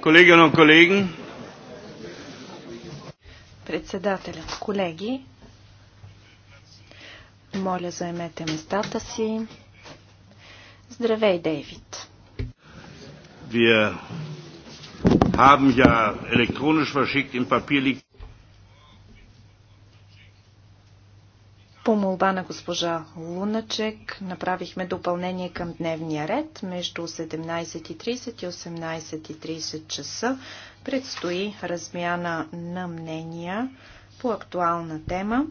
Kolleginnen und Kollegen. Председателят, колеги, моля заемете местата си. Здравей, Дейвид. Wir haben ja elektronisch verschickt im Papier liegt молба на госпожа Луначек направихме допълнение към дневния ред. Между 17.30 и 18.30 часа предстои размяна на мнения по актуална тема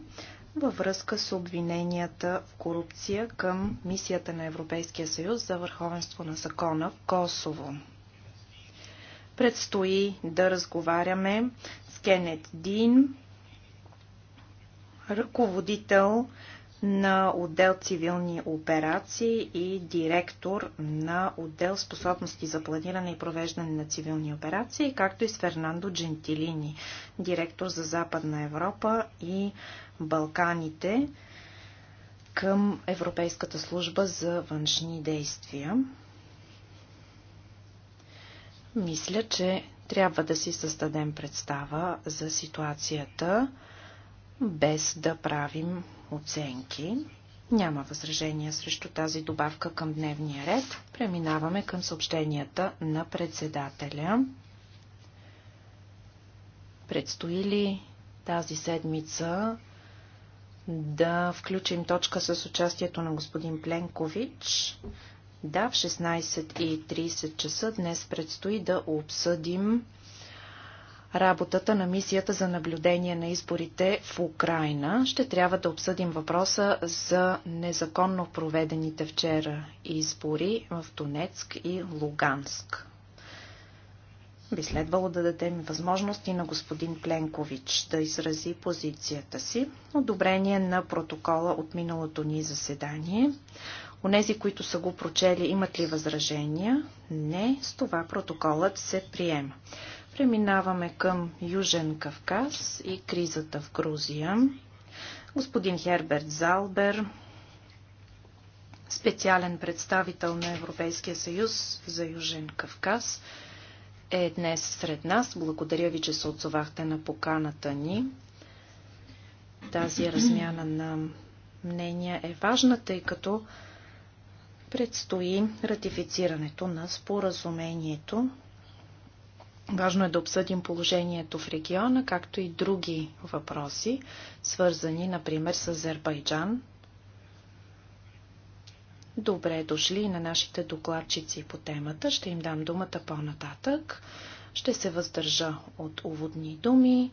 във връзка с обвиненията в корупция към мисията на Европейския съюз за върховенство на закона в Косово. Предстои да разговаряме с Кенет Дин, ръководител на отдел цивилни операции и директор на отдел способности за планиране и провеждане на цивилни операции, както и с Фернандо Джентилини, директор за Западна Европа и Балканите към Европейската служба за външни действия. Мисля, че трябва да си създадем представа за ситуацията, без да правим оценки. Няма възражения срещу тази добавка към дневния ред. Преминаваме към съобщенията на председателя. Предстои ли тази седмица да включим точка с участието на господин Пленкович? Да, в 16.30 часа днес предстои да обсъдим работата на мисията за наблюдение на изборите в Украина. Ще трябва да обсъдим въпроса за незаконно проведените вчера избори в Донецк и Луганск. Би следвало да дадем възможности на господин Пленкович да изрази позицията си. Одобрение на протокола от миналото ни заседание. Онези, които са го прочели, имат ли възражения? Не, с това протоколът се приема. Преминаваме към Южен Кавказ и кризата в Грузия. Господин Херберт Залбер, специален представител на Европейския съюз за Южен Кавказ, е днес сред нас. Благодаря ви, че се отзовахте на поканата ни. Тази размяна на мнения е важна, тъй като предстои ратифицирането на споразумението Важно е да обсъдим положението в региона, както и други въпроси, свързани, например, с Азербайджан. Добре дошли на нашите докладчици по темата. Ще им дам думата по-нататък. Ще се въздържа от уводни думи.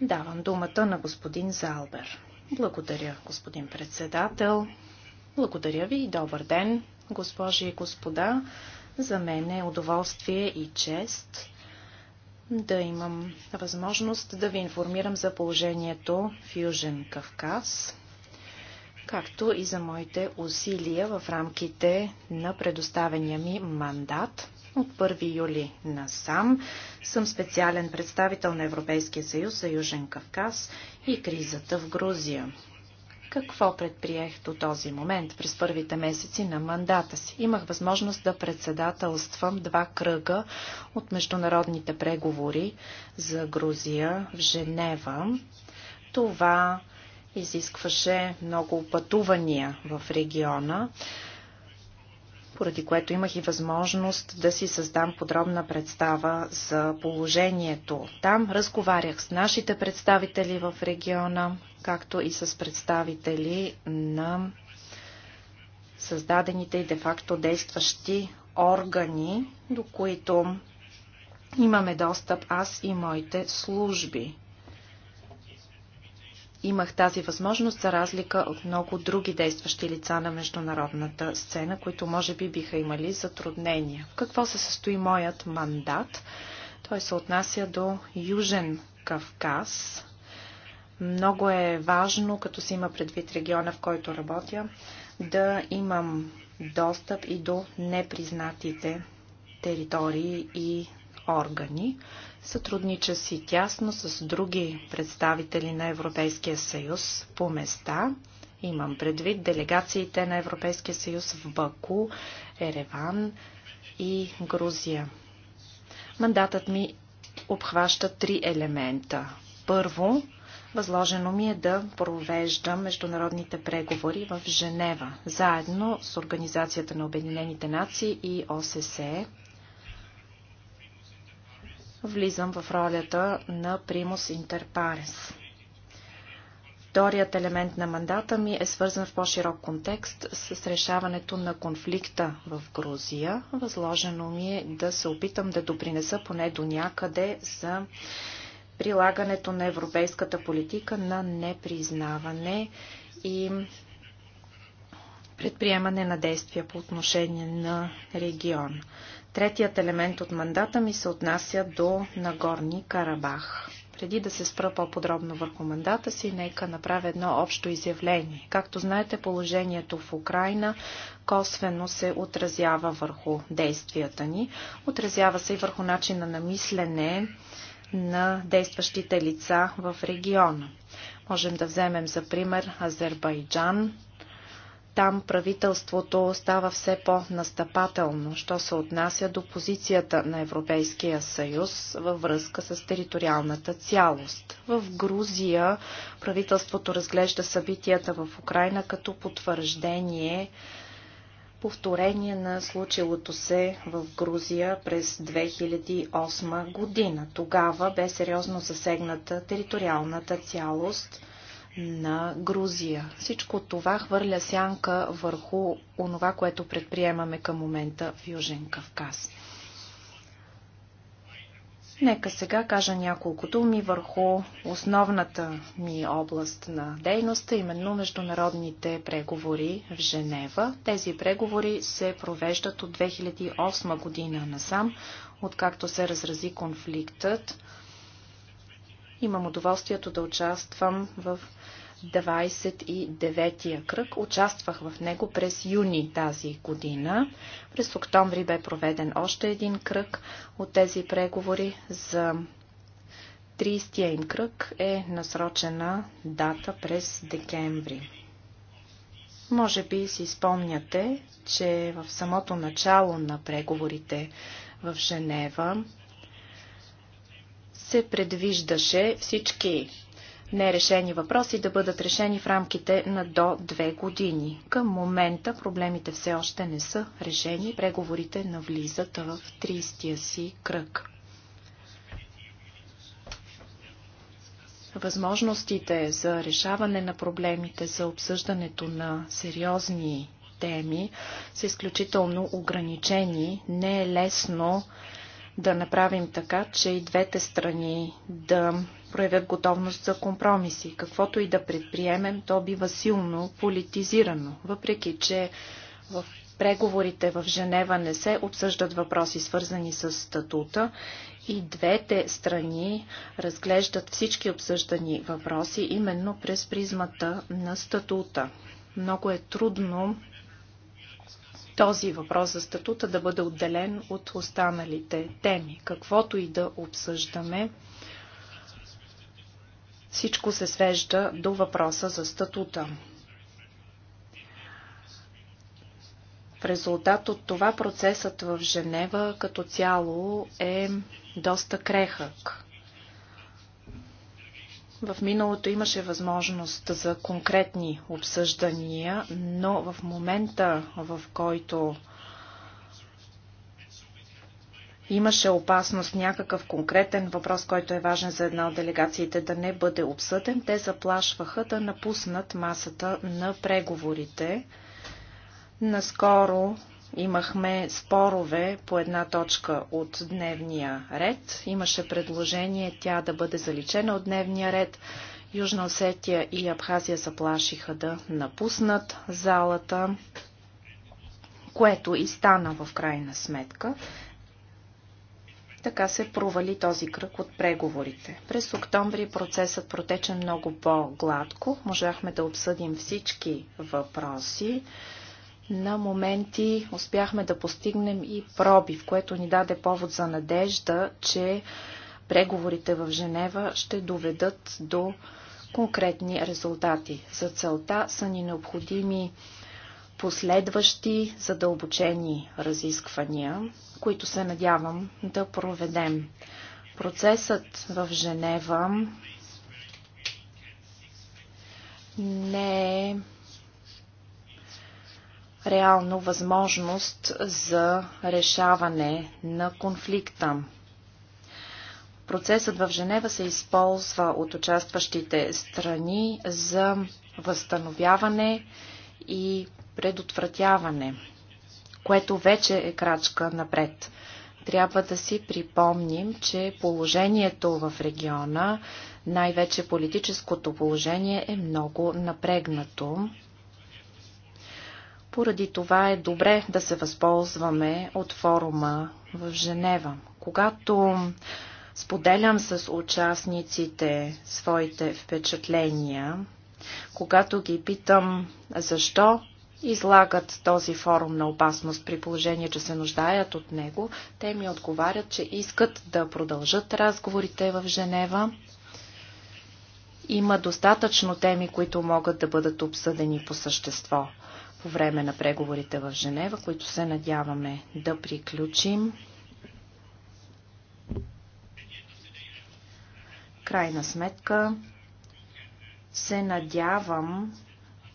Давам думата на господин Залбер. Благодаря, господин председател. Благодаря ви и добър ден, госпожи и господа. За мен е удоволствие и чест да имам възможност да ви информирам за положението в Южен Кавказ, както и за моите усилия в рамките на предоставения ми мандат от 1 юли насам. Съм специален представител на Европейския съюз за Южен Кавказ и кризата в Грузия. Какво предприех до този момент, през първите месеци на мандата си? Имах възможност да председателствам два кръга от международните преговори за Грузия в Женева. Това изискваше много пътувания в региона поради което имах и възможност да си създам подробна представа за положението. Там разговарях с нашите представители в региона, както и с представители на създадените и де-факто действащи органи, до които имаме достъп аз и моите служби имах тази възможност за разлика от много други действащи лица на международната сцена, които може би биха имали затруднения. В какво се състои моят мандат? Той се отнася до Южен Кавказ. Много е важно, като се има предвид региона, в който работя, да имам достъп и до непризнатите територии и органи. Сътруднича си тясно с други представители на Европейския съюз по места. Имам предвид делегациите на Европейския съюз в Баку, Ереван и Грузия. Мандатът ми обхваща три елемента. Първо, Възложено ми е да провеждам международните преговори в Женева, заедно с Организацията на Обединените нации и ОССЕ влизам в ролята на примус интерпарес. Вторият елемент на мандата ми е свързан в по-широк контекст с решаването на конфликта в Грузия. Възложено ми е да се опитам да допринеса поне до някъде за прилагането на европейската политика на непризнаване и предприемане на действия по отношение на регион. Третият елемент от мандата ми се отнася до Нагорни Карабах. Преди да се спра по-подробно върху мандата си, нека направя едно общо изявление. Както знаете, положението в Украина косвено се отразява върху действията ни. Отразява се и върху начина на мислене на действащите лица в региона. Можем да вземем за пример Азербайджан, там правителството става все по-настъпателно, що се отнася до позицията на Европейския съюз във връзка с териториалната цялост. В Грузия правителството разглежда събитията в Украина като потвърждение повторение на случилото се в Грузия през 2008 година. Тогава бе сериозно засегната териториалната цялост – на Грузия. Всичко това хвърля сянка върху онова, което предприемаме към момента в Южен Кавказ. Нека сега кажа няколко думи върху основната ми област на дейността, именно международните преговори в Женева. Тези преговори се провеждат от 2008 година насам, откакто се разрази конфликтът. Имам удоволствието да участвам в 29-я кръг. Участвах в него през юни тази година. През октомври бе проведен още един кръг от тези преговори. За 30-я им кръг е насрочена дата през декември. Може би си спомняте, че в самото начало на преговорите в Женева се предвиждаше всички нерешени въпроси да бъдат решени в рамките на до две години. Към момента проблемите все още не са решени. Преговорите навлизат в 30-я си кръг. Възможностите за решаване на проблемите, за обсъждането на сериозни теми са изключително ограничени. Не е лесно да направим така, че и двете страни да проявят готовност за компромиси. Каквото и да предприемем, то бива силно политизирано, въпреки че в преговорите в Женева не се обсъждат въпроси свързани с статута и двете страни разглеждат всички обсъждани въпроси именно през призмата на статута. Много е трудно този въпрос за статута да бъде отделен от останалите теми. Каквото и да обсъждаме, всичко се свежда до въпроса за статута. В резултат от това процесът в Женева като цяло е доста крехък. В миналото имаше възможност за конкретни обсъждания, но в момента, в който имаше опасност някакъв конкретен въпрос, който е важен за една от делегациите да не бъде обсъден, те заплашваха да напуснат масата на преговорите. Наскоро Имахме спорове по една точка от дневния ред. Имаше предложение тя да бъде заличена от дневния ред. Южна Осетия и Абхазия заплашиха да напуснат залата, което и стана в крайна сметка. Така се провали този кръг от преговорите. През октомври процесът протече много по-гладко. Можахме да обсъдим всички въпроси на моменти успяхме да постигнем и проби, в което ни даде повод за надежда, че преговорите в Женева ще доведат до конкретни резултати. За целта са ни необходими последващи задълбочени разисквания, които се надявам да проведем. Процесът в Женева не е реално възможност за решаване на конфликта. Процесът в Женева се използва от участващите страни за възстановяване и предотвратяване, което вече е крачка напред. Трябва да си припомним, че положението в региона, най-вече политическото положение, е много напрегнато. Поради това е добре да се възползваме от форума в Женева. Когато споделям с участниците своите впечатления, когато ги питам защо излагат този форум на опасност при положение, че се нуждаят от него, те ми отговарят, че искат да продължат разговорите в Женева. Има достатъчно теми, които могат да бъдат обсъдени по същество по време на преговорите в Женева, които се надяваме да приключим. Крайна сметка се надявам,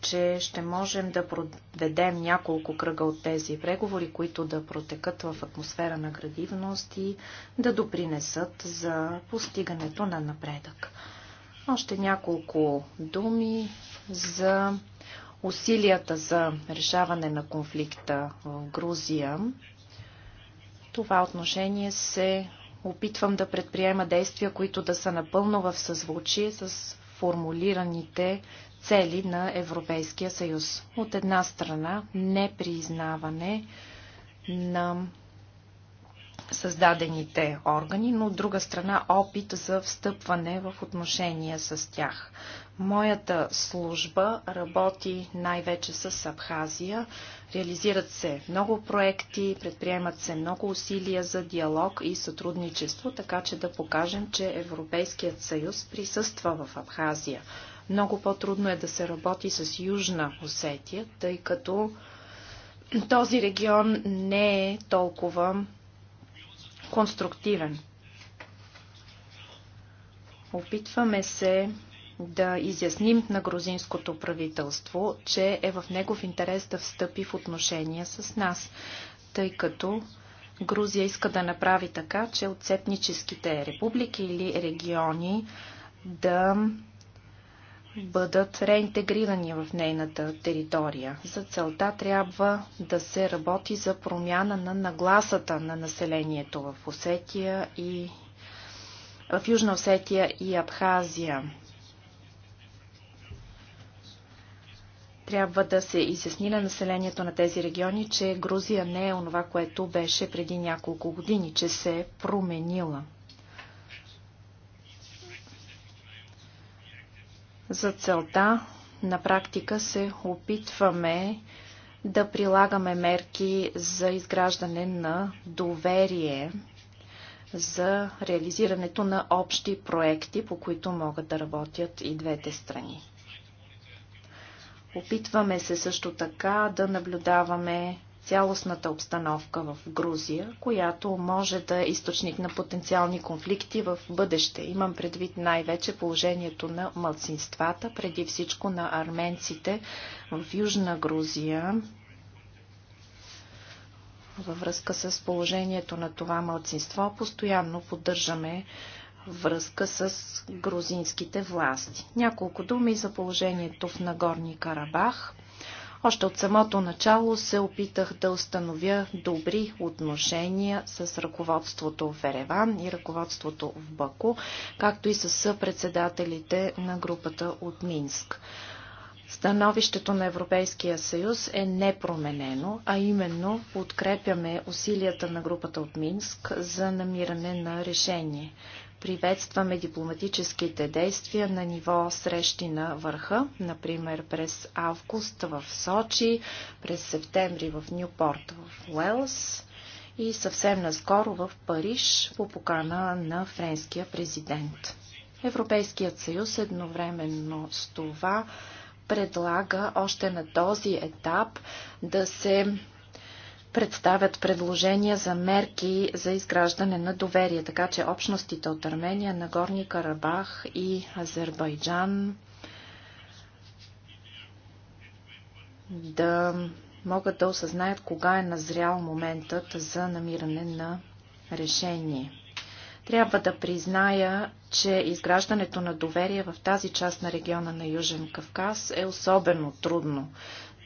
че ще можем да проведем няколко кръга от тези преговори, които да протекат в атмосфера на градивност и да допринесат за постигането на напредък. Още няколко думи за усилията за решаване на конфликта в Грузия. това отношение се опитвам да предприема действия, които да са напълно в съзвучие с формулираните цели на Европейския съюз. От една страна непризнаване на създадените органи, но от друга страна опит за встъпване в отношения с тях. Моята служба работи най-вече с Абхазия. Реализират се много проекти, предприемат се много усилия за диалог и сътрудничество, така че да покажем, че Европейският съюз присъства в Абхазия. Много по-трудно е да се работи с Южна Осетия, тъй като този регион не е толкова конструктивен. Опитваме се да изясним на грузинското правителство, че е в негов интерес да встъпи в отношения с нас, тъй като Грузия иска да направи така, че отцепническите републики или региони да бъдат реинтегрирани в нейната територия. За целта трябва да се работи за промяна на нагласата на населението в Осетия и в Южна Осетия и Абхазия. Трябва да се изясни на населението на тези региони, че Грузия не е онова, което беше преди няколко години, че се е променила. За целта на практика се опитваме да прилагаме мерки за изграждане на доверие за реализирането на общи проекти, по които могат да работят и двете страни. Опитваме се също така да наблюдаваме цялостната обстановка в Грузия, която може да е източник на потенциални конфликти в бъдеще. Имам предвид най-вече положението на мълцинствата, преди всичко на арменците в Южна Грузия, във връзка с положението на това мълцинство, постоянно поддържаме връзка с грузинските власти. Няколко думи за положението в Нагорни Карабах – още от самото начало се опитах да установя добри отношения с ръководството в Ереван и ръководството в Баку, както и с председателите на групата от Минск. Становището на Европейския съюз е непроменено, а именно подкрепяме усилията на групата от Минск за намиране на решение. Приветстваме дипломатическите действия на ниво срещи на върха, например през август в Сочи, през септември в Нюпорт в Уелс и съвсем наскоро в Париж по покана на френския президент. Европейският съюз едновременно с това предлага още на този етап да се представят предложения за мерки за изграждане на доверие, така че общностите от Армения, Нагорни Карабах и Азербайджан да могат да осъзнаят кога е назрял моментът за намиране на решение. Трябва да призная, че изграждането на доверие в тази част на региона на Южен Кавказ е особено трудно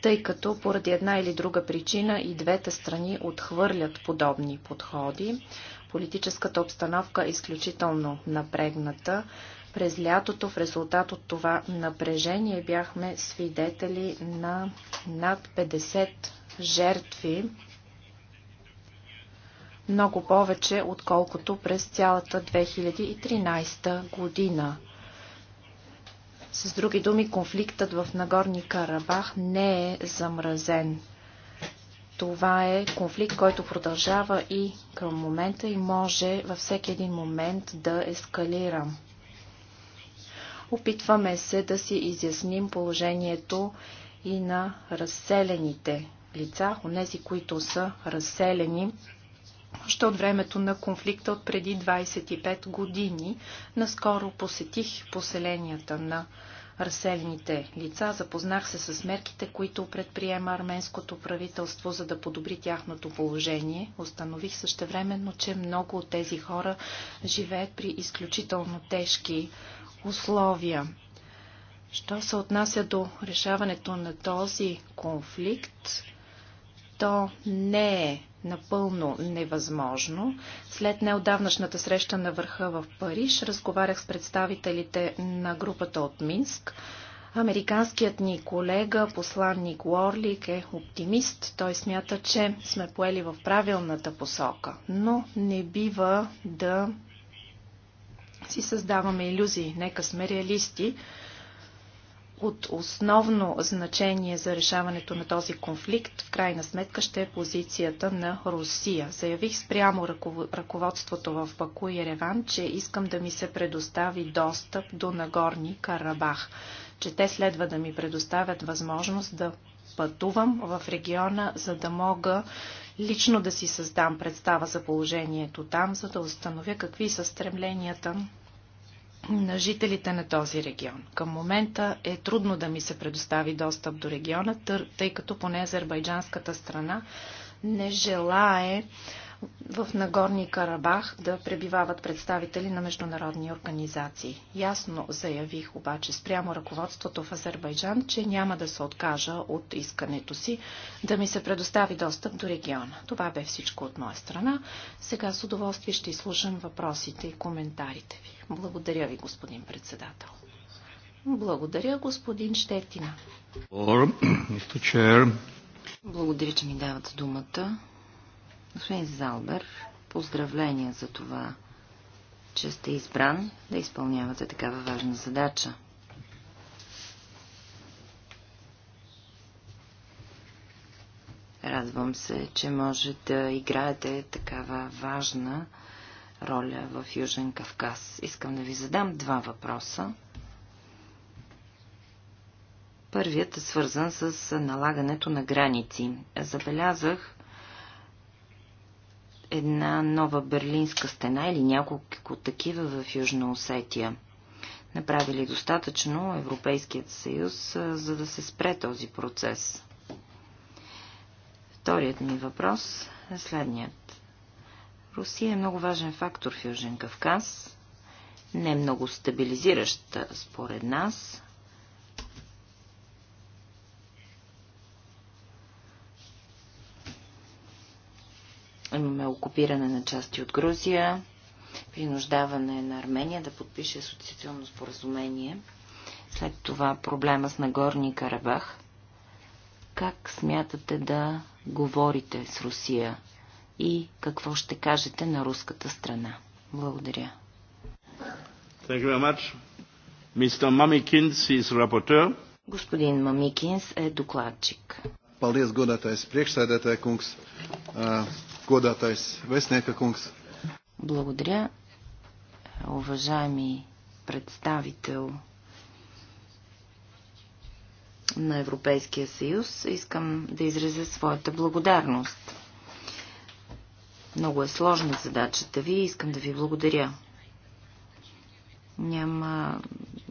тъй като поради една или друга причина и двете страни отхвърлят подобни подходи. Политическата обстановка е изключително напрегната. През лятото в резултат от това напрежение бяхме свидетели на над 50 жертви, много повече отколкото през цялата 2013 година. С други думи, конфликтът в Нагорни Карабах не е замразен. Това е конфликт, който продължава и към момента и може във всеки един момент да ескалира. Опитваме се да си изясним положението и на разселените лица, онези, които са разселени още от времето на конфликта от преди 25 години. Наскоро посетих поселенията на разселените лица, запознах се с мерките, които предприема арменското правителство, за да подобри тяхното положение. Установих същевременно, че много от тези хора живеят при изключително тежки условия. Що се отнася до решаването на този конфликт, то не е напълно невъзможно. След неодавнашната среща на върха в Париж разговарях с представителите на групата от Минск. Американският ни колега, посланник Уорлик, е оптимист. Той смята, че сме поели в правилната посока, но не бива да си създаваме иллюзии. Нека сме реалисти от основно значение за решаването на този конфликт, в крайна сметка ще е позицията на Русия. Заявих спрямо ръководството в Баку и Реван, че искам да ми се предостави достъп до Нагорни Карабах, че те следва да ми предоставят възможност да пътувам в региона, за да мога лично да си създам представа за положението там, за да установя какви са стремленията на жителите на този регион. Към момента е трудно да ми се предостави достъп до региона, тъй като поне азербайджанската страна не желае в Нагорни Карабах да пребивават представители на международни организации. Ясно заявих обаче спрямо ръководството в Азербайджан, че няма да се откажа от искането си да ми се предостави достъп до региона. Това бе всичко от моя страна. Сега с удоволствие ще изслушам въпросите и коментарите ви. Благодаря ви, господин председател. Благодаря, господин Щетина. Благодаря, че ми дават думата. Господин Залбер, поздравления за това, че сте избран да изпълнявате такава важна задача. Радвам се, че може да играете такава важна роля в Южен Кавказ. Искам да ви задам два въпроса. Първият е свързан с налагането на граници. Забелязах, една нова берлинска стена или няколко такива в Южна Осетия. Направили достатъчно Европейският съюз, за да се спре този процес. Вторият ми въпрос е следният. Русия е много важен фактор в Южен Кавказ, не е много стабилизиращ според нас, Имаме окупиране на части от Грузия, принуждаване на Армения да подпише асоциационно споразумение. След това проблема с Нагорни Карабах. Как смятате да говорите с Русия и какво ще кажете на руската страна? Благодаря. Thank you very much. Mr. Mamikins is rapporteur. Господин Мамикинс е докладчик. Paldies, godātais Vesnieka kungs. Благодаря, уважаеми представител на Европейския съюз. Искам да изразя своята благодарност. Много е сложна задачата ви и искам да ви благодаря. Няма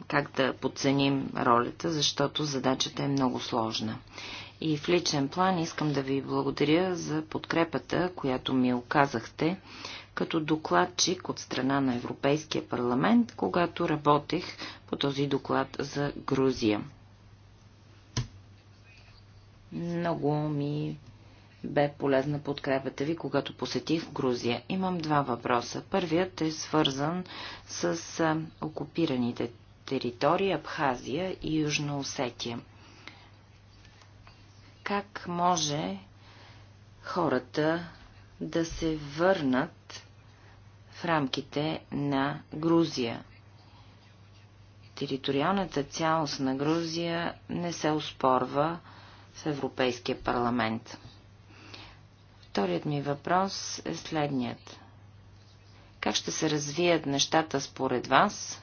как да подценим ролята, защото задачата е много сложна. И в личен план искам да ви благодаря за подкрепата, която ми оказахте като докладчик от страна на Европейския парламент, когато работех по този доклад за Грузия. Много ми бе полезна подкрепата ви, когато посетих Грузия. Имам два въпроса. Първият е свързан с окупираните територии Абхазия и Южна Осетия как може хората да се върнат в рамките на Грузия. Териториалната цялост на Грузия не се оспорва в Европейския парламент. Вторият ми въпрос е следният. Как ще се развият нещата според вас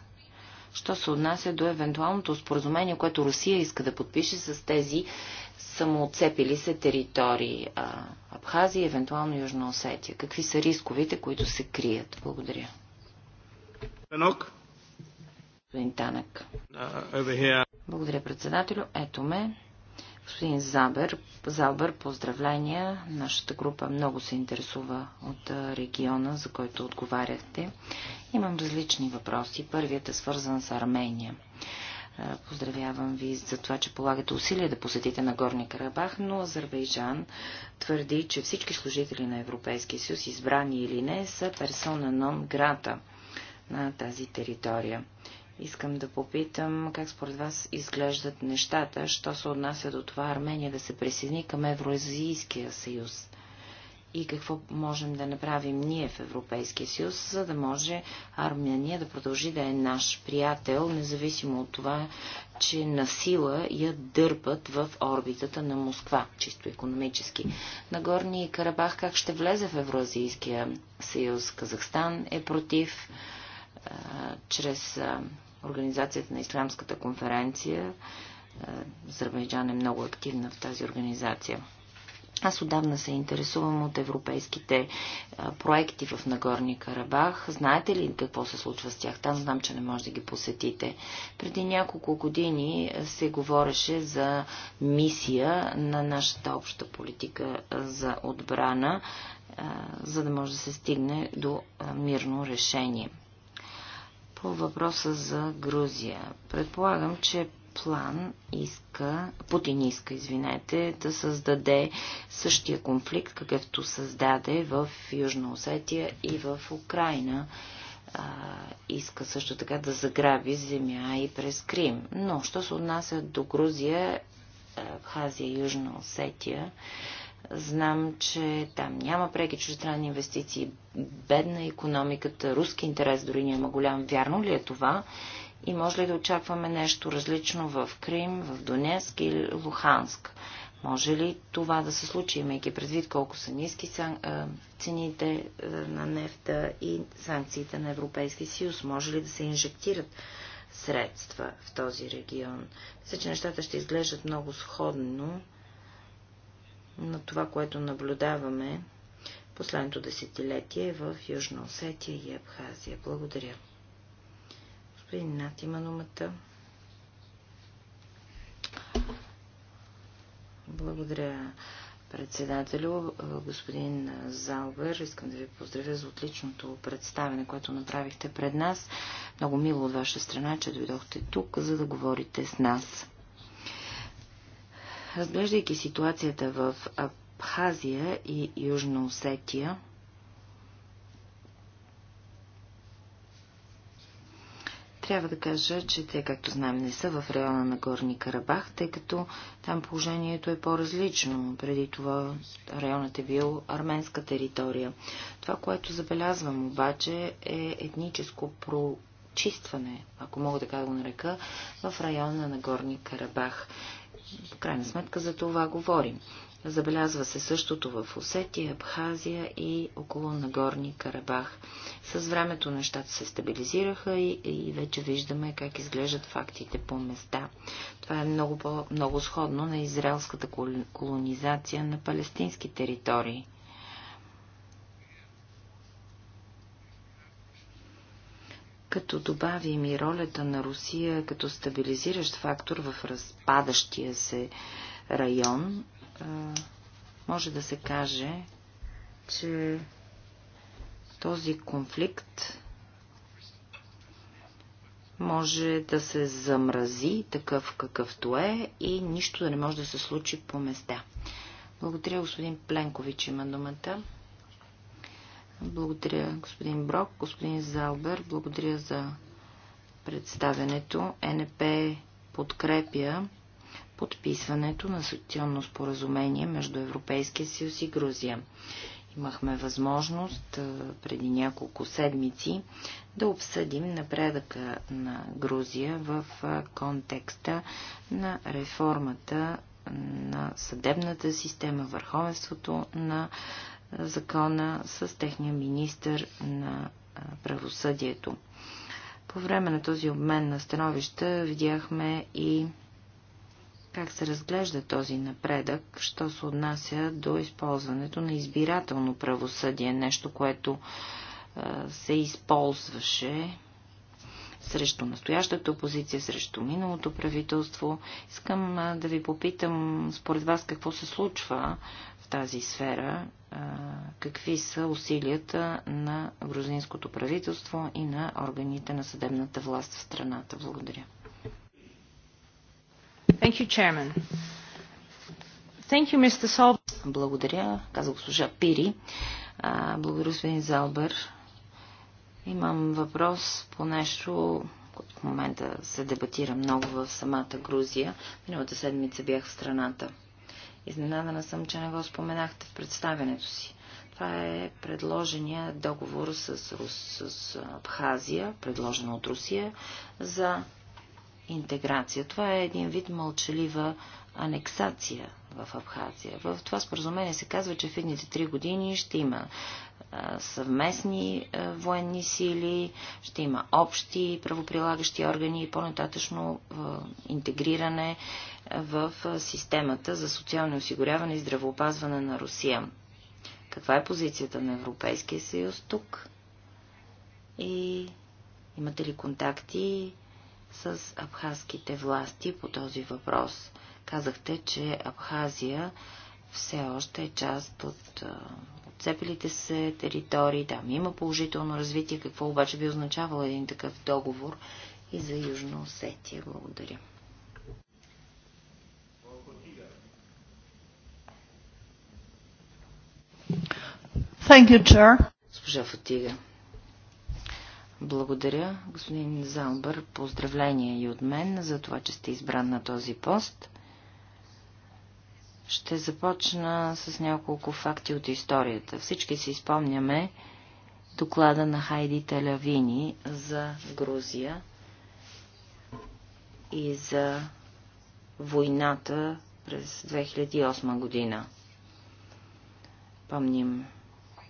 що се отнася до евентуалното споразумение, което Русия иска да подпише с тези самоотцепили се територии Абхазия, и евентуално Южна Осетия. Какви са рисковите, които се крият? Благодаря. Танок. Танък. Благодаря, председателю. Ето ме господин Забер. Забер, поздравления. Нашата група много се интересува от региона, за който отговаряхте. Имам различни въпроси. Първият е свързан с Армения. Поздравявам ви за това, че полагате усилия да посетите Нагорни Карабах, но Азербайджан твърди, че всички служители на Европейския съюз, избрани или не, са персона нон грата на тази територия. Искам да попитам как според вас изглеждат нещата, що се отнася до това Армения да се присъедини към Евроазийския съюз и какво можем да направим ние в Европейския съюз, за да може Армения да продължи да е наш приятел, независимо от това, че насила я дърпат в орбитата на Москва, чисто економически. Нагорни Карабах как ще влезе в Евроазийския съюз? Казахстан е против чрез организацията на Исламската конференция. Азербайджан е много активна в тази организация. Аз отдавна се интересувам от европейските проекти в Нагорния Карабах. Знаете ли какво се случва с тях? Там знам, че не може да ги посетите. Преди няколко години се говореше за мисия на нашата обща политика за отбрана, за да може да се стигне до мирно решение. По въпроса за Грузия. Предполагам, че план иска, Путин иска, извинете, да създаде същия конфликт, какъвто създаде в Южна Осетия и в Украина. А, иска също така да заграби земя и през Крим. Но, що се отнася до Грузия, Абхазия и Южна Осетия, Знам, че там няма преки чуждестранни инвестиции, бедна економиката, руски интерес дори няма голям. Вярно ли е това? И може ли да очакваме нещо различно в Крим, в Донецк или Луханск? Може ли това да се случи, имайки предвид колко са ниски цените на нефта и санкциите на Европейския съюз? Може ли да се инжектират средства в този регион? Мисля, че нещата ще изглеждат много сходно на това, което наблюдаваме последното десетилетие в Южна Осетия и Абхазия. Благодаря. Господин Нат има думата. Благодаря, председателю. Господин Залбер, искам да ви поздравя за отличното представене, което направихте пред нас. Много мило от ваша страна, че дойдохте тук, за да говорите с нас. Разглеждайки ситуацията в Абхазия и Южна Осетия, трябва да кажа, че те, както знаем, не са в района на Горни Карабах, тъй като там положението е по-различно. Преди това районът е бил арменска територия. Това, което забелязвам обаче е етническо прочистване, ако мога така да го нарека, в района на Горни Карабах. В крайна сметка за това говорим. Забелязва се същото в Осетия, Абхазия и около Нагорни Карабах. С времето нещата се стабилизираха и, и вече виждаме как изглеждат фактите по места. Това е много, по, много сходно на израелската колонизация на палестински територии – като добавим и ролята на Русия като стабилизиращ фактор в разпадащия се район, може да се каже, че този конфликт може да се замрази такъв какъвто е и нищо да не може да се случи по места. Благодаря, господин Пленкович, има думата. Благодаря господин Брок, господин Залбер, благодаря за представенето. НП подкрепя подписването на асоциационно споразумение между Европейския съюз и Грузия. Имахме възможност преди няколко седмици да обсъдим напредъка на Грузия в контекста на реформата на съдебната система, върховенството на закона с техния министр на правосъдието. По време на този обмен на становища видяхме и как се разглежда този напредък, що се отнася до използването на избирателно правосъдие, нещо, което се използваше срещу настоящата опозиция, срещу миналото правителство. Искам да ви попитам, според вас, какво се случва в тази сфера какви са усилията на грузинското правителство и на органите на съдебната власт в страната. Благодаря. Thank you, Chairman. Thank you, Mr. Sol... Благодаря, каза госпожа Пири. благодаря, господин Залбър. Имам въпрос по нещо, което в момента се дебатира много в самата Грузия. Миналата седмица бях в страната. Изненадана съм, че не го споменахте в представянето си. Това е предложения договор с, Рус, с Абхазия, предложен от Русия, за интеграция. Това е един вид мълчалива анексация в Абхазия. В това споразумение се казва, че в едните три години ще има съвместни военни сили, ще има общи правоприлагащи органи и по-нататъчно интегриране в системата за социално осигуряване и здравеопазване на Русия. Каква е позицията на Европейския съюз тук? И имате ли контакти с абхазските власти по този въпрос? Казахте, че Абхазия все още е част от отцепилите се територии. Там има положително развитие. Какво обаче би означавал един такъв договор и за Южно Осетия? Благодаря. Thank you, Chair. Госпожа Фатига. Благодаря, господин Замбър. Поздравления и от мен за това, че сте избран на този пост. Ще започна с няколко факти от историята. Всички си спомняме доклада на Хайди Телявини за Грузия и за войната през 2008 година. Помним,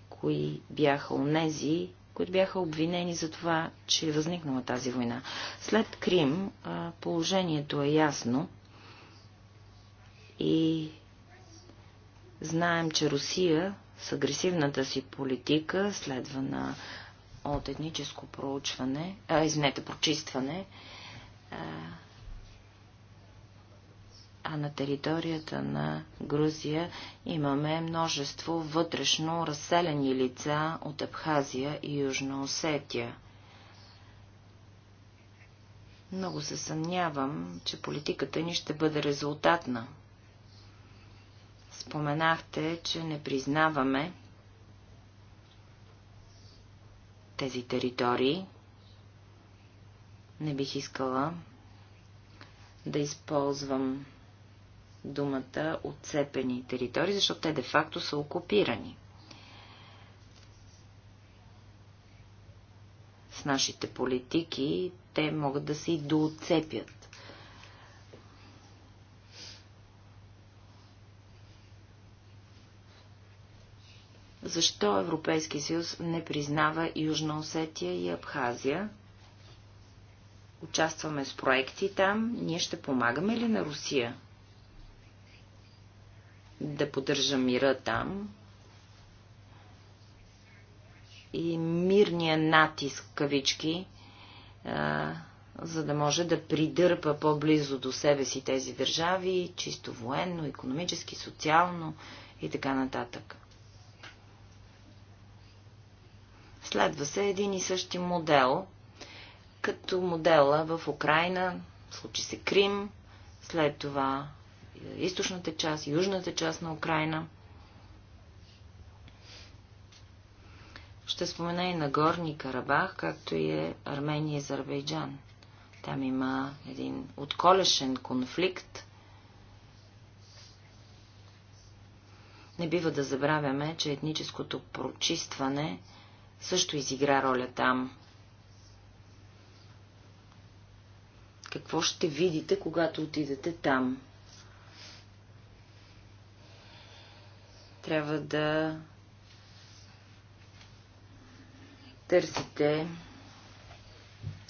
кои бяха онези, които бяха обвинени за това, че е възникнала тази война. След Крим положението е ясно и Знаем, че Русия с агресивната си политика, следвана от етническо проучване, а, извинете, прочистване, а, а на територията на Грузия имаме множество вътрешно разселени лица от Абхазия и Южна Осетия. Много се съмнявам, че политиката ни ще бъде резултатна. Споменахте, че не признаваме тези територии. Не бих искала да използвам думата отцепени територии, защото те де-факто са окупирани. С нашите политики те могат да се и доотцепят. защо Европейски съюз не признава Южна Осетия и Абхазия. Участваме с проекти там. Ние ще помагаме ли на Русия да поддържа мира там? И мирния натиск, кавички, за да може да придърпа по-близо до себе си тези държави, чисто военно, економически, социално и така нататък. Следва се един и същи модел, като модела в Украина, случи се Крим, след това източната част, южната част на Украина. Ще спомена и Нагорни Карабах, както и е Армения и Азербайджан. Там има един отколешен конфликт. Не бива да забравяме, че етническото прочистване – също изигра роля там. Какво ще видите, когато отидете там? Трябва да търсите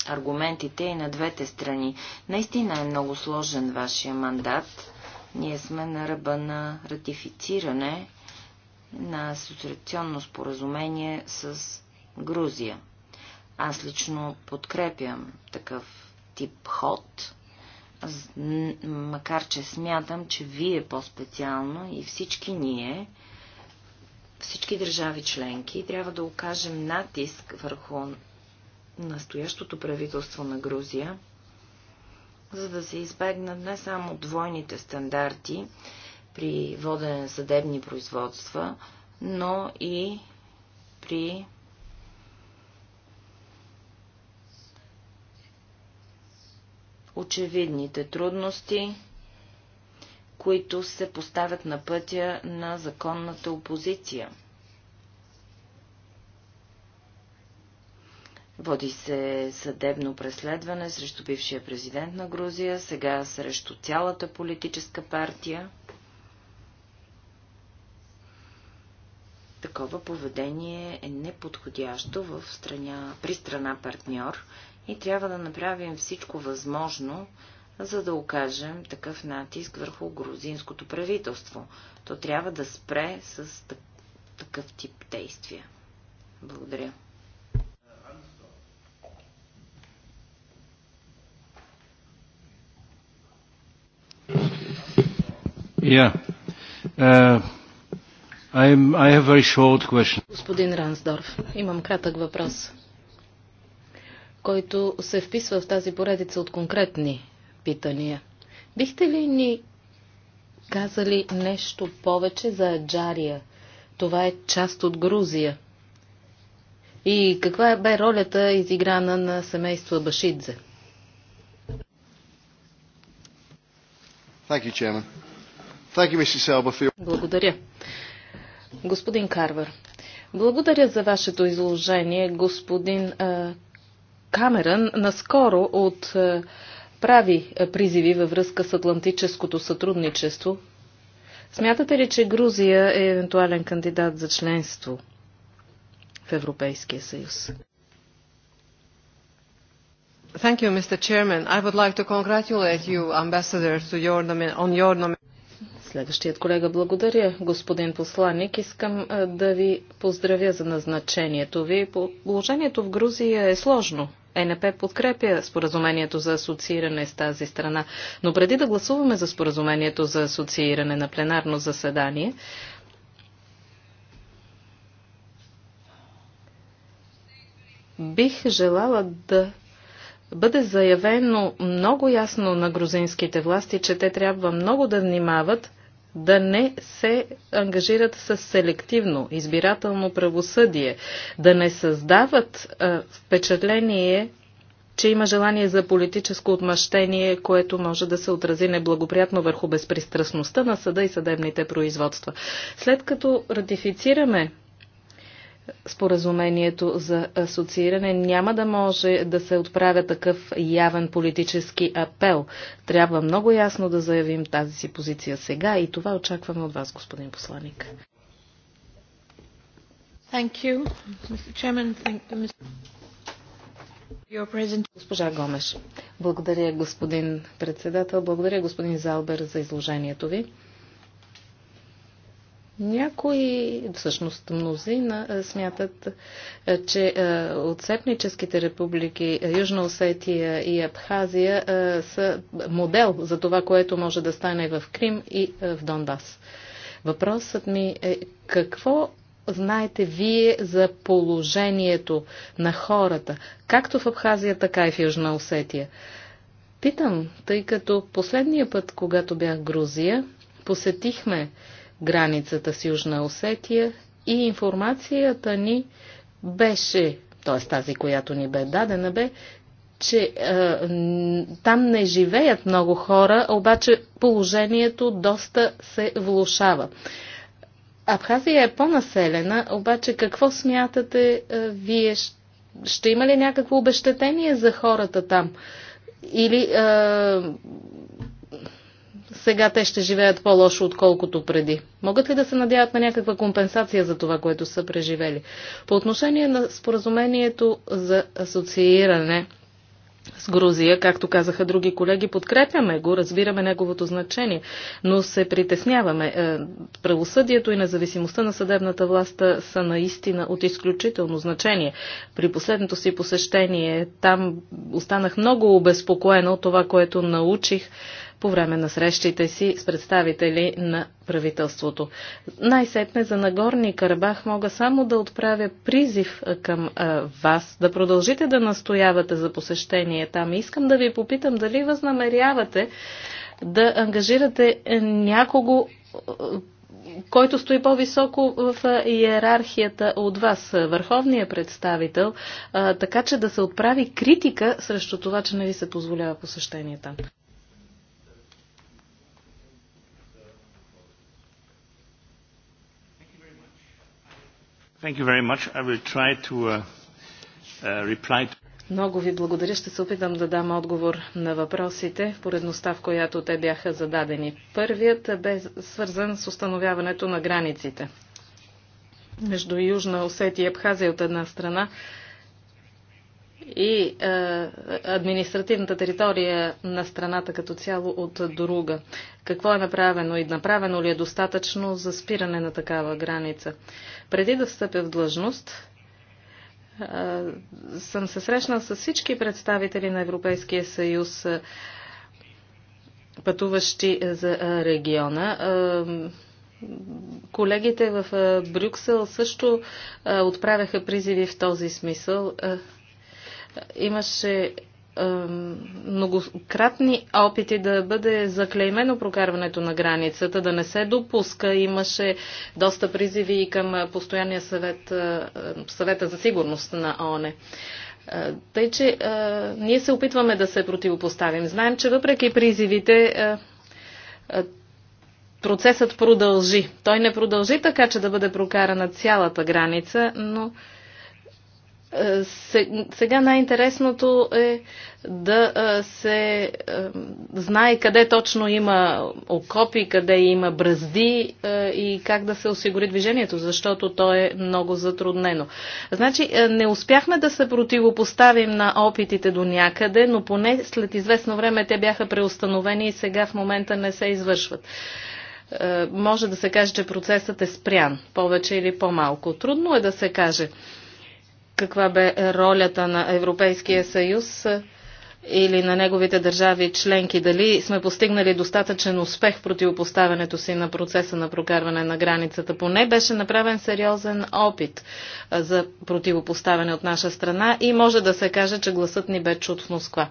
аргументите и на двете страни. Наистина е много сложен вашия мандат. Ние сме на ръба на ратифициране на асоциационно споразумение с Грузия. Аз лично подкрепям такъв тип ход, макар че смятам, че вие по-специално и всички ние, всички държави членки, трябва да окажем натиск върху настоящото правителство на Грузия, за да се избегнат не само двойните стандарти при водене на съдебни производства, но и при очевидните трудности, които се поставят на пътя на законната опозиция. Води се съдебно преследване срещу бившия президент на Грузия, сега срещу цялата политическа партия. Такова поведение е неподходящо в страна, при страна партньор и трябва да направим всичко възможно, за да окажем такъв натиск върху грузинското правителство. То трябва да спре с такъв тип действия. Благодаря. Yeah. Uh, I have very short question. Господин Рансдорф, имам кратък въпрос който се вписва в тази поредица от конкретни питания. Бихте ли ни казали нещо повече за Аджария? Това е част от Грузия. И каква е бе ролята изиграна на семейство Башидзе? You, you, Благодаря. Господин Карвар, благодаря за вашето изложение, господин а, Камерън наскоро от е, прави е, призиви във връзка с атлантическото сътрудничество. Смятате ли, че Грузия е евентуален кандидат за членство в Европейския съюз? Thank you, Mr. Chairman. I would like to congratulate you, Ambassador, to your on your Следващият колега благодаря, господин посланник. Искам е, да ви поздравя за назначението ви. Положението в Грузия е сложно. ЕНП подкрепя споразумението за асоцииране с тази страна. Но преди да гласуваме за споразумението за асоцииране на пленарно заседание, бих желала да бъде заявено много ясно на грузинските власти, че те трябва много да внимават да не се ангажират с селективно избирателно правосъдие, да не създават а, впечатление, че има желание за политическо отмъщение, което може да се отрази неблагоприятно върху безпристрастността на съда и съдебните производства. След като ратифицираме споразумението за асоцииране, няма да може да се отправя такъв явен политически апел. Трябва много ясно да заявим тази си позиция сега и това очакваме от вас, господин посланник. Thank you. Mr. Chairman, thank you, Mr. Госпожа Гомеш. Благодаря, господин председател. Благодаря, господин Залбер, за изложението ви. Някои, всъщност мнозина, е, смятат, е, че е, отцепническите републики Южна Осетия и Абхазия са модел за това, което може да стане в Крим и в Донбас. Въпросът ми е какво знаете вие за положението на хората, както в Абхазия, така и в Южна Осетия? Питам, тъй като последния път, когато бях в Грузия, посетихме границата с Южна Осетия и информацията ни беше, т.е. тази, която ни бе дадена, бе, че е, там не живеят много хора, обаче положението доста се влушава. Абхазия е по-населена, обаче какво смятате е, вие? Ще има ли някакво обещетение за хората там? Или е, сега те ще живеят по-лошо, отколкото преди. Могат ли да се надяват на някаква компенсация за това, което са преживели? По отношение на споразумението за асоцииране с Грузия, както казаха други колеги, подкрепяме го, разбираме неговото значение, но се притесняваме. Е, правосъдието и независимостта на съдебната власт е, са наистина от изключително значение. При последното си посещение там останах много обезпокоена от това, което научих по време на срещите си с представители на правителството. Най-сетне за Нагорни Карабах мога само да отправя призив към а, вас да продължите да настоявате за посещение там. Искам да ви попитам дали възнамерявате да ангажирате е, някого е, който стои по-високо в е, иерархията от вас, върховният представител, така че да се отправи критика срещу това, че не ви се позволява посещенията. Uh, uh, Много ви благодаря. Ще се опитам да дам отговор на въпросите поредността, в която те бяха зададени. Първият бе свързан с установяването на границите между Южна Осетия и Абхазия от една страна и е, административната територия на страната като цяло от друга. Какво е направено и направено ли е достатъчно за спиране на такава граница? Преди да встъпя в длъжност, е, съм се срещнал с всички представители на Европейския съюз, е, пътуващи за е, региона. Е, Колегите в е, Брюксел също е, отправяха призиви в този смисъл. Е, имаше многократни опити да бъде заклеймено прокарването на границата, да не се допуска. Имаше доста призиви и към е, постоянния съвет, е, е, съвета за сигурност на ОНЕ. Тъй, че ние се опитваме да се противопоставим. Знаем, че въпреки призивите процесът продължи. Той не продължи така, че да бъде прокарана цялата граница, но е, сега най-интересното е да е, се е, знае къде точно има окопи, къде има бразди и как да се осигури движението, защото то е много затруднено. Значи, не успяхме да се противопоставим на опитите до някъде, но поне след известно време те бяха преустановени и сега в момента не се извършват може да се каже, че процесът е спрян, повече или по-малко. Трудно е да се каже каква бе ролята на Европейския съюз или на неговите държави членки, дали сме постигнали достатъчен успех в противопоставянето си на процеса на прокарване на границата. Поне беше направен сериозен опит за противопоставяне от наша страна и може да се каже, че гласът ни бе чут в Москва.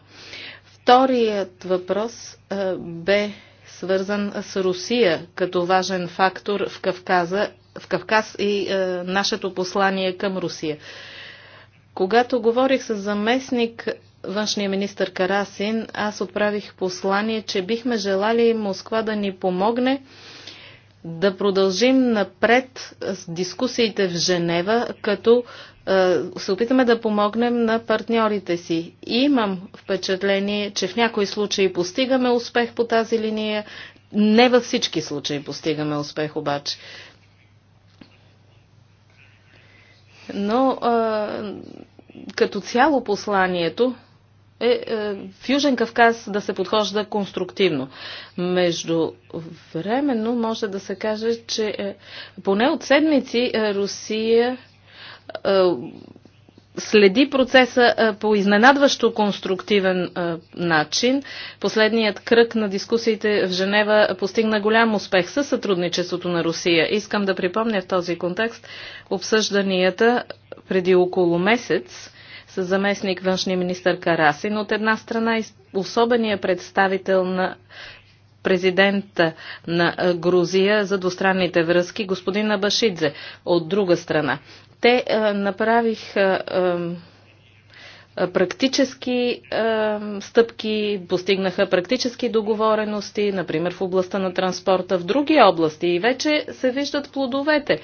Вторият въпрос бе свързан с Русия като важен фактор в Кавказа в Кавказ и е, нашето послание към Русия. Когато говорих с заместник външния министр Карасин, аз отправих послание, че бихме желали Москва да ни помогне да продължим напред с дискусиите в Женева, като се опитаме да помогнем на партньорите си. И имам впечатление, че в някои случаи постигаме успех по тази линия, не във всички случаи постигаме успех обаче. но а, като цяло посланието е, е в Южен Кавказ да се подхожда конструктивно. Между временно може да се каже, че е, поне от седмици е, Русия е, следи процеса по изненадващо конструктивен начин. Последният кръг на дискусиите в Женева постигна голям успех със сътрудничеството на Русия. Искам да припомня в този контекст обсъжданията преди около месец с заместник външния министър Карасин от една страна и особения представител на президента на Грузия за двустранните връзки господин Абашидзе от друга страна. Те е, направиха е, е, практически а, стъпки, постигнаха практически договорености, например в областта на транспорта, в други области и вече се виждат плодовете.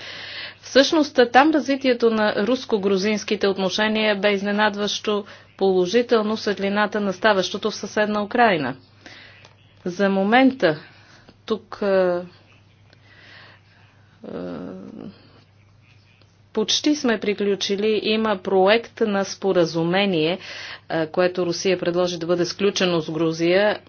Всъщност там развитието на руско-грузинските отношения бе изненадващо положително светлината на ставащото в съседна Украина. За момента тук почти сме приключили. Има проект на споразумение, е, което Русия предложи да бъде сключено с Грузия.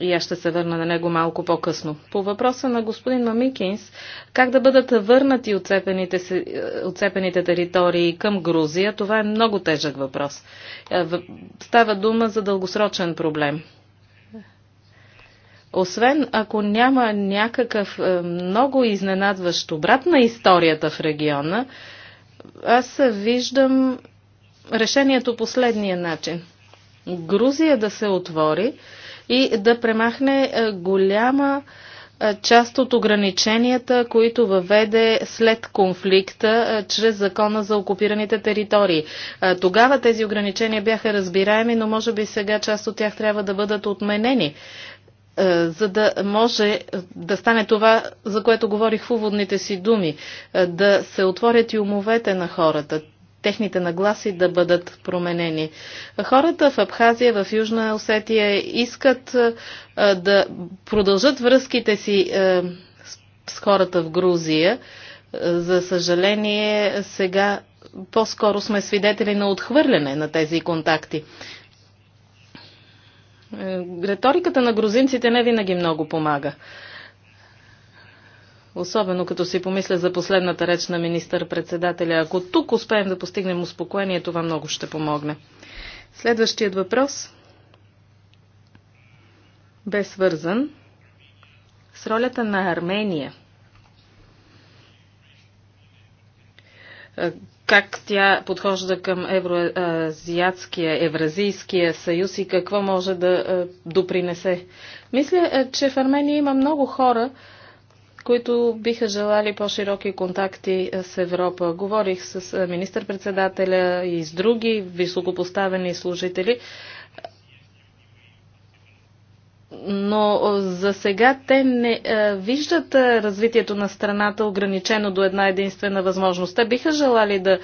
И аз ще се върна на него малко по-късно. По въпроса на господин Мамикинс, как да бъдат върнати отцепените, е, отцепените територии към Грузия, това е много тежък въпрос. Е, става дума за дългосрочен проблем освен ако няма някакъв е, много изненадващ обрат на историята в региона, аз виждам решението последния начин. Грузия да се отвори и да премахне е, голяма е, част от ограниченията, които въведе след конфликта чрез закона за окупираните територии. Тогава тези ограничения бяха разбираеми, но може би сега част от тях трябва да бъдат отменени. Е, за да може да стане това, за което говорих в уводните си думи, е, да се отворят и умовете на хората, техните нагласи да бъдат променени. Хората в Абхазия, в Южна Осетия искат е, да продължат връзките си с хората в Грузия. За съжаление, сега по-скоро сме свидетели на отхвърляне на тези контакти. Е, Реториката на грузинците не винаги много помага. Особено като си помисля за последната реч на министър-председателя. Ако тук успеем да постигнем успокоение, това много ще помогне. Следващият въпрос бе свързан с ролята на Армения е, как тя подхожда към Евроазиатския, Евразийския съюз и какво може да е, допринесе. Мисля, е, че в Армения има много хора, които биха желали по-широки контакти е, с Европа. Говорих с министър-председателя и с други високопоставени служители но за сега те не а, виждат а, развитието на страната ограничено до една единствена възможност. Те биха желали да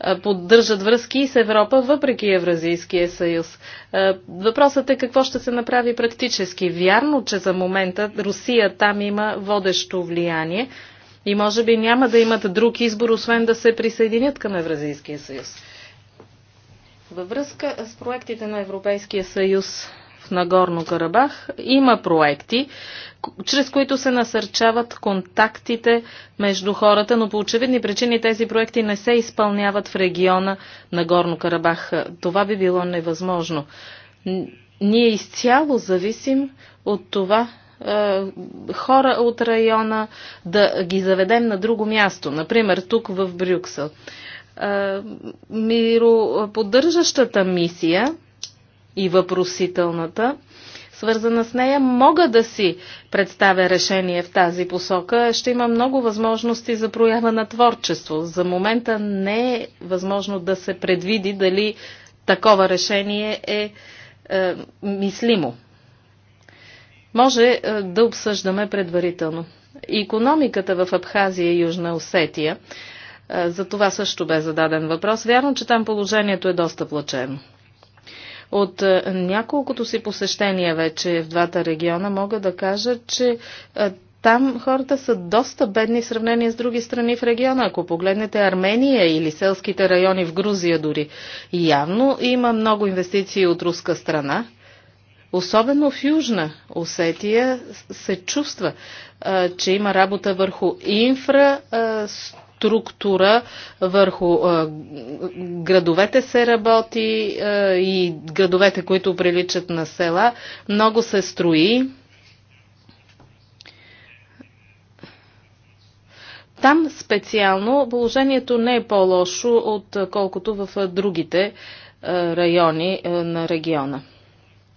а, поддържат връзки с Европа въпреки Евразийския съюз. А, въпросът е какво ще се направи практически. Вярно, че за момента Русия там има водещо влияние и може би няма да имат друг избор, освен да се присъединят към Евразийския съюз. Във връзка с проектите на Европейския съюз в Нагорно Карабах има проекти, чрез които се насърчават контактите между хората, но по очевидни причини тези проекти не се изпълняват в региона Нагорно Карабах. Това би било невъзможно. Ние изцяло зависим от това е, хора от района да ги заведем на друго място, например тук в Брюксел е, мироподдържащата мисия и въпросителната, свързана с нея, мога да си представя решение в тази посока. Ще има много възможности за проява на творчество. За момента не е възможно да се предвиди дали такова решение е, е мислимо. Може е, да обсъждаме предварително. Економиката в Абхазия и Южна Осетия. Е, за това също бе зададен въпрос. Вярно, че там положението е доста плачено. От е, няколкото си посещения вече в двата региона мога да кажа, че е, там хората са доста бедни в сравнение с други страни в региона. Ако погледнете Армения или селските райони в Грузия дори, явно има много инвестиции от руска страна. Особено в Южна Осетия се чувства, е, че има работа върху инфраструктура инфраструктура върху градовете се работи и градовете, които приличат на села. Много се строи. Там специално положението не е по-лошо, отколкото в другите райони на региона.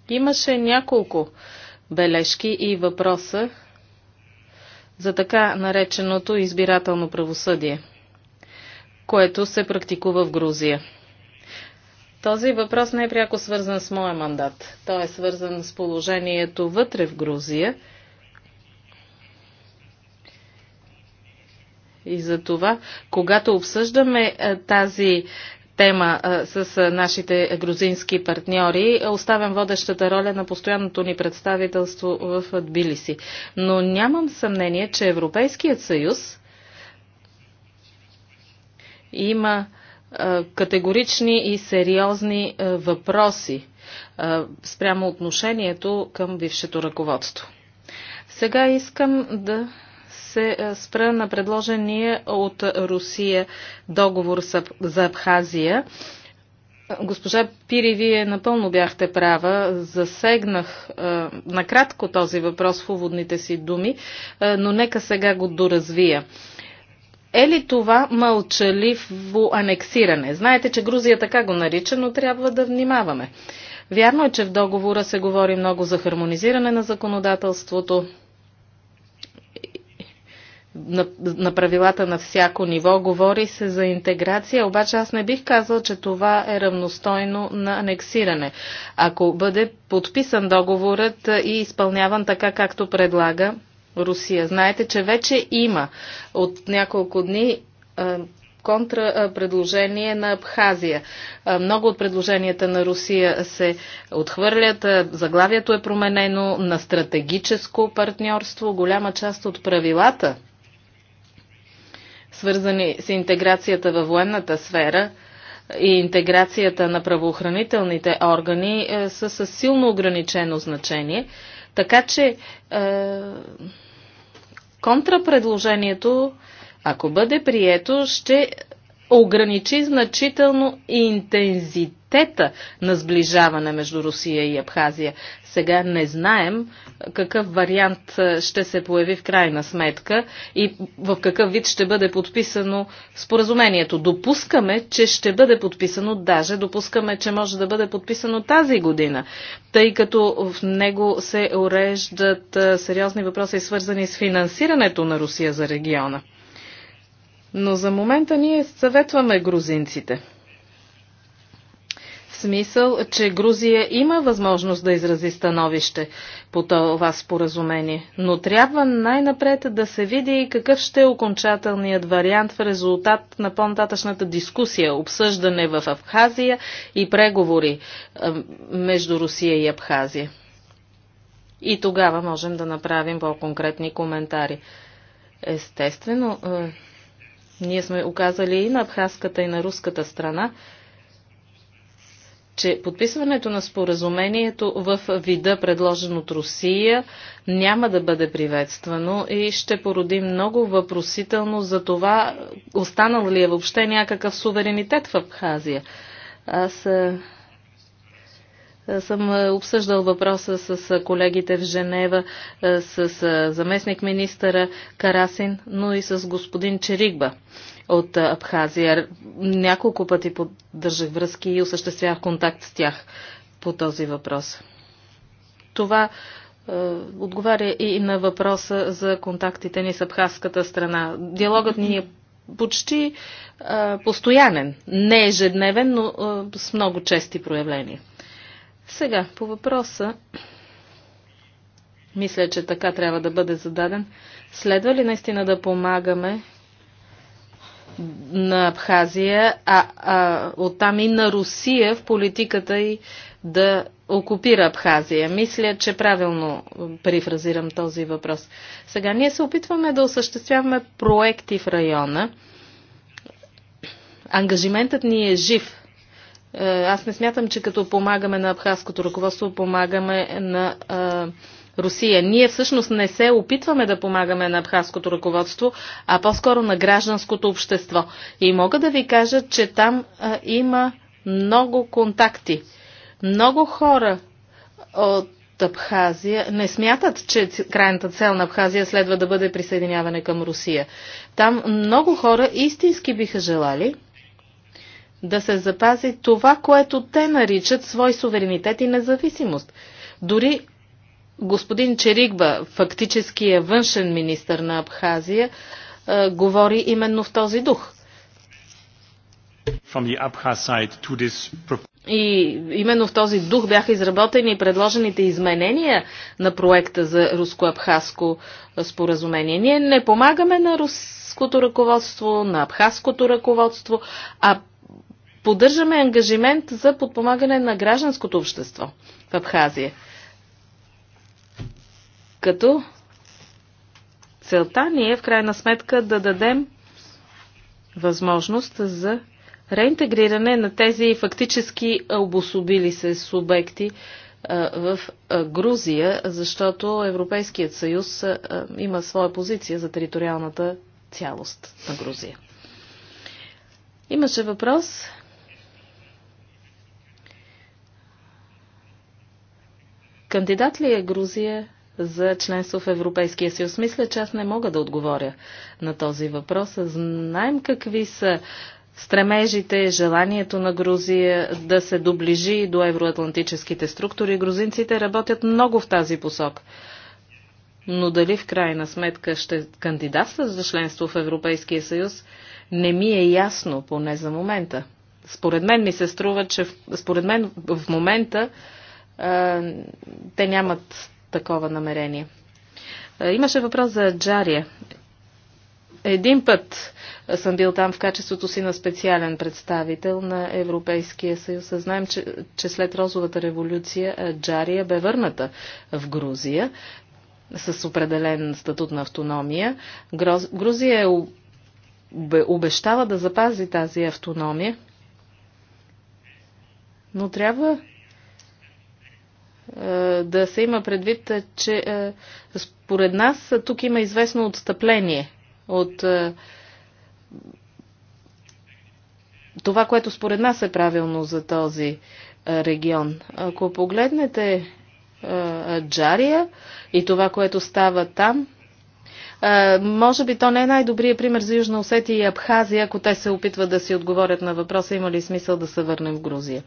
Имаше няколко бележки и въпроса за така нареченото избирателно правосъдие, което се практикува в Грузия. Този въпрос не е пряко свързан с моя мандат. Той е свързан с положението вътре в Грузия. И за това, когато обсъждаме е, тази тема с нашите грузински партньори. Оставям водещата роля на постоянното ни представителство в Тбилиси. Но нямам съмнение, че Европейският съюз има категорични и сериозни въпроси спрямо отношението към бившето ръководство. Сега искам да се е, спра на предложения от Русия договор за Абхазия. Госпожа Пири, вие напълно бяхте права. Засегнах е, накратко този въпрос в уводните си думи, е, но нека сега го доразвия. Е ли това мълчаливо анексиране? Знаете, че Грузия така го нарича, но трябва да внимаваме. Вярно е, че в договора се говори много за хармонизиране на законодателството, на, на правилата на всяко ниво. Говори се за интеграция, обаче аз не бих казал, че това е равностойно на анексиране. Ако бъде подписан договорът и изпълняван така, както предлага Русия. Знаете, че вече има от няколко дни контрапредложение на Абхазия. Много от предложенията на Русия се отхвърлят. Заглавието е променено на стратегическо партньорство. Голяма част от правилата свързани с интеграцията във военната сфера и интеграцията на правоохранителните органи, е, са с силно ограничено значение. Така че е, контрапредложението, ако бъде прието, ще ограничи значително и интензитета на сближаване между Русия и Абхазия. Сега не знаем какъв вариант ще се появи в крайна сметка и в какъв вид ще бъде подписано споразумението. Допускаме, че ще бъде подписано, даже допускаме, че може да бъде подписано тази година, тъй като в него се уреждат сериозни въпроси, свързани с финансирането на Русия за региона. Но за момента ние съветваме грузинците. В смисъл, че Грузия има възможност да изрази становище по това споразумение, но трябва най-напред да се види какъв ще е окончателният вариант в резултат на по-нататъчната дискусия, обсъждане в Абхазия и преговори е, между Русия и Абхазия. И тогава можем да направим по-конкретни коментари. Естествено, е, ние сме оказали и на абхазската и на руската страна, че подписването на споразумението в вида предложен от Русия няма да бъде приветствано и ще породи много въпросително за това, останал ли е въобще някакъв суверенитет в Абхазия. Аз е, е, съм е, обсъждал въпроса с е, колегите в Женева, с заместник министъра Карасин, но и с господин Черигба от Абхазия. Няколко пъти поддържах връзки и осъществявах контакт с тях по този въпрос. Това отговаря и на въпроса за контактите ни с абхазската страна. Диалогът ни е почти постоянен, не ежедневен, но с много чести проявления. Сега, по въпроса, мисля, че така трябва да бъде зададен. Следва ли наистина да помагаме на Абхазия, а, а оттам и на Русия в политиката и да окупира Абхазия. Мисля, че правилно перифразирам този въпрос. Сега ние се опитваме да осъществяваме проекти в района. Ангажиментът ни е жив. Е, аз не смятам, че като помагаме на абхазското ръководство, помагаме на а, е, Русия. Ние всъщност не се опитваме да помагаме на абхазското ръководство, а по-скоро на гражданското общество. И мога да ви кажа, че там а, е, има много контакти. Много хора от Абхазия не смятат, че крайната цел на Абхазия следва да бъде присъединяване към Русия. Там много хора истински биха желали да се запази това, което те наричат свой суверенитет и независимост. Дори господин Черигба, фактическия външен министр на Абхазия, е, говори именно в този дух. This... И именно в този дух бяха изработени и предложените изменения на проекта за руско-абхазско е, споразумение. Ние не помагаме на руското ръководство, на абхазското ръководство, а поддържаме ангажимент за подпомагане на гражданското общество в Абхазия. Като целта ни е в крайна сметка да дадем възможност за реинтегриране на тези фактически обособили се субекти в Грузия, защото Европейският съюз има своя позиция за териториалната цялост на Грузия. Имаше въпрос Кандидат ли е Грузия за членство в Европейския съюз? Мисля, че аз не мога да отговоря на този въпрос. Знаем какви са стремежите, желанието на Грузия да се доближи до евроатлантическите структури. Грузинците работят много в тази посок. Но дали в крайна сметка ще кандидатства за членство в Европейския съюз, не ми е ясно, поне за момента. Според мен ми се струва, че според мен в момента е, те нямат такова намерение. Е, имаше въпрос за Джария. Един път съм бил там в качеството си на специален представител на Европейския съюз. Знаем, че, че след Розовата революция е, Джария бе върната в Грузия с определен статут на автономия. Грузия обещава да запази тази автономия, но трябва е, да се има предвид, че е, според нас тук има известно отстъпление от е, това, което според нас е правилно за този регион. Ако погледнете Джария и това, което става там, може би то не е най-добрият пример за Южна Осетия и Абхазия, ако те се опитват да си отговорят на въпроса има ли смисъл да се върнем в Грузия.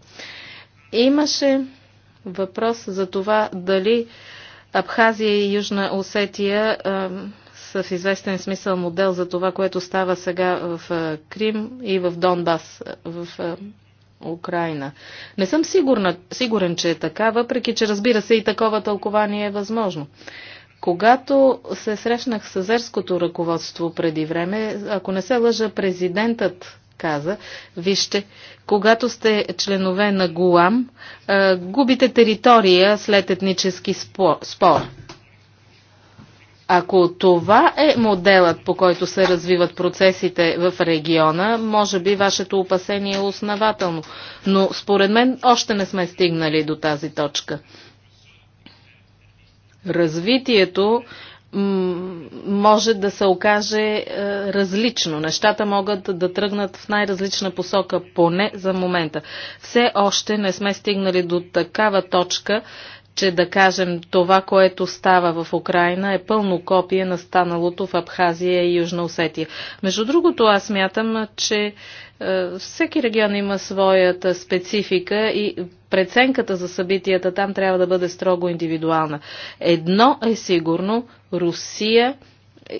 Имаше въпрос за това дали Абхазия и Южна Осетия са в известен смисъл модел за това, което става сега в Крим и в Донбас, в Украина. Не съм сигурна, сигурен, че е така, въпреки че разбира се и такова тълкование е възможно. Когато се срещнах с азерското ръководство преди време, ако не се лъжа, президентът каза, вижте, когато сте членове на ГУАМ, губите територия след етнически спор. Ако това е моделът, по който се развиват процесите в региона, може би вашето опасение е основателно. Но според мен още не сме стигнали до тази точка. Развитието може да се окаже е, различно. Нещата могат да тръгнат в най-различна посока, поне за момента. Все още не сме стигнали до такава точка, че да кажем това, което става в Украина е пълно копие на станалото в Абхазия и Южна Осетия. Между другото, аз мятам, че е, всеки регион има своята специфика и преценката за събитията там трябва да бъде строго индивидуална. Едно е сигурно, Русия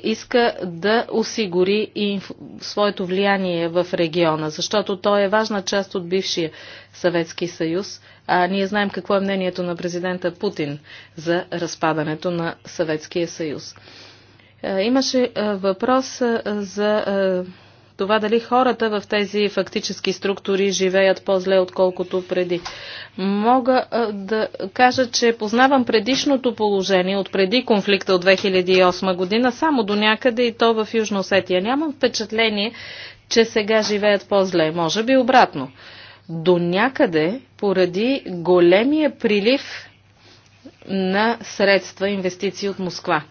иска да осигури и своето влияние в региона, защото той е важна част от бившия Съветски съюз, а ние знаем какво е мнението на президента Путин за разпадането на Съветския съюз. Имаше въпрос за това дали хората в тези фактически структури живеят по-зле, отколкото преди. Мога да кажа, че познавам предишното положение от преди конфликта от 2008 година, само до някъде и то в Южно Осетия. Нямам впечатление, че сега живеят по-зле. Може би обратно до някъде поради големия прилив на средства инвестиции от Москва.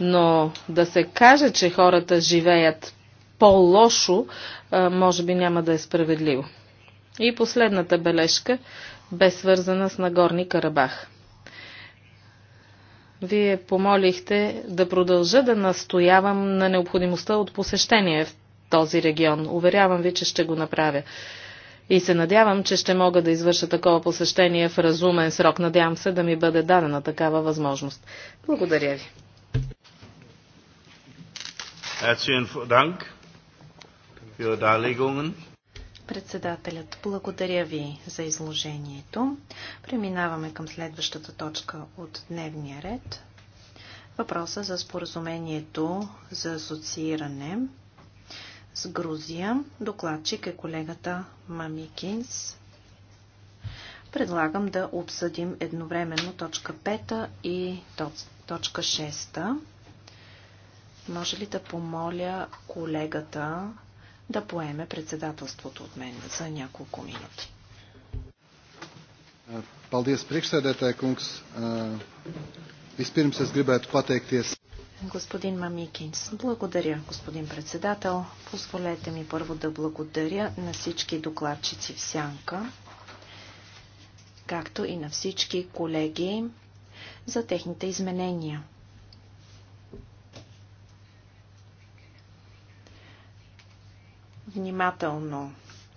Но да се каже, че хората живеят по-лошо, може би няма да е справедливо. И последната бележка бе свързана с Нагорни Карабах. Вие помолихте да продължа да настоявам на необходимостта от посещение в този регион. Уверявам ви, че ще го направя. И се надявам, че ще мога да извърша такова посещение в разумен срок. Надявам се да ми бъде дадена такава възможност. Благодаря ви. Председателят, благодаря ви за изложението. Преминаваме към следващата точка от дневния ред. Въпроса за споразумението за асоцииране с Грузия. Докладчик е колегата Мамикинс. Предлагам да обсъдим едновременно точка 5 и точка 6. Може ли да помоля колегата да поеме председателството от мен за няколко минути? Paldies, priekšsēdētāji kungs. Vispirms es gribētu pateikties Господин Мамикинс, благодаря, господин председател. Позволете ми първо да благодаря на всички докладчици в Сянка, както и на всички колеги за техните изменения. Внимателно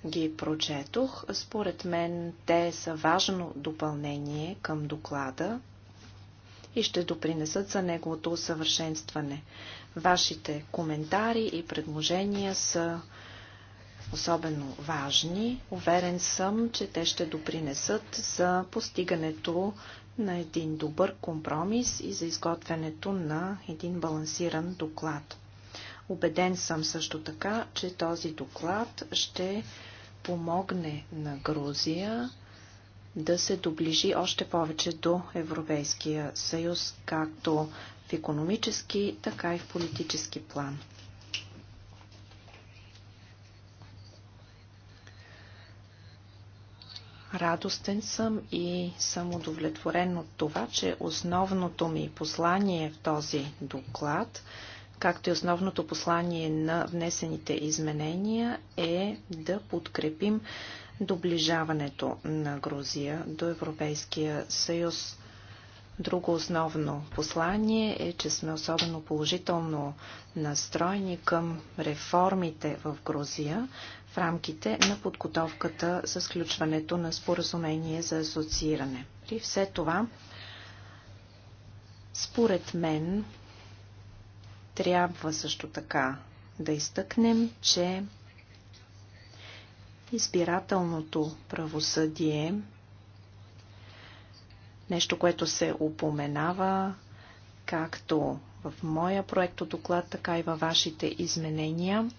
ги прочетох. Според мен те са важно допълнение към доклада, и ще допринесат за неговото усъвършенстване. Вашите коментари и предложения са особено важни. Уверен съм, че те ще допринесат за постигането на един добър компромис и за изготвянето на един балансиран доклад. Обеден съм също така, че този доклад ще помогне на Грузия да се доближи още повече до Европейския съюз, както в економически, така и в политически план. Радостен съм и съм удовлетворен от това, че основното ми послание в този доклад, както и основното послание на внесените изменения е да подкрепим доближаването на Грузия до Европейския съюз. Друго основно послание е, че сме особено положително настроени към реформите в Грузия в рамките на подготовката за сключването на споразумение за асоцииране. При все това, според мен, трябва също така да изтъкнем, че избирателното правосъдие, нещо, което се упоменава както в моя проекто доклад, така и във вашите изменения.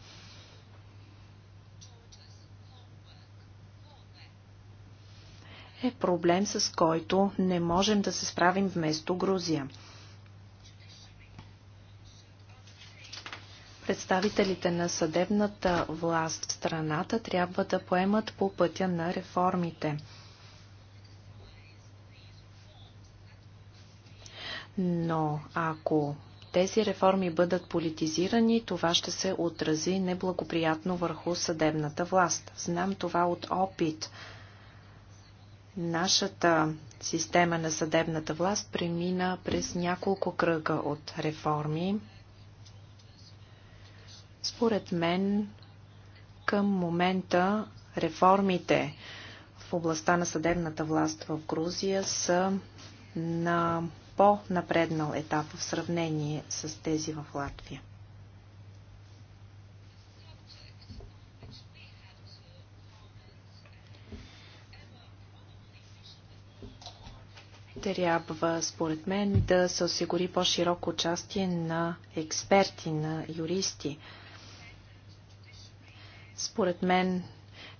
е проблем, с който не можем да се справим вместо Грузия. представителите на съдебната власт в страната трябва да поемат по пътя на реформите. Но ако тези реформи бъдат политизирани, това ще се отрази неблагоприятно върху съдебната власт. Знам това от опит. Нашата система на съдебната власт премина през няколко кръга от реформи. Според мен към момента реформите в областта на съдебната власт в Грузия са на по-напреднал етап в сравнение с тези в Латвия. трябва, според мен, да се осигури по-широко участие на експерти, на юристи според мен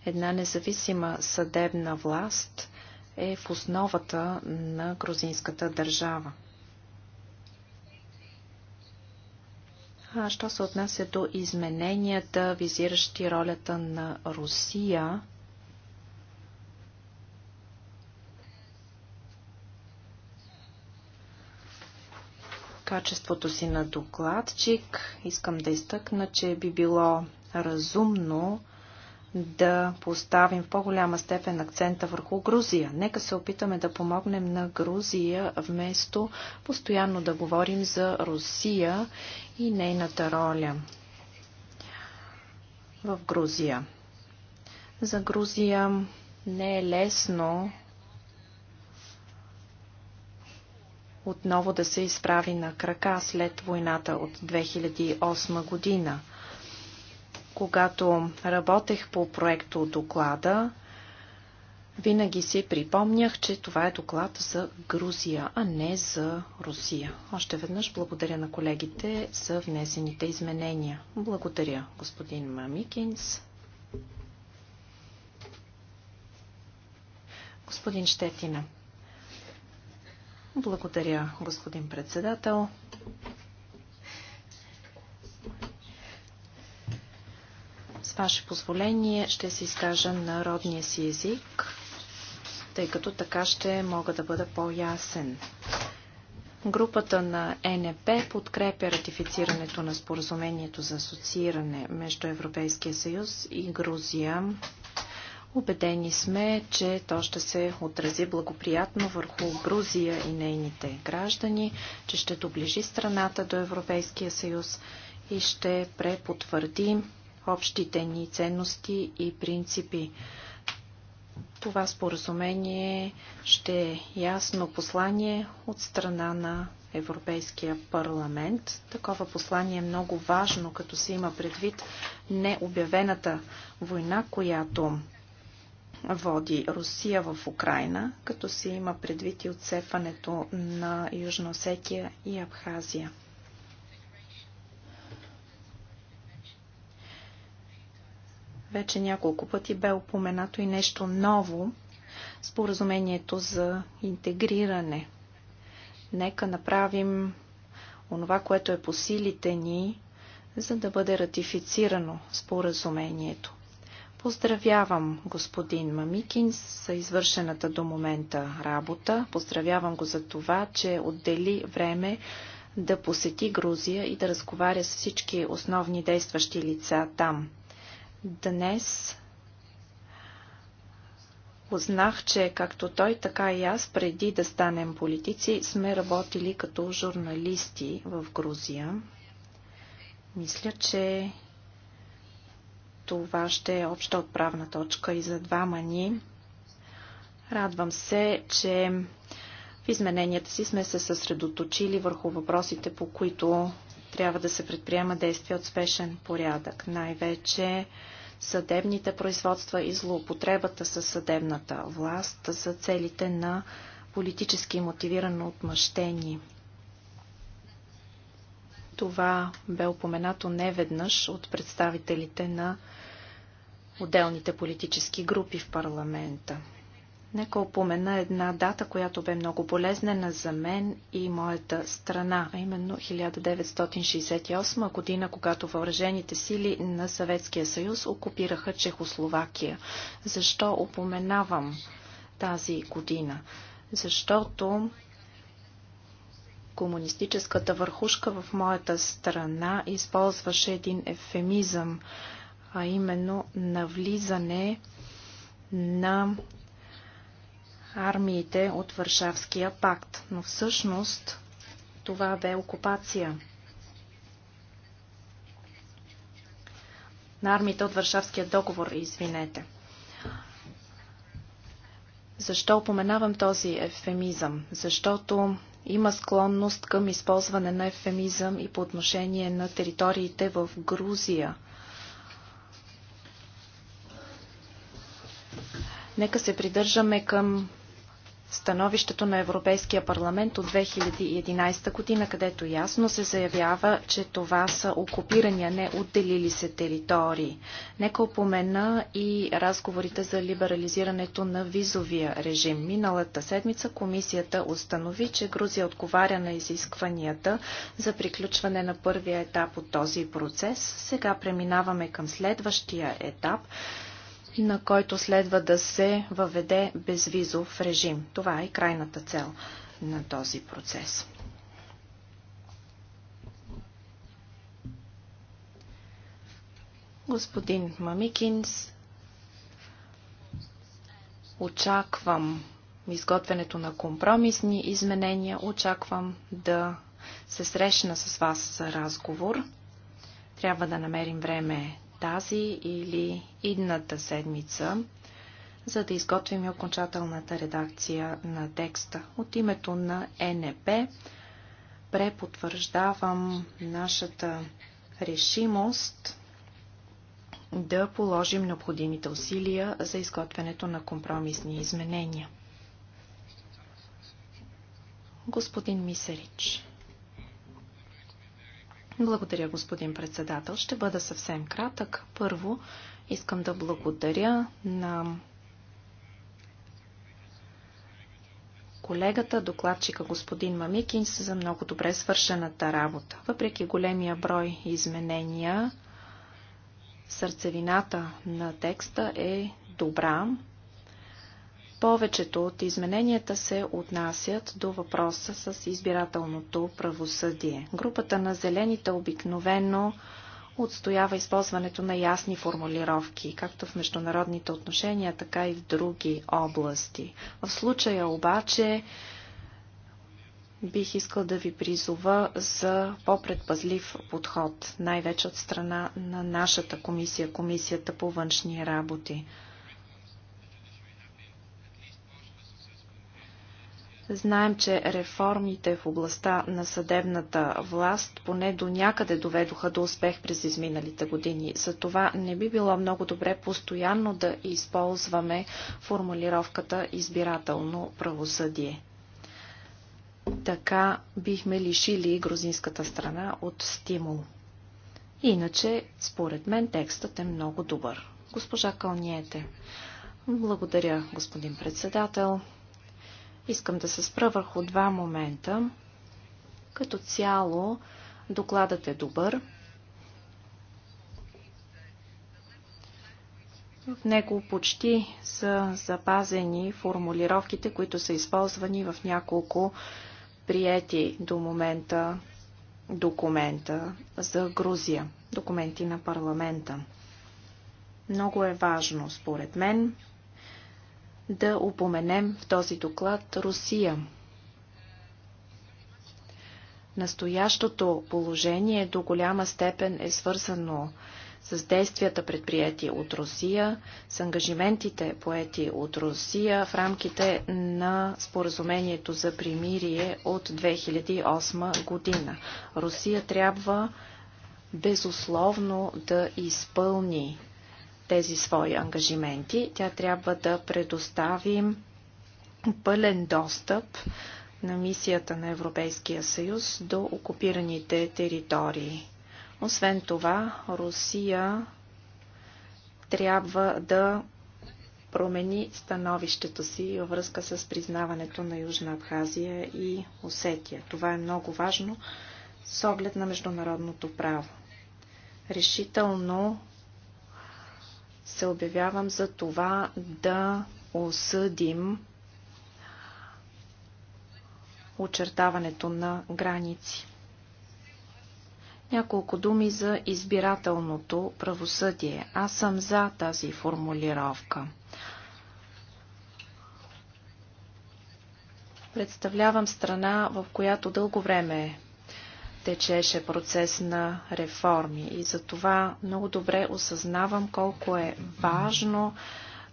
една независима съдебна власт е в основата на грузинската държава. А що се отнася до измененията, визиращи ролята на Русия, качеството си на докладчик, искам да изтъкна, че би било разумно да поставим в по-голяма степен акцента върху Грузия. Нека се опитаме да помогнем на Грузия, вместо постоянно да говорим за Русия и нейната роля в Грузия. За Грузия не е лесно отново да се изправи на крака след войната от 2008 година – когато работех по проекто доклада, винаги си припомнях, че това е доклад за Грузия, а не за Русия. Още веднъж благодаря на колегите за внесените изменения. Благодаря, господин Мамикинс. Господин Щетина. Благодаря, господин председател. С ваше позволение ще се изкажа на родния си език, тъй като така ще мога да бъда по-ясен. Групата на НП подкрепя ратифицирането на споразумението за асоцииране между Европейския съюз и Грузия. Обедени сме, че то ще се отрази благоприятно върху Грузия и нейните граждани, че ще доближи страната до Европейския съюз и ще препотвърди общите ни ценности и принципи. Това споразумение ще е ясно послание от страна на Европейския парламент. Такова послание е много важно, като се има предвид необявената война, която води Русия в Украина, като се има предвид и отцепването на Южна Осетия и Абхазия. Вече няколко пъти бе упоменато и нещо ново споразумението за интегриране. Нека направим онова, което е по силите ни, за да бъде ратифицирано споразумението. Поздравявам господин Мамикин за извършената до момента работа. Поздравявам го за това, че отдели време да посети Грузия и да разговаря с всички основни действащи лица там. Днес узнах, че както той, така и аз, преди да станем политици, сме работили като журналисти в Грузия. Мисля, че това ще е обща отправна точка и за двама ни. Радвам се, че в измененията си сме се съсредоточили върху въпросите, по които трябва да се предприема действия от спешен порядък. Най-вече съдебните производства и злоупотребата със съдебната власт за целите на политически мотивирано отмъщение. Това бе упоменато неведнъж от представителите на отделните политически групи в парламента. Нека упомена една дата, която бе много болезнена за мен и моята страна, а именно 1968 година, когато въоръжените сили на Съветския съюз окупираха Чехословакия. Защо опоменавам тази година? Защото комунистическата върхушка в моята страна използваше един ефемизъм, а именно навлизане на армиите от Варшавския пакт. Но всъщност това бе окупация. На армиите от Варшавския договор, извинете. Защо упоменавам този ефемизъм? Защото има склонност към използване на ефемизъм и по отношение на териториите в Грузия. Нека се придържаме към становището на Европейския парламент от 2011 година, където ясно се заявява, че това са окупирани, а не отделили се територии. Нека опомена и разговорите за либерализирането на визовия режим. Миналата седмица комисията установи, че Грузия отговаря на изискванията за приключване на първия етап от този процес. Сега преминаваме към следващия етап на който следва да се въведе безвизов режим. Това е крайната цел на този процес. Господин Мамикинс, очаквам изготвянето на компромисни изменения. Очаквам да се срещна с вас за разговор. Трябва да намерим време тази или идната седмица, за да изготвим и окончателната редакция на текста. От името на НП препотвърждавам нашата решимост да положим необходимите усилия за изготвянето на компромисни изменения. Господин Мисерич. Благодаря, господин председател. Ще бъда съвсем кратък. Първо, искам да благодаря на колегата, докладчика господин Мамикинс за много добре свършената работа. Въпреки големия брой изменения, сърцевината на текста е добра. Повечето от измененията се отнасят до въпроса с избирателното правосъдие. Групата на зелените обикновено отстоява използването на ясни формулировки, както в международните отношения, така и в други области. В случая обаче бих искал да ви призова за по-предпазлив подход, най-вече от страна на нашата комисия, комисията по външни работи. Знаем, че реформите в областта на съдебната власт поне до някъде доведоха до успех през изминалите години. Затова не би било много добре постоянно да използваме формулировката избирателно правосъдие. Така бихме лишили грузинската страна от стимул. Иначе, според мен, текстът е много добър. Госпожа Кълниете. Благодаря, господин председател. Искам да се спра върху два момента. Като цяло, докладът е добър. В него почти са запазени формулировките, които са използвани в няколко приети до момента документа за Грузия, документи на парламента. Много е важно, според мен, да упоменем в този доклад Русия. Настоящото положение до голяма степен е свързано с действията предприяти от Русия, с ангажиментите поети от Русия в рамките на споразумението за примирие от 2008 година. Русия трябва безусловно да изпълни тези свои ангажименти. Тя трябва да предостави пълен достъп на мисията на Европейския съюз до окупираните територии. Освен това, Русия трябва да промени становището си във връзка с признаването на Южна Абхазия и Осетия. Това е много важно с оглед на международното право. Решително се обявявам за това да осъдим очертаването на граници. Няколко думи за избирателното правосъдие. Аз съм за тази формулировка. Представлявам страна, в която дълго време е течеше процес на реформи и за това много добре осъзнавам колко е важно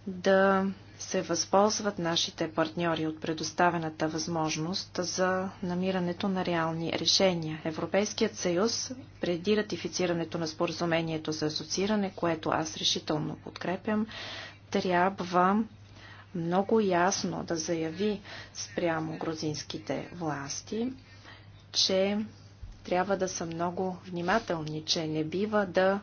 да се възползват нашите партньори от предоставената възможност за намирането на реални решения. Европейският съюз преди ратифицирането на споразумението за асоцииране, което аз решително подкрепям, трябва много ясно да заяви спрямо грузинските власти, че трябва да са много внимателни, че не бива да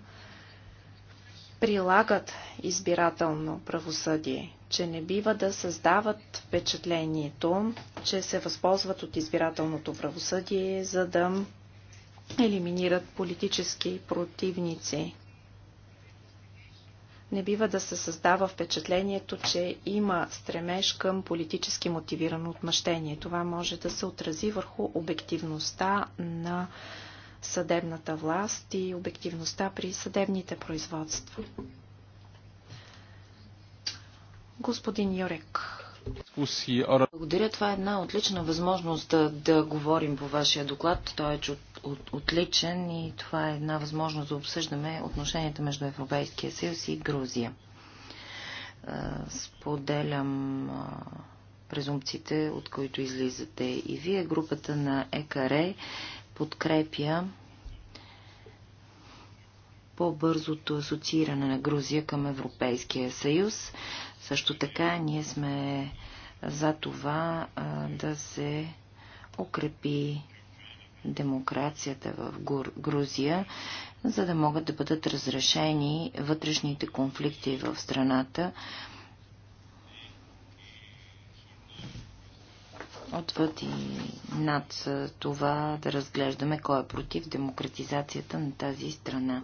прилагат избирателно правосъдие, че не бива да създават впечатлението, че се възползват от избирателното правосъдие, за да елиминират политически противници. Не бива да се създава впечатлението, че има стремеж към политически мотивирано отмъщение. Това може да се отрази върху обективността на съдебната власт и обективността при съдебните производства. Господин Юрек. Благодаря, това е една отлична възможност да, да говорим по вашия доклад. Той е от, от, отличен и това е една възможност да обсъждаме отношенията между Европейския съюз и Грузия. Споделям презумпциите, от които излизате и вие. Групата на ЕКАРЕ подкрепя по-бързото асоцииране на Грузия към Европейския съюз. Също така ние сме за това а, да се укрепи демокрацията в Грузия, за да могат да бъдат разрешени вътрешните конфликти в страната отвъд и над това да разглеждаме кой е против демократизацията на тази страна.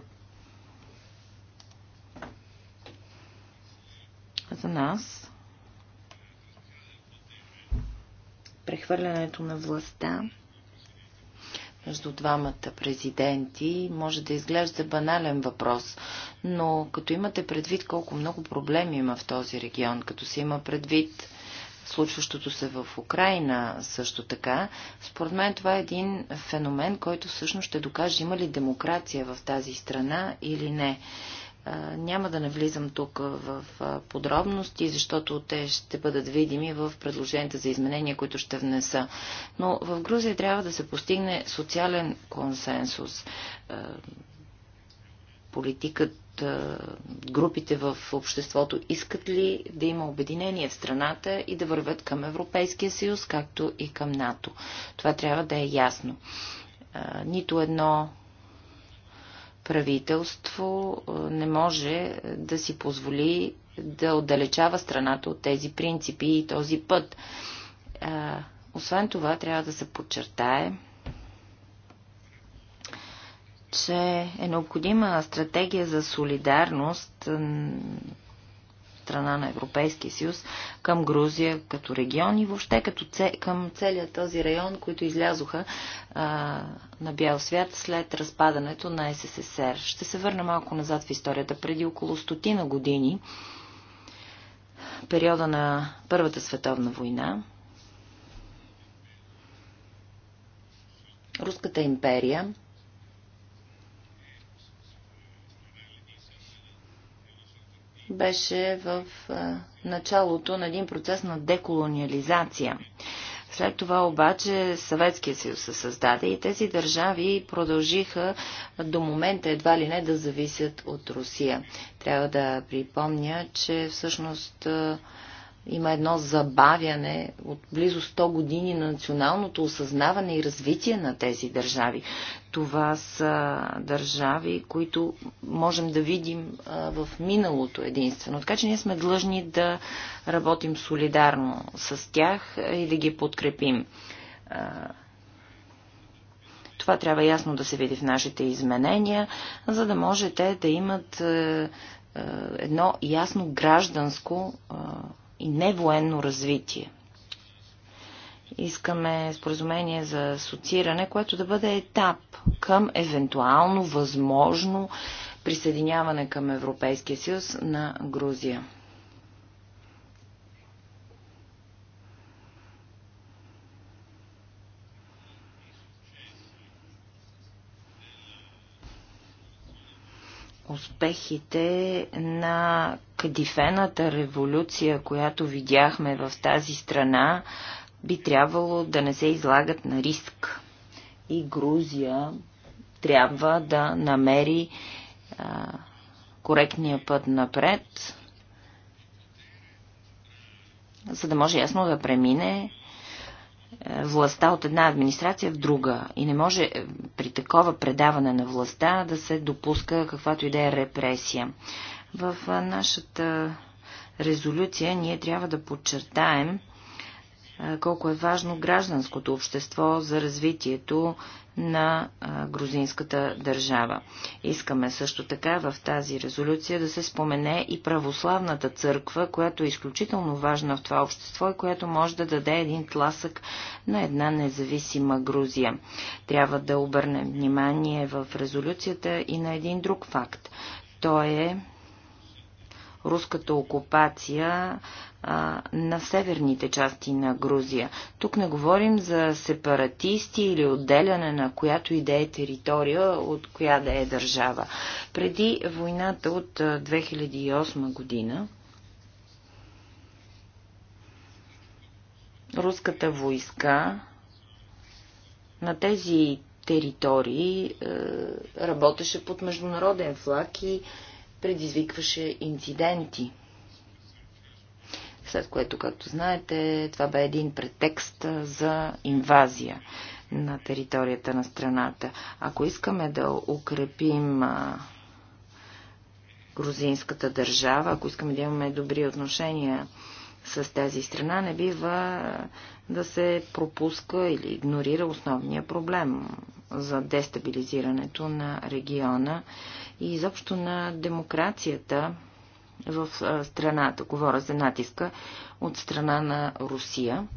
за нас прехвърлянето на властта между двамата президенти може да изглежда банален въпрос, но като имате предвид колко много проблеми има в този регион, като се има предвид случващото се в Украина също така, според мен това е един феномен, който всъщност ще докаже има ли демокрация в тази страна или не. Няма да навлизам тук в подробности, защото те ще бъдат видими в предложенията за изменения, които ще внеса. Но в Грузия трябва да се постигне социален консенсус. Политикът, групите в обществото искат ли да има обединение в страната и да вървят към Европейския съюз, както и към НАТО. Това трябва да е ясно. Нито едно правителство не може да си позволи да отдалечава страната от тези принципи и този път. Освен това, трябва да се подчертае, че е необходима стратегия за солидарност страна на Европейския съюз към Грузия като регион и въобще като ц... към целият този район, които излязоха а, на бял свят след разпадането на СССР. Ще се върна малко назад в историята. Преди около стотина години, периода на Първата световна война, Руската империя беше в началото на един процес на деколониализация. След това обаче Съветския съюз се създаде и тези държави продължиха до момента едва ли не да зависят от Русия. Трябва да припомня, че всъщност има едно забавяне от близо 100 години на националното осъзнаване и развитие на тези държави. Това са държави, които можем да видим в миналото единствено. Така че ние сме длъжни да работим солидарно с тях и да ги подкрепим. Това трябва ясно да се види в нашите изменения, за да можете да имат едно ясно гражданско и невоенно развитие. Искаме споразумение за асоцииране, което да бъде етап към евентуално възможно присъединяване към Европейския съюз на Грузия. успехите на кадифената революция, която видяхме в тази страна, би трябвало да не се излагат на риск. И Грузия трябва да намери а, коректния път напред, за да може ясно да премине властта от една администрация в друга. И не може е, при такова предаване на властта да се допуска каквато и да е репресия. В нашата резолюция ние трябва да подчертаем колко е важно гражданското общество за развитието на грузинската държава. Искаме също така в тази резолюция да се спомене и православната църква, която е изключително важна в това общество и която може да даде един тласък на една независима Грузия. Трябва да обърнем внимание в резолюцията и на един друг факт. Той е руската окупация на северните части на Грузия. Тук не говорим за сепаратисти или отделяне на която и да е територия, от коя да е държава. Преди войната от 2008 година, руската войска на тези територии е, работеше под международен флаг и предизвикваше инциденти. След което, както знаете, това бе един претекст за инвазия на територията на страната. Ако искаме да укрепим грузинската държава, ако искаме да имаме добри отношения с тази страна, не бива да се пропуска или игнорира основния проблем за дестабилизирането на региона и изобщо на демокрацията в страната. Говоря за натиска от страна на Русия,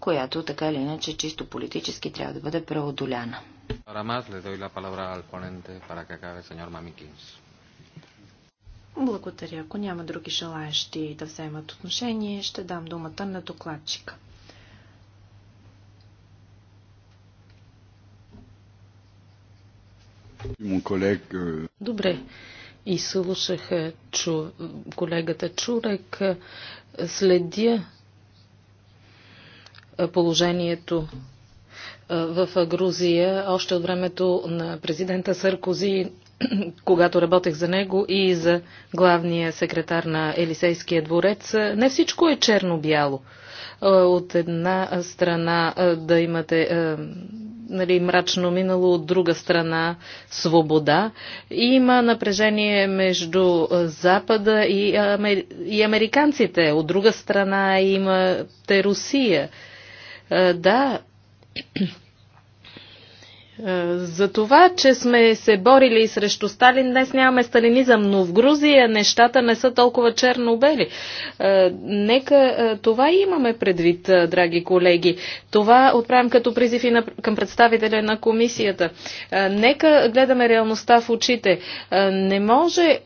която така или иначе чисто политически трябва да бъде преодоляна. Ahora más le doy la palabra al ponente para que acabe el señor Mamikins. Благодаря. Ако няма други желаящи да вземат отношение, ще дам думата на докладчика. Е, Добре. И слушах е, чу, колегата Чурек. Е, следя положението в Грузия още от времето на президента Саркози когато работех за него и за главния секретар на Елисейския дворец, не всичко е черно-бяло. Е, от една страна е, да имате е, нали, мрачно минало, от друга страна свобода. И има напрежение между Запада и, амер... и американците. От друга страна имате Русия. Да, е, за това, че сме се борили срещу Сталин, днес нямаме сталинизъм, но в Грузия нещата не са толкова черно-бели. Е, нека е, това имаме предвид, драги колеги. Това отправям като призив и към представителя на комисията. Нека гледаме реалността в очите. Не може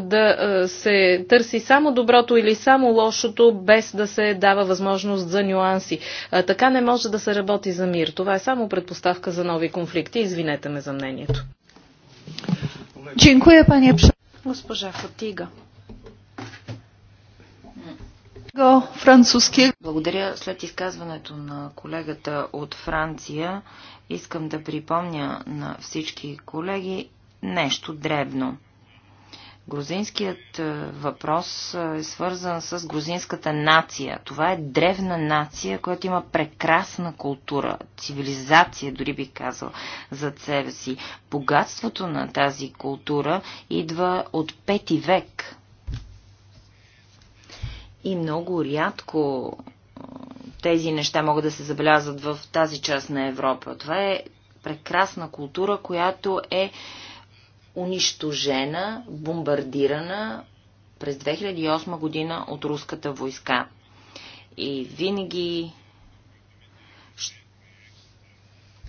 да се търси само доброто или само лошото, без да се дава възможност за нюанси. Така не може да се работи за мир. Това е само предпоставка за нови конфликти конфликти. Извинете ме за мнението. Чинкуя, пани Госпожа Фатига. Французски. Благодаря. След изказването на колегата от Франция, искам да припомня на всички колеги нещо дребно. Грузинският е, въпрос е, е свързан с грузинската нация. Това е древна нация, която има прекрасна култура, цивилизация, дори би казал, зад себе си. Богатството на тази култура идва от пети век. И много рядко е, тези неща могат да се забелязват в тази част на Европа. Това е прекрасна култура, която е унищожена, бомбардирана през 2008 година от руската войска. И винаги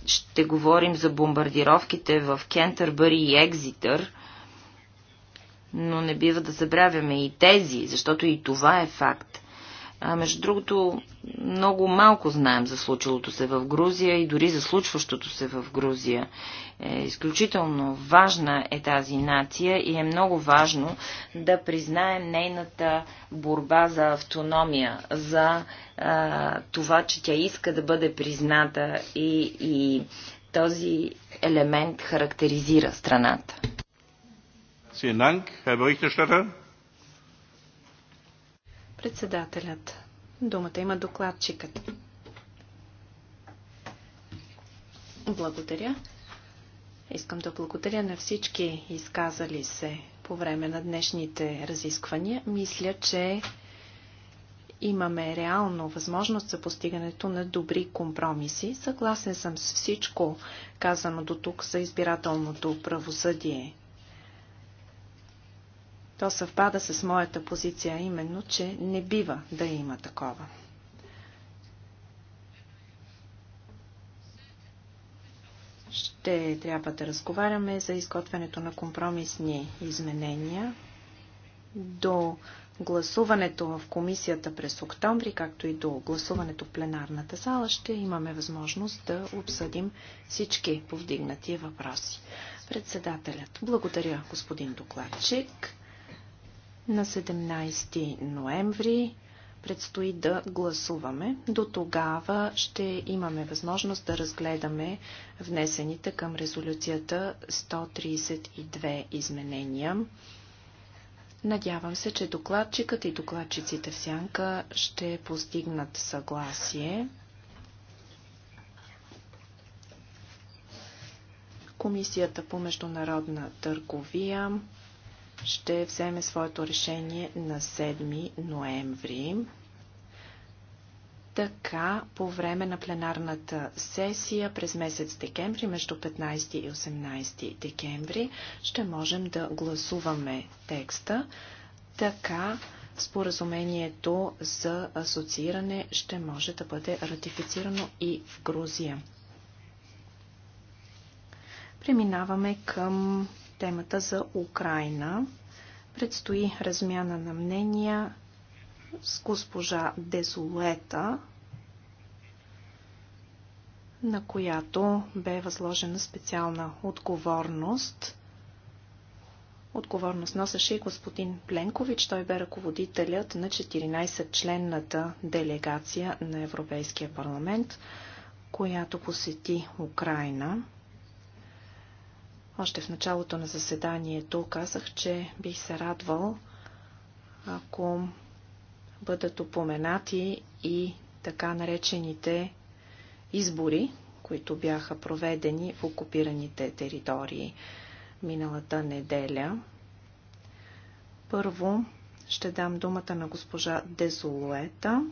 ще говорим за бомбардировките в Кентърбъри и Екзитър, но не бива да забравяме и тези, защото и това е факт. А, между другото, много малко знаем за случилото се в Грузия и дори за случващото се в Грузия. Е, изключително важна е тази нация и е много важно да признаем нейната борба за автономия, за а, това, че тя иска да бъде призната и, и този елемент характеризира страната. Председателят Думата има докладчикът. Благодаря. Искам да благодаря на всички изказали се по време на днешните разисквания. Мисля, че имаме реално възможност за постигането на добри компромиси. Съгласен съм с всичко казано до тук за избирателното правосъдие. То съвпада с моята позиция, именно, че не бива да има такова. Ще трябва да разговаряме за изготвянето на компромисни изменения до гласуването в комисията през октомври, както и до гласуването в пленарната зала, ще имаме възможност да обсъдим всички повдигнати въпроси. Председателят. Благодаря, господин докладчик. На 17 ноември предстои да гласуваме. До тогава ще имаме възможност да разгледаме внесените към резолюцията 132 изменения. Надявам се, че докладчикът и докладчиците в сянка ще постигнат съгласие. Комисията по международна търговия ще вземе своето решение на 7 ноември. Така, по време на пленарната сесия през месец декември, между 15 и 18 декември, ще можем да гласуваме текста. Така, споразумението за асоцииране ще може да бъде ратифицирано и в Грузия. Преминаваме към темата за Украина. Предстои размяна на мнения с госпожа Дезолета, на която бе възложена специална отговорност. Отговорност носеше и господин Пленкович. Той бе ръководителят на 14-членната делегация на Европейския парламент, която посети Украина. Още в началото на заседанието казах, че бих се радвал, ако бъдат упоменати и така наречените избори, които бяха проведени в окупираните територии миналата неделя. Първо, ще дам думата на госпожа Дезолуета.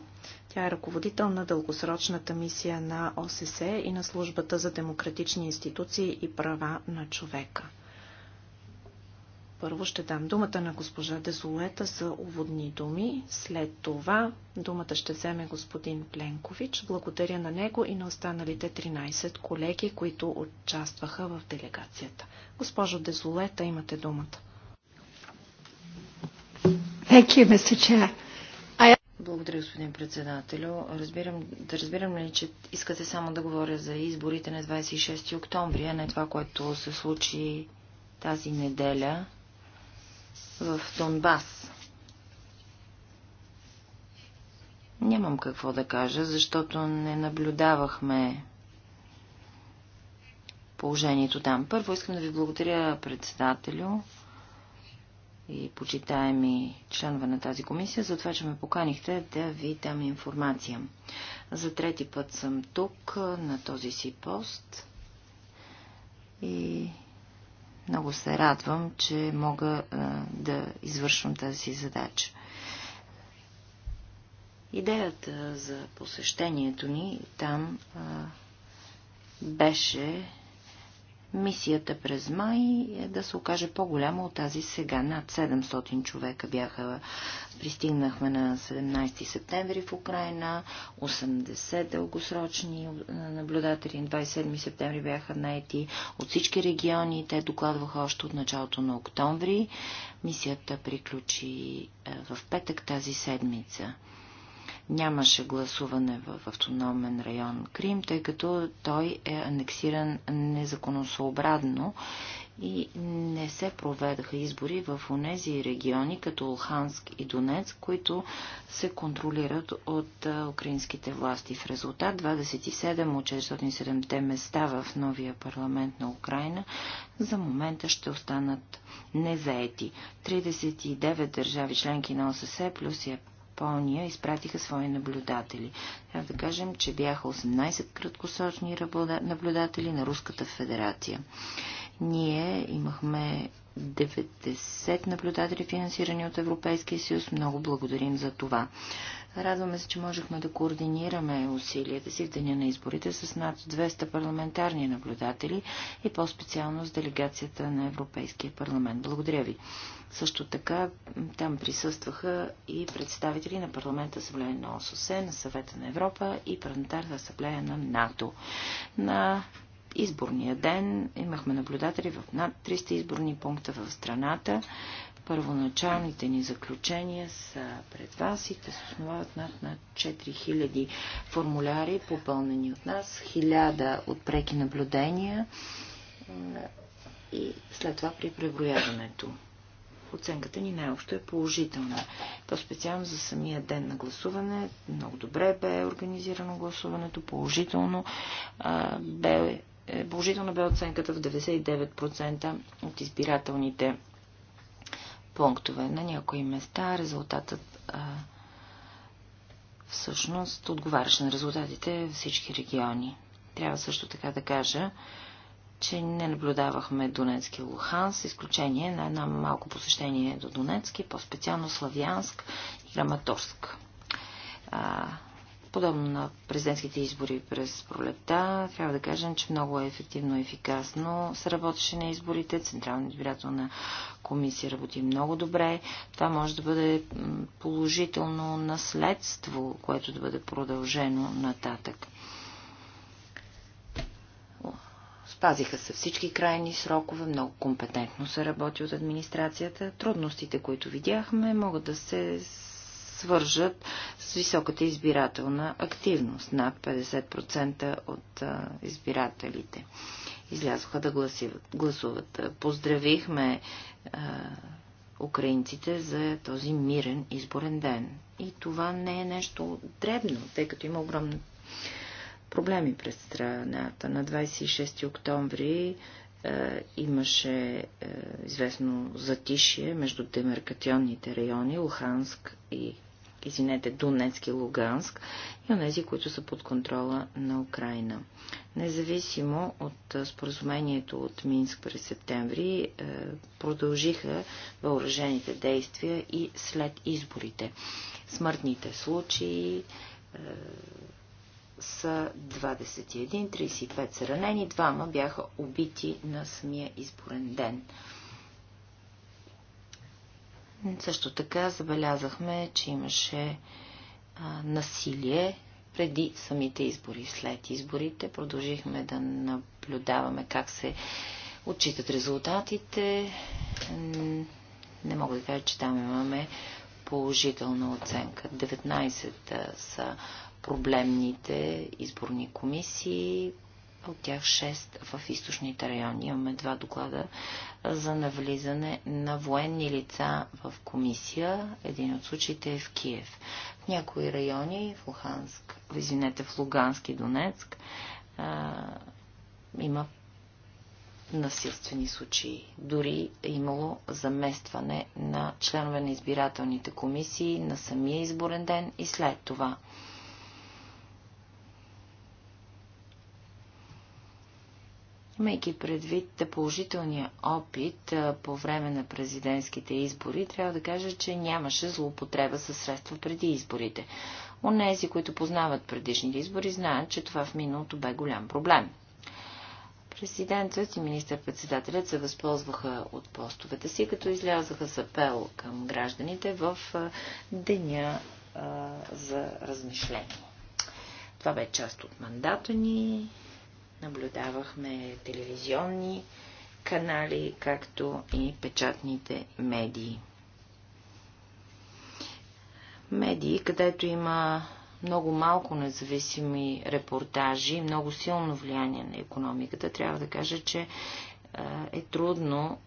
Тя е ръководител на дългосрочната мисия на ОССЕ и на службата за демократични институции и права на човека. Първо ще дам думата на госпожа Дезолуета за уводни думи. След това думата ще вземе господин Пленкович. Благодаря на него и на останалите 13 колеги, които участваха в делегацията. Госпожо Дезолета, имате думата. You, I... Благодаря, господин председателю. Разбирам, да разбирам ли, че искате само да говоря за изборите на 26 октомври, а не това, което се случи тази неделя в Донбас. Нямам какво да кажа, защото не наблюдавахме положението там. Първо искам да ви благодаря председателю и почитаеми членове на тази комисия, за това, че ме поканихте да ви дам информация. За трети път съм тук, на този си пост и много се радвам, че мога а, да извършвам тази си задача. Идеята за посещението ни там а, беше мисията през май е да се окаже по-голяма от тази сега. Над 700 човека бяха, пристигнахме на 17 септември в Украина, 80 дългосрочни наблюдатели, 27 септември бяха наети от всички региони, те докладваха още от началото на октомври. Мисията приключи в петък тази седмица. Нямаше гласуване в автономен район Крим, тъй като той е анексиран незаконосообразно и не се проведаха избори в онези региони, като Лханск и Донец, които се контролират от украинските власти. В резултат 27 от 407-те места в новия парламент на Украина за момента ще останат незаети. 39 държави членки на ОССЕ плюс е Япония изпратиха свои наблюдатели. Трябва да кажем, че бяха 18 краткосрочни наблюдатели на Руската федерация. Ние имахме 90 наблюдатели, финансирани от Европейския съюз. Много благодарим за това. Радваме се, че можехме да координираме усилията си в деня на изборите с над 200 парламентарни наблюдатели и по-специално с делегацията на Европейския парламент. Благодаря ви. Също така там присъстваха и представители на парламента Асамблея на ОСОСЕ, на Съвета на Европа и парламентарната асамблея на НАТО. На изборния ден имахме наблюдатели в над 300 изборни пункта в страната Първоначалните ни заключения са пред вас и те се основават над, над 4000 формуляри, попълнени от нас, 1000 от преки наблюдения и след това при преброяването. Оценката ни най-общо е положителна. По-специално за самия ден на гласуване, много добре бе организирано гласуването, положително а, бе е, положително бе оценката в 99% от избирателните пунктове. На някои места резултатът а, всъщност отговаряше на резултатите във всички региони. Трябва също така да кажа, че не наблюдавахме Донецки и Лухан, с изключение на едно малко посещение до Донецки, по-специално Славянск и Краматорск. А, Подобно на президентските избори през пролетта, трябва да кажем, че много е ефективно и ефикасно се работеше на изборите. Централна избирателна комисия работи много добре. Това може да бъде положително наследство, което да бъде продължено нататък. Спазиха се всички крайни срокове, много компетентно се работи от администрацията. Трудностите, които видяхме, могат да се свържат с високата избирателна активност, над 50% от избирателите. Излязоха да гласуват. Поздравихме украинците за този мирен изборен ден. И това не е нещо дребно, тъй като има огромни проблеми пред страната. На 26 октомври е, имаше е, известно затишие между демаркационните райони Луханск и извинете, Донецк и Луганск и онези, които са под контрола на Украина. Независимо от споразумението от Минск през септември, е, продължиха въоръжените действия и след изборите. Смъртните случаи е, са 21, 35 са ранени, двама бяха убити на самия изборен ден. Също така забелязахме, че имаше а, насилие преди самите избори. След изборите продължихме да наблюдаваме как се отчитат резултатите. Не мога да кажа, че там имаме положителна оценка. 19 са проблемните изборни комисии, от тях 6 в източните райони. Имаме два доклада за навлизане на военни лица в комисия. Един от случаите е в Киев. В някои райони, в Луханск, извинете, в Лугански и Донецк, а, има насилствени случаи. Дори е имало заместване на членове на избирателните комисии на самия изборен ден и след това. Имайки предвид положителния опит по време на президентските избори, трябва да кажа, че нямаше злоупотреба със средства преди изборите. Онези, които познават предишните избори, знаят, че това в миналото бе голям проблем. Президентът и министър-председателят се възползваха от постовете си, като излязаха с апел към гражданите в деня за размишление. Това бе част от мандата ни Наблюдавахме телевизионни канали, както и печатните медии. Медии, където има много малко независими репортажи, много силно влияние на економиката, трябва да кажа, че е трудно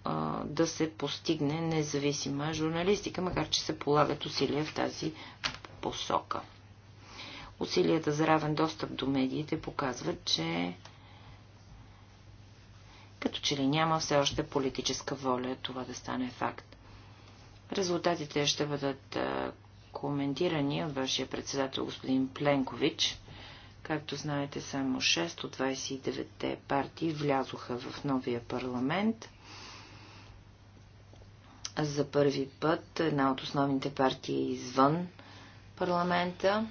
да се постигне независима журналистика, макар че се полагат усилия в тази посока. Усилията за равен достъп до медиите показват, че като че ли няма все още политическа воля това да стане факт. Резултатите ще бъдат коментирани от вашия председател господин Пленкович. Както знаете, само 6 от 29-те партии влязоха в новия парламент. За първи път една от основните партии е извън парламента.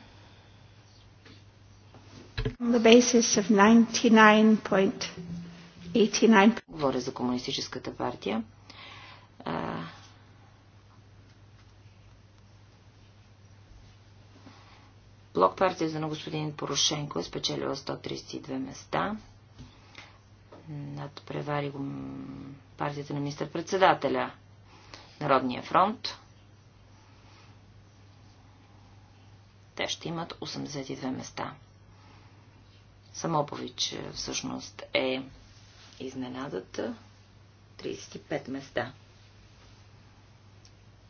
On the basis of 99.9 89... Говоря за Комунистическата партия. А... Блок партията на господин Порошенко е спечелила 132 места. Надпревари го партията на министър-председателя. Народния фронт. Те ще имат 82 места. Самопович е, всъщност е изненадата 35 места.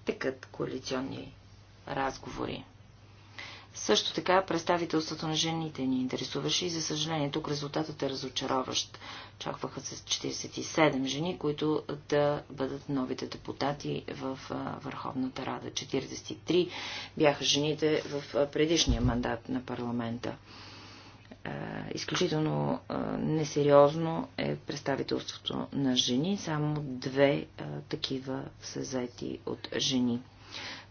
Текат коалиционни разговори. Също така представителството на жените ни интересуваше и за съжаление тук резултатът е разочароващ. Чакваха се 47 жени, които да бъдат новите депутати в Върховната Рада. 43 бяха жените в предишния мандат на парламента. Е, изключително е, несериозно е представителството на жени. Само две е, такива са заети от жени.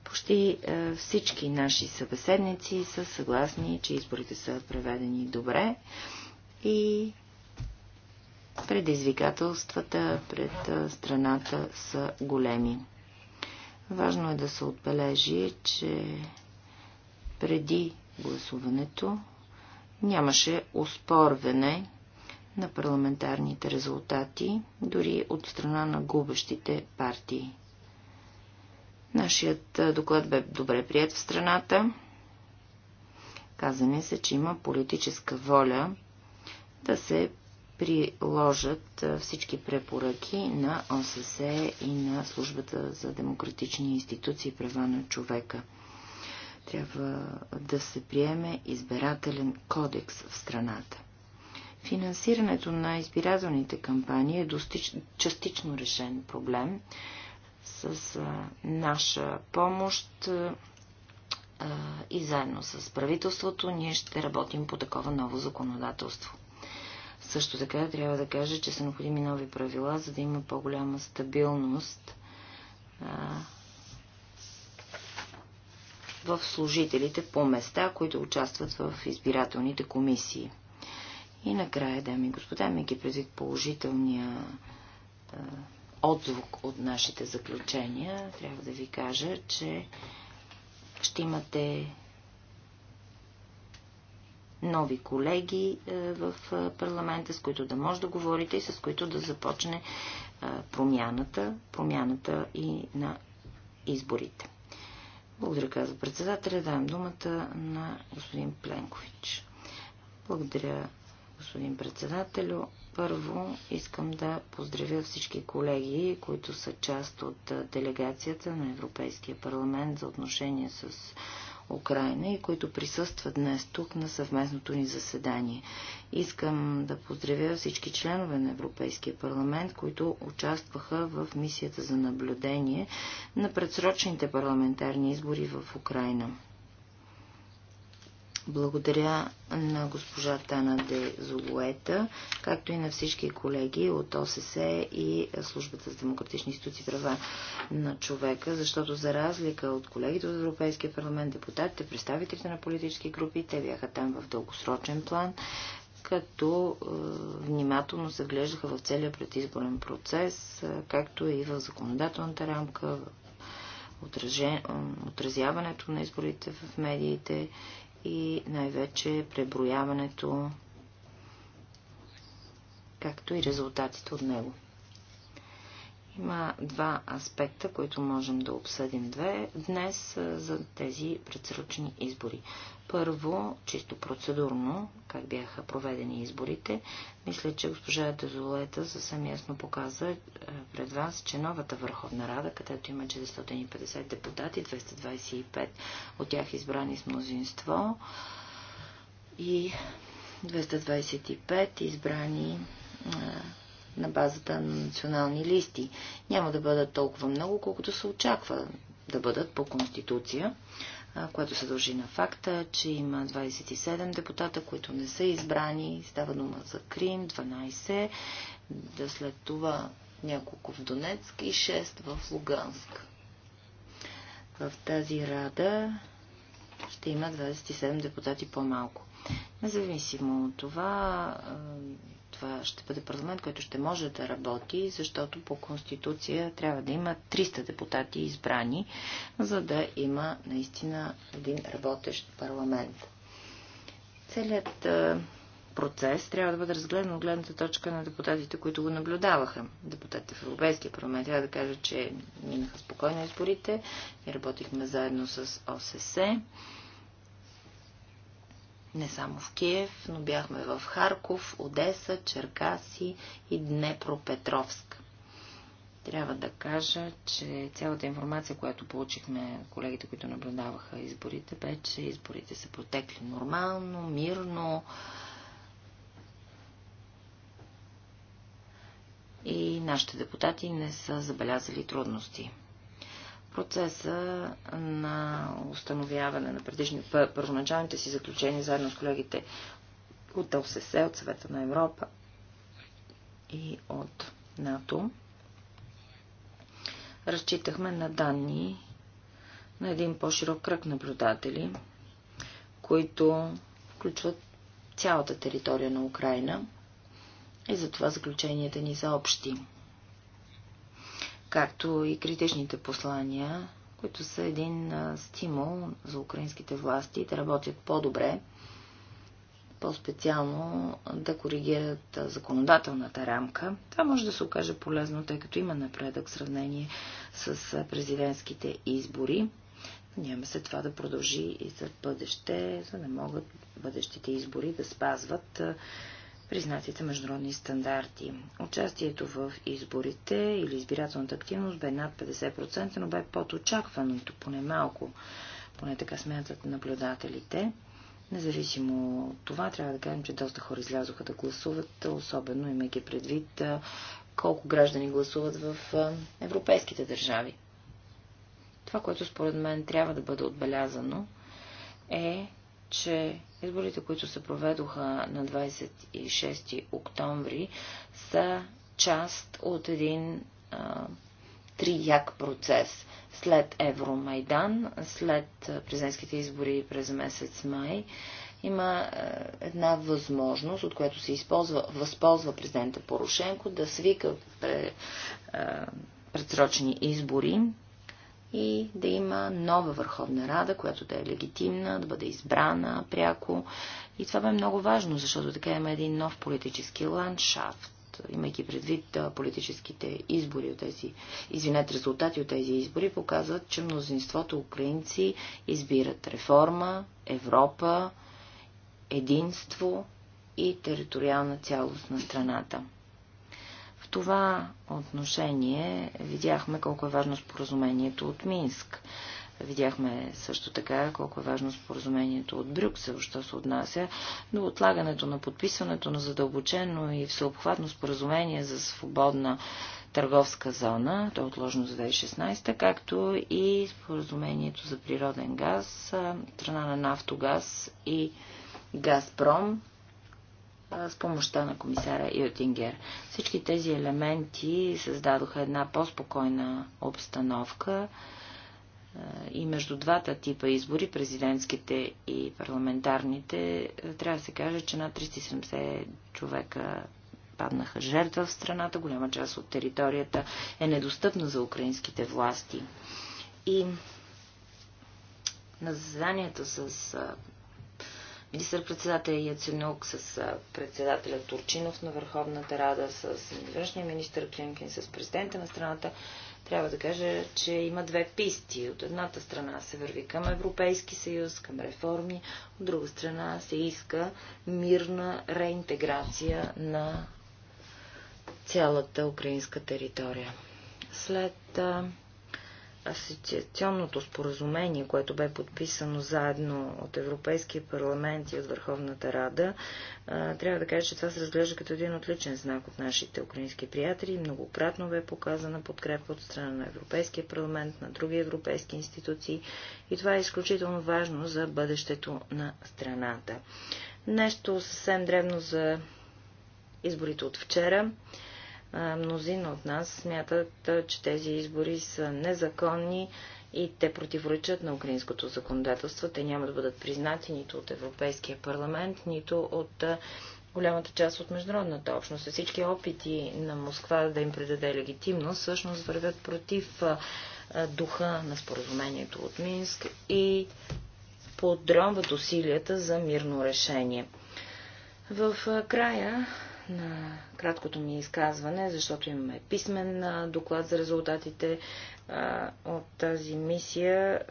Почти всички наши събеседници са съгласни, че изборите са преведени добре и предизвикателствата пред страната са големи. Важно е да се отбележи, че преди гласуването нямаше оспорване на парламентарните резултати, дори от страна на губещите партии. Нашият доклад бе добре прият в страната. Казане се, че има политическа воля да се приложат всички препоръки на ОССЕ и на Службата за демократични институции и права на човека – трябва да се приеме избирателен кодекс в страната. Финансирането на избирателните кампании е достич... частично решен проблем. С а, наша помощ а, и заедно с правителството ние ще работим по такова ново законодателство. Също така трябва да кажа, че са необходими нови правила, за да има по-голяма стабилност а, в служителите по места, които участват в избирателните комисии. И накрая, дами и господа, ги предвид положителния е, отзвук от нашите заключения, трябва да ви кажа, че ще имате нови колеги в парламента, с които да може да говорите и с които да започне промяната, промяната и на изборите. Благодаря, каза председателя. Давам думата на господин Пленкович. Благодаря, господин председателю. Първо искам да поздравя всички колеги, които са част от делегацията на Европейския парламент за отношение с Украина и които присъстват днес тук на съвместното ни заседание. Искам да поздравя всички членове на Европейския парламент, които участваха в мисията за наблюдение на предсрочните парламентарни избори в Украина. Благодаря на госпожа Тана де Зогуета, както и на всички колеги от ОССЕ и Службата за демократични институции и права на човека, защото за разлика от колегите от Европейския парламент, депутатите, представителите на политически групи, те бяха там в дългосрочен план, като е, внимателно се вглеждаха в целия предизборен процес, е, както и в законодателната рамка, отразяването на изборите в медиите и най-вече преброяването, както и резултатите от него. Има два аспекта, които можем да обсъдим две днес за тези предсрочни избори. Първо, чисто процедурно, как бяха проведени изборите, мисля, че госпожа Дезолета съвсем ясно показа пред вас, че новата Върховна Рада, където има 450 депутати, 225 от тях избрани с мнозинство и 225 избрани на базата на национални листи. Няма да бъдат толкова много, колкото се очаква да бъдат по Конституция, което се дължи на факта, че има 27 депутата, които не са избрани. Става дума за Крим, 12, да след това няколко в Донецк и 6 в Луганск. В тази рада ще има 27 депутати по-малко. Независимо от това, това ще бъде парламент, който ще може да работи, защото по Конституция трябва да има 300 депутати избрани, за да има наистина един работещ парламент. Целият процес трябва да бъде разгледан от гледната точка на депутатите, които го наблюдаваха. Депутатите в Европейския парламент трябва да кажа, че минаха спокойно изборите и работихме заедно с ОССЕ не само в Киев, но бяхме в Харков, Одеса, Черкаси и Днепропетровск. Трябва да кажа, че цялата информация, която получихме от колегите, които наблюдаваха изборите, бе, че изборите са протекли нормално, мирно. И нашите депутати не са забелязали трудности процеса на установяване на предишни, първоначалните си заключения заедно с колегите от ОСС, от Съвета на Европа и от НАТО. Разчитахме на данни на един по-широк кръг наблюдатели, които включват цялата територия на Украина и затова заключенията ни са общи както и критичните послания, които са един стимул за украинските власти да работят по-добре, по-специално да коригират законодателната рамка. Това може да се окаже полезно, тъй като има напредък в сравнение с президентските избори. Няма се това да продължи и за бъдеще, за да могат бъдещите избори да спазват признатите международни стандарти. Участието в изборите или избирателната активност бе над 50%, но бе под очакваното, поне малко, поне така смятат наблюдателите. Независимо от това, трябва да кажем, че доста хора излязоха да гласуват, особено имайки предвид колко граждани гласуват в европейските държави. Това, което според мен трябва да бъде отбелязано, е, че изборите, които се проведоха на 26 октомври, са част от един а, трияк процес. След Евромайдан, след президентските избори през месец май, има една възможност, от която се използва, възползва президента Порошенко да свика пред, предсрочни избори и да има нова Върховна Рада, която да е легитимна, да бъде избрана пряко. И това бе много важно, защото така има един нов политически ландшафт имайки предвид политическите избори от тези, извинете, резултати от тези избори, показват, че мнозинството украинци избират реформа, Европа, единство и териториална цялост на страната това отношение видяхме колко е важно споразумението от Минск. Видяхме също така колко е важно споразумението от Брюксел, що се отнася до отлагането на подписването на задълбочено и всеобхватно споразумение за свободна търговска зона, то е отложено за 2016, както и споразумението за природен газ, страна на нафтогаз и Газпром, с помощта на комисаря Йотингер. Всички тези елементи създадоха една по-спокойна обстановка и между двата типа избори, президентските и парламентарните, трябва да се каже, че над 370 човека паднаха жертва в страната, голяма част от територията е недостъпна за украинските власти. И на заседанието с министър-председателя Яценук, с председателя Турчинов на Върховната Рада, с външния министър Клинкин, с президента на страната, трябва да кажа, че има две писти. От едната страна се върви към Европейски съюз, към реформи, от друга страна се иска мирна реинтеграция на цялата украинска територия. След асоциационното споразумение, което бе подписано заедно от Европейския парламент и от Върховната Рада, трябва да кажа, че това се разглежда като един отличен знак от нашите украински приятели. Многократно бе показана подкрепа от страна на Европейския парламент, на други европейски институции и това е изключително важно за бъдещето на страната. Нещо съвсем древно за изборите от вчера. Мнозина от нас смятат, че тези избори са незаконни и те противоречат на украинското законодателство. Те няма да бъдат признати нито от Европейския парламент, нито от голямата част от международната общност. Всички опити на Москва да им предаде легитимност всъщност вървят против духа на споразумението от Минск и подромват усилията за мирно решение. В края на краткото ми изказване, защото имаме писмен доклад за резултатите от тази мисия.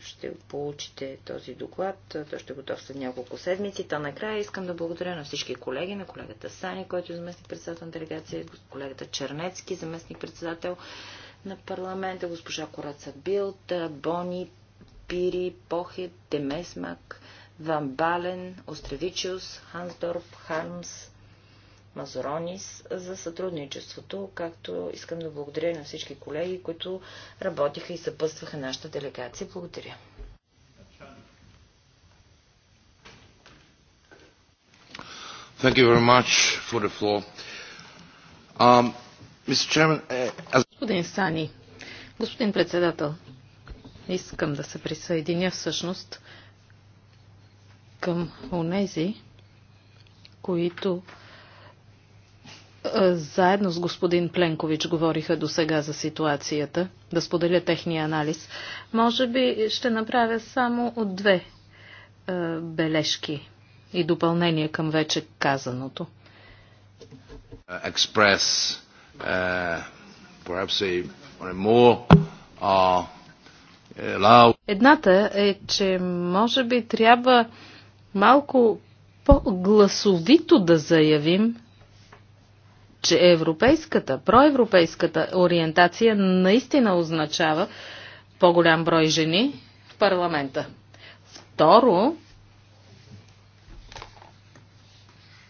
Ще получите този доклад. Той ще е готов след няколко седмици. Та накрая искам да благодаря на всички колеги, на колегата Сани, който е заместник председател на делегация, колегата Чернецки, заместник председател на парламента, госпожа Кораца Билт, Бони, Пири, Похет, Демесмак, Ван Бален, Остревичиус, Хансдорф, Хармс, Мазоронис за сътрудничеството, както искам да благодаря на всички колеги, които работиха и съпътстваха нашата делегация. Благодаря. Thank you very much for the floor. Um, Mr. Chairman, eh, as... Господин Сани, господин председател, искам да се присъединя всъщност към онези, които е, заедно с господин Пленкович говориха до сега за ситуацията, да споделя техния анализ. Може би ще направя само от две е, бележки и допълнения към вече казаното. Експрес, uh, uh, uh, Едната е, че може би трябва малко по-гласовито да заявим, че европейската, проевропейската ориентация наистина означава по-голям брой жени в парламента. Второ,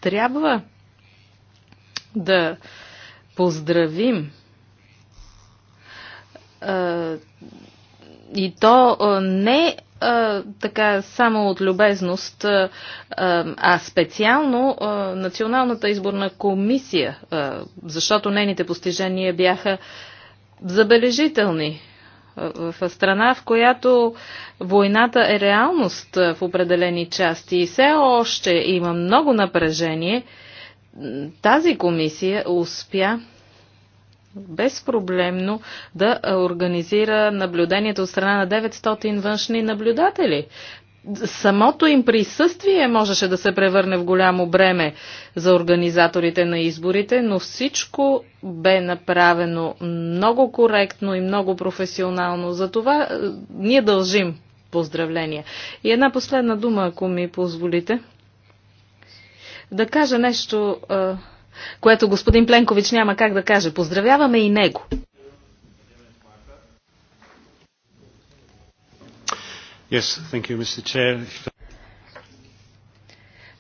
трябва да поздравим и то не а, така само от любезност, а, а специално а, Националната изборна комисия, а, защото нейните постижения бяха забележителни в страна, в която войната е реалност в определени части и все още има много напрежение, тази комисия успя безпроблемно да организира наблюдението от страна на 900 външни наблюдатели. Самото им присъствие можеше да се превърне в голямо бреме за организаторите на изборите, но всичко бе направено много коректно и много професионално. За това е, ние дължим поздравления. И една последна дума, ако ми позволите. Да кажа нещо е, което господин Пленкович няма как да каже. Поздравяваме и него. Yes, thank you, Mr. Chair.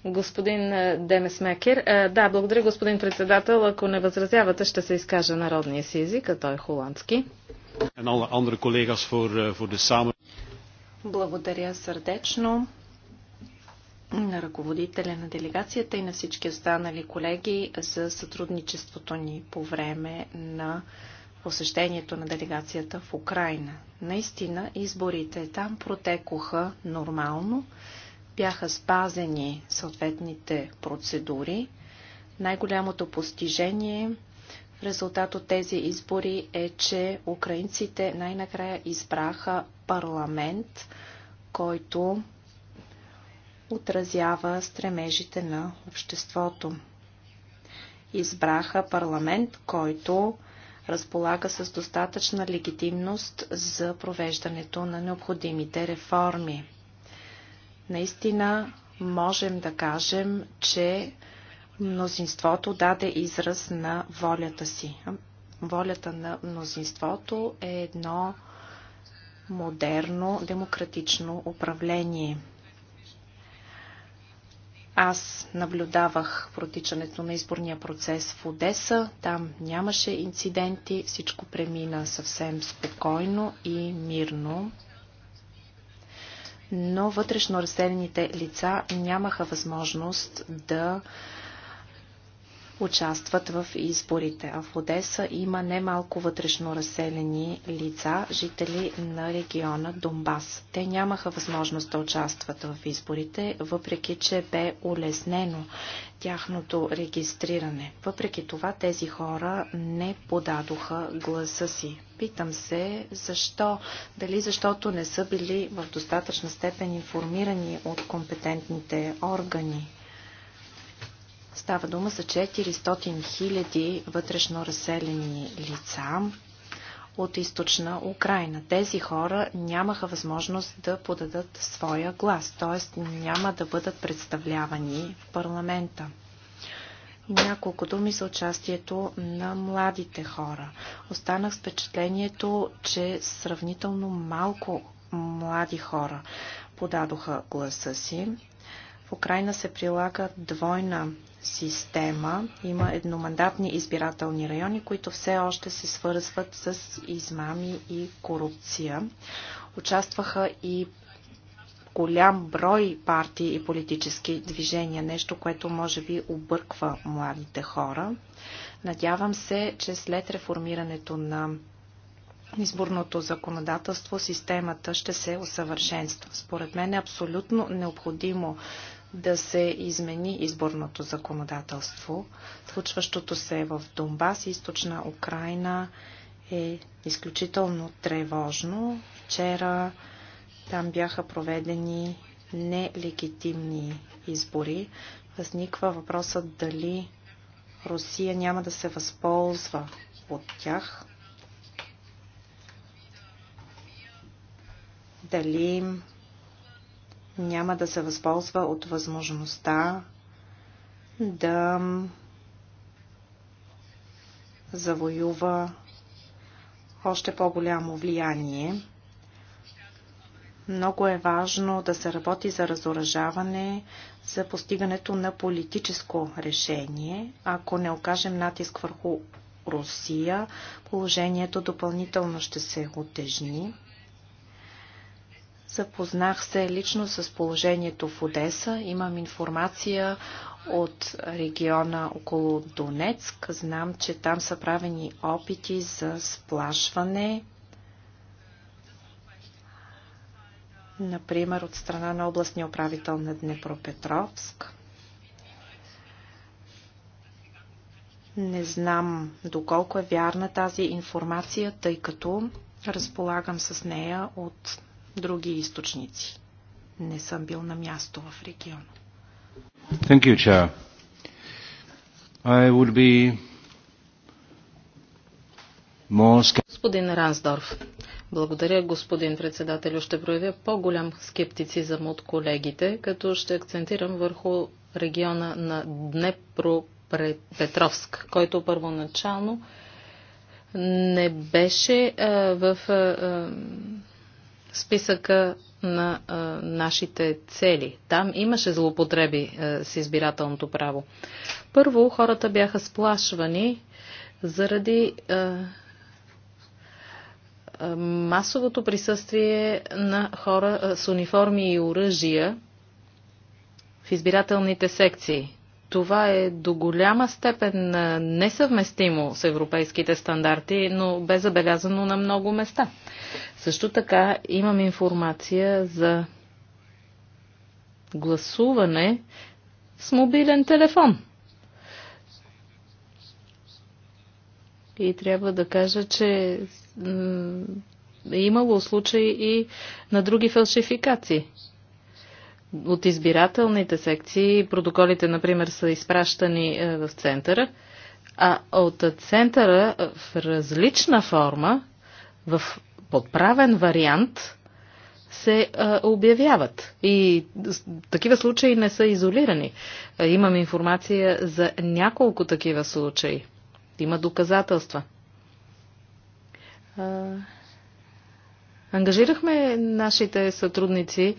Господин е, Мекер, е, Да, благодаря, господин председател. Ако не възразявате, ще се изкажа народния си език, а той е холандски. Е, благодаря сърдечно на ръководителя на делегацията и на всички останали колеги за сътрудничеството ни по време на посещението на делегацията в Украина. Наистина изборите там протекоха нормално, бяха спазени съответните процедури. Най-голямото постижение в резултат от тези избори е, че украинците най-накрая избраха парламент, който отразява стремежите на обществото. Избраха парламент, който разполага с достатъчна легитимност за провеждането на необходимите реформи. Наистина можем да кажем, че мнозинството даде израз на волята си. Волята на мнозинството е едно модерно демократично управление – аз наблюдавах протичането на изборния процес в Одеса. Там нямаше инциденти. Всичко премина съвсем спокойно и мирно. Но вътрешно разселените лица нямаха възможност да участват в изборите. А в Одеса има немалко вътрешно разселени лица, жители на региона Донбас. Те нямаха възможност да участват в изборите, въпреки че бе улеснено тяхното регистриране. Въпреки това тези хора не подадоха гласа си. Питам се защо. Дали защото не са били в достатъчна степен информирани от компетентните органи. Става дума за 400 000 вътрешно разселени лица от източна Украина. Тези хора нямаха възможност да подадат своя глас, т.е. няма да бъдат представлявани в парламента. Няколко думи за участието на младите хора. Останах с впечатлението, че сравнително малко млади хора подадоха гласа си. Украина се прилага двойна система. Има едномандатни избирателни райони, които все още се свързват с измами и корупция. Участваха и голям брой партии и политически движения, нещо, което може би обърква младите хора. Надявам се, че след реформирането на изборното законодателство, системата ще се усъвършенства. Според мен е абсолютно необходимо да се измени изборното законодателство. Случващото се в Донбас, източна Украина е изключително тревожно. Вчера там бяха проведени нелегитимни избори. Възниква въпросът дали Русия няма да се възползва от тях. Дали няма да се възползва от възможността да завоюва още по-голямо влияние. Много е важно да се работи за разоръжаване, за постигането на политическо решение. Ако не окажем натиск върху Русия, положението допълнително ще се отежни. Запознах се лично с положението в Одеса. Имам информация от региона около Донецк. Знам, че там са правени опити за сплашване, например от страна на областния управител на Днепропетровск. Не знам доколко е вярна тази информация, тъй като разполагам с нея от други източници. Не съм бил на място в региона. Thank you, Chair. I would be more... Господин Рансдорф, благодаря, господин председател, Ще проявя по-голям скептицизъм от колегите, като ще акцентирам върху региона на Днепропетровск, който първоначално не беше в списъка на а, нашите цели. Там имаше злоупотреби а, с избирателното право. Първо, хората бяха сплашвани заради а, а, масовото присъствие на хора а, с униформи и оръжия в избирателните секции. Това е до голяма степен несъвместимо с европейските стандарти, но бе забелязано на много места. Също така имам информация за гласуване с мобилен телефон. И трябва да кажа, че е имало случаи и на други фалшификации от избирателните секции протоколите, например, са изпращани е, в центъра, а от центъра е, в различна форма, в подправен вариант, се а, е, обявяват. И такива случаи не са изолирани. А, имам информация за няколко такива случаи. Има доказателства. А, ангажирахме нашите сътрудници а,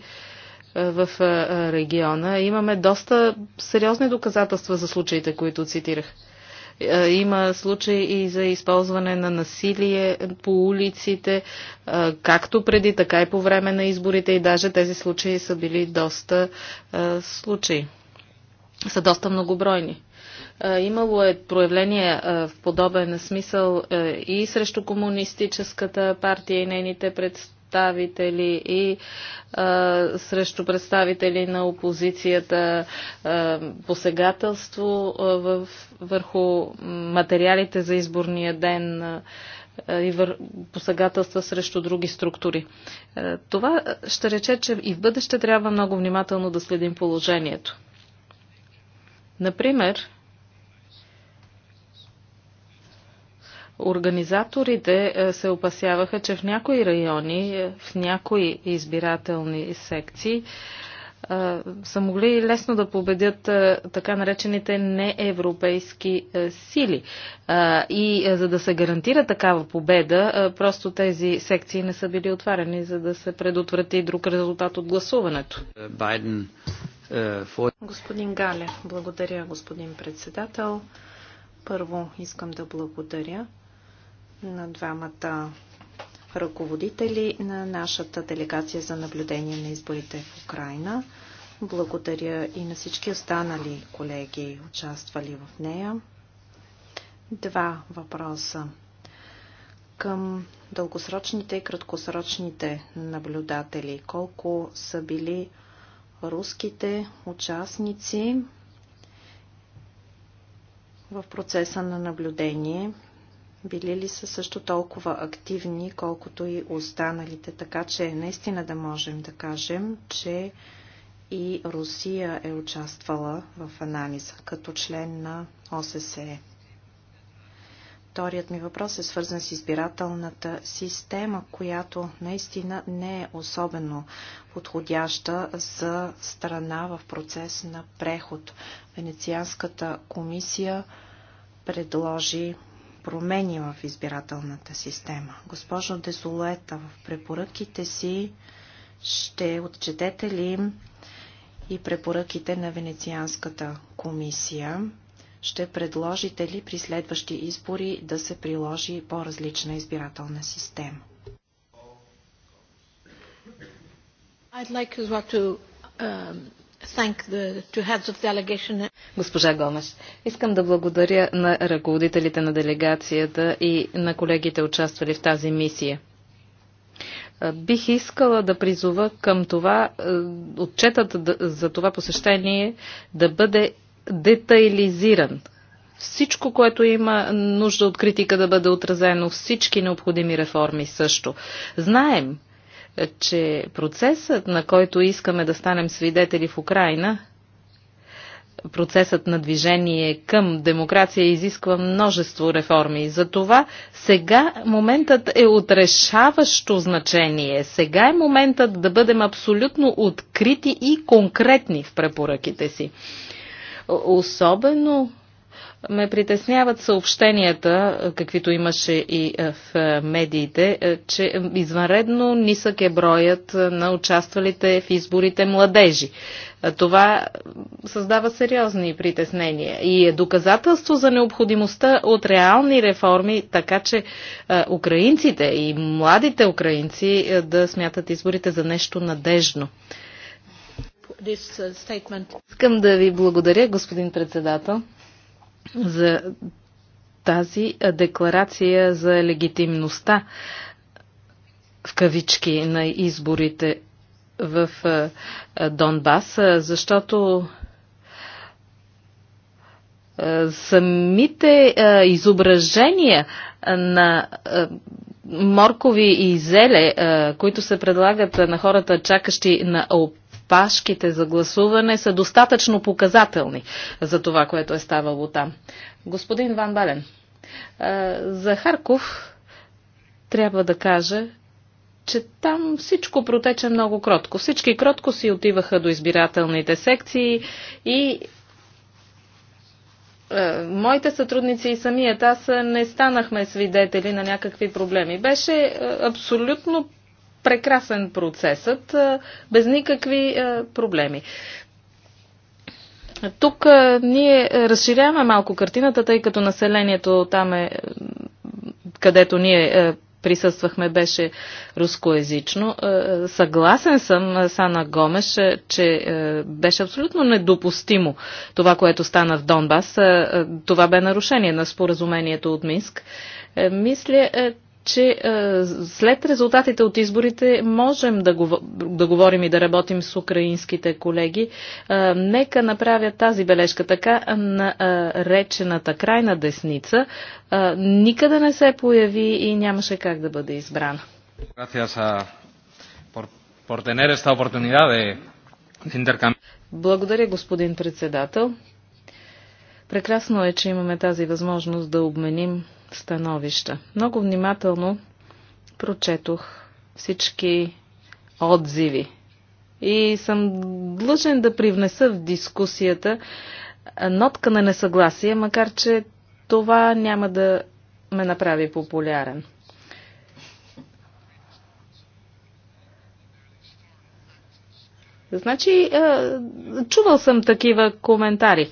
е, в е, региона. Имаме доста сериозни доказателства за случаите, които цитирах. Е, има случаи и за използване на насилие по улиците, както преди, така и по време на изборите и даже тези случаи са били доста случаи. Са доста многобройни. Имало е проявление в подобен смисъл и срещу комунистическата партия и нейните представители представители и а, срещу представители на опозицията, а, посегателство а, в, върху материалите за изборния ден. А, и вър... посегателства срещу други структури. Това ще рече, че и в бъдеще трябва много внимателно да следим положението. Например, Организаторите е, се опасяваха, че в някои райони, е, в някои избирателни секции, е, са могли лесно да победят така наречените неевропейски сили. И за да се гарантира такава победа, просто тези секции не са били отварени, за да се предотврати друг резултат от гласуването. Господин Галев, благодаря, господин председател. Първо искам да благодаря на двамата ръководители на нашата делегация за наблюдение на изборите в Украина. Благодаря и на всички останали колеги, участвали в нея. Два въпроса към дългосрочните и краткосрочните наблюдатели. Колко са били руските участници в процеса на наблюдение били ли са също толкова активни, колкото и останалите, така че наистина да можем да кажем, че и Русия е участвала в анализа като член на ОССЕ. Вторият ми въпрос е свързан с избирателната система, която наистина не е особено подходяща за страна в процес на преход. Венецианската комисия предложи промени в избирателната система. Госпожо Дезолета, в препоръките си ще отчетете ли и препоръките на Венецианската комисия? Ще предложите ли при следващи избори да се приложи по-различна избирателна система? I'd like to, um, Госпожа Гомес, искам да благодаря на ръководителите на делегацията и на колегите участвали в тази мисия. Бих искала да призова към това, отчетът за това посещение да бъде детайлизиран. Всичко, което има нужда от критика да бъде отразено, всички необходими реформи също. Знаем, че процесът, на който искаме да станем свидетели в Украина, процесът на движение към демокрация изисква множество реформи. Затова сега моментът е отрешаващо значение. Сега е моментът да бъдем абсолютно открити и конкретни в препоръките си. Особено ме притесняват съобщенията, каквито имаше и е, в е, медиите, е, че извънредно нисък е броят на участвалите в изборите младежи. Това създава сериозни притеснения и е доказателство за необходимостта от реални реформи, така че украинците и младите украинци да смятат изборите за нещо надежно. Искам да ви благодаря, господин председател за тази декларация за легитимността в кавички на изборите в Донбас, защото самите изображения на моркови и зеле, които се предлагат на хората, чакащи на опашките за гласуване са достатъчно показателни за това, което е ставало там. Господин Ван Бален, за Харков трябва да кажа, че там всичко протече много кротко. Всички кротко си отиваха до избирателните секции и моите сътрудници и самият аз не станахме свидетели на някакви проблеми. Беше абсолютно прекрасен процесът, без никакви проблеми. Тук ние разширяваме малко картината, тъй като населението там е, където ние присъствахме, беше рускоязично. Съгласен съм с Ана Гомеш, че беше абсолютно недопустимо това, което стана в Донбас. Това бе нарушение на споразумението от Минск. Е, мисля, е, че е, след резултатите от изборите можем да, гов... да говорим и да работим с украинските колеги. Е, нека направя тази бележка така на е, речената крайна десница. Никъде не се появи и нямаше как да бъде избрана. Благодаря, господин председател. Прекрасно е, че имаме тази възможност да обменим становища. Много внимателно прочетох всички отзиви и съм длъжен да привнеса в дискусията нотка на несъгласие, макар че това няма да ме направи популярен. Значи, чувал съм такива коментари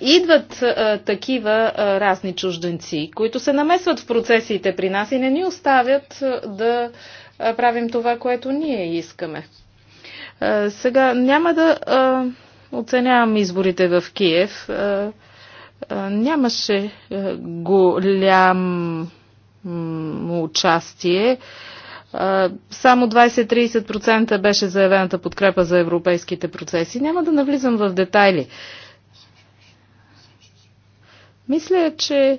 идват такива разни чужденци, които се намесват в процесите при нас и не ни оставят да правим това, което ние искаме. Сега няма да оценявам изборите в Киев. Нямаше голям участие. Само 20-30% беше заявената подкрепа за европейските процеси. Няма да навлизам в детайли. Мисля, че е,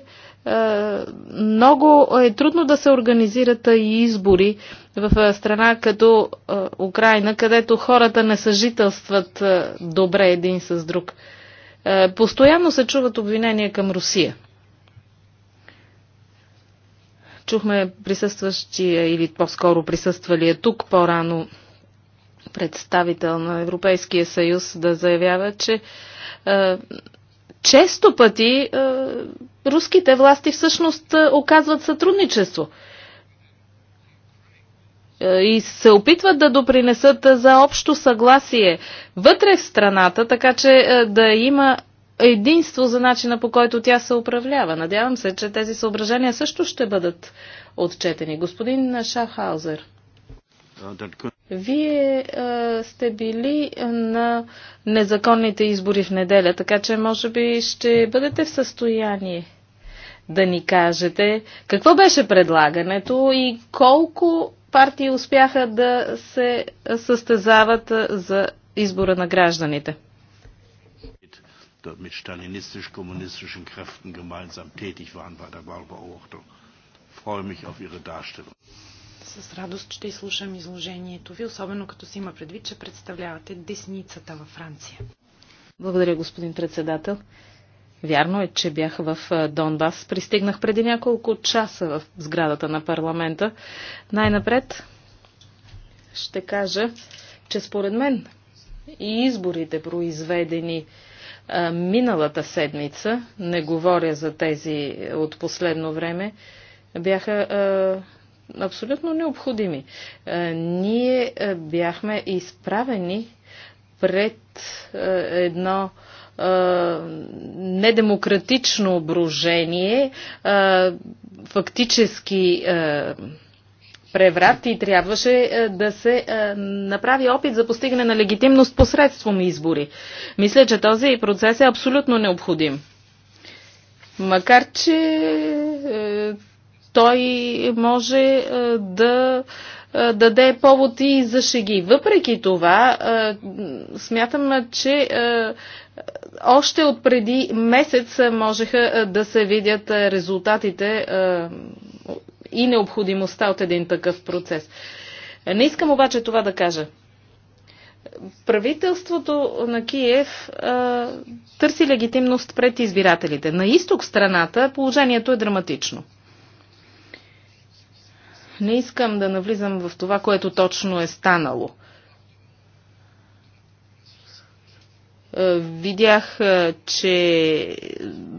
много е трудно да се организират и избори в е, страна като е, Украина, където хората не съжителстват добре един с друг. Постоянно се чуват обвинения към Русия. Чухме присъстващия или по-скоро присъствалия тук по-рано представител на Европейския съюз да заявява, че често пъти е, руските власти всъщност е, оказват сътрудничество е, и се опитват да допринесат за общо съгласие вътре в страната, така че е, да има единство за начина по който тя се управлява. Надявам се, че тези съображения също ще бъдат отчетени. Господин Шахаузер. Вие а, сте били на незаконните избори в неделя, така че може би ще бъдете в състояние да ни кажете какво беше предлагането и колко партии успяха да се състезават за избора на гражданите. mit stalinistisch-kommunistischen Kräften gemeinsam tätig waren bei der Wahlbeobachtung. Freue mich auf Ihre Darstellung. С радост ще изслушам изложението ви, особено като си има предвид, че представлявате десницата във Франция. Благодаря, господин председател. Вярно е, че бях в Донбас. Пристигнах преди няколко часа в сградата на парламента. Най-напред ще кажа, че според мен и изборите, произведени а, миналата седмица, не говоря за тези от последно време, бяха а, абсолютно необходими. Е, ние е, бяхме изправени пред е, едно недемократично обружение, фактически преврат и трябваше да се направи опит за постигане на легитимност посредством избори. Мисля, че този процес е абсолютно необходим. Макар, че той може е, да е, даде повод и за шеги. Въпреки това, е, смятам, че още от преди месец можеха да се видят резултатите и необходимостта от един такъв процес. Не искам обаче това да кажа. Правителството на Киев а, търси легитимност пред избирателите. На изток страната положението е драматично. Не искам да навлизам в това, което точно е станало. Е, видях, е, че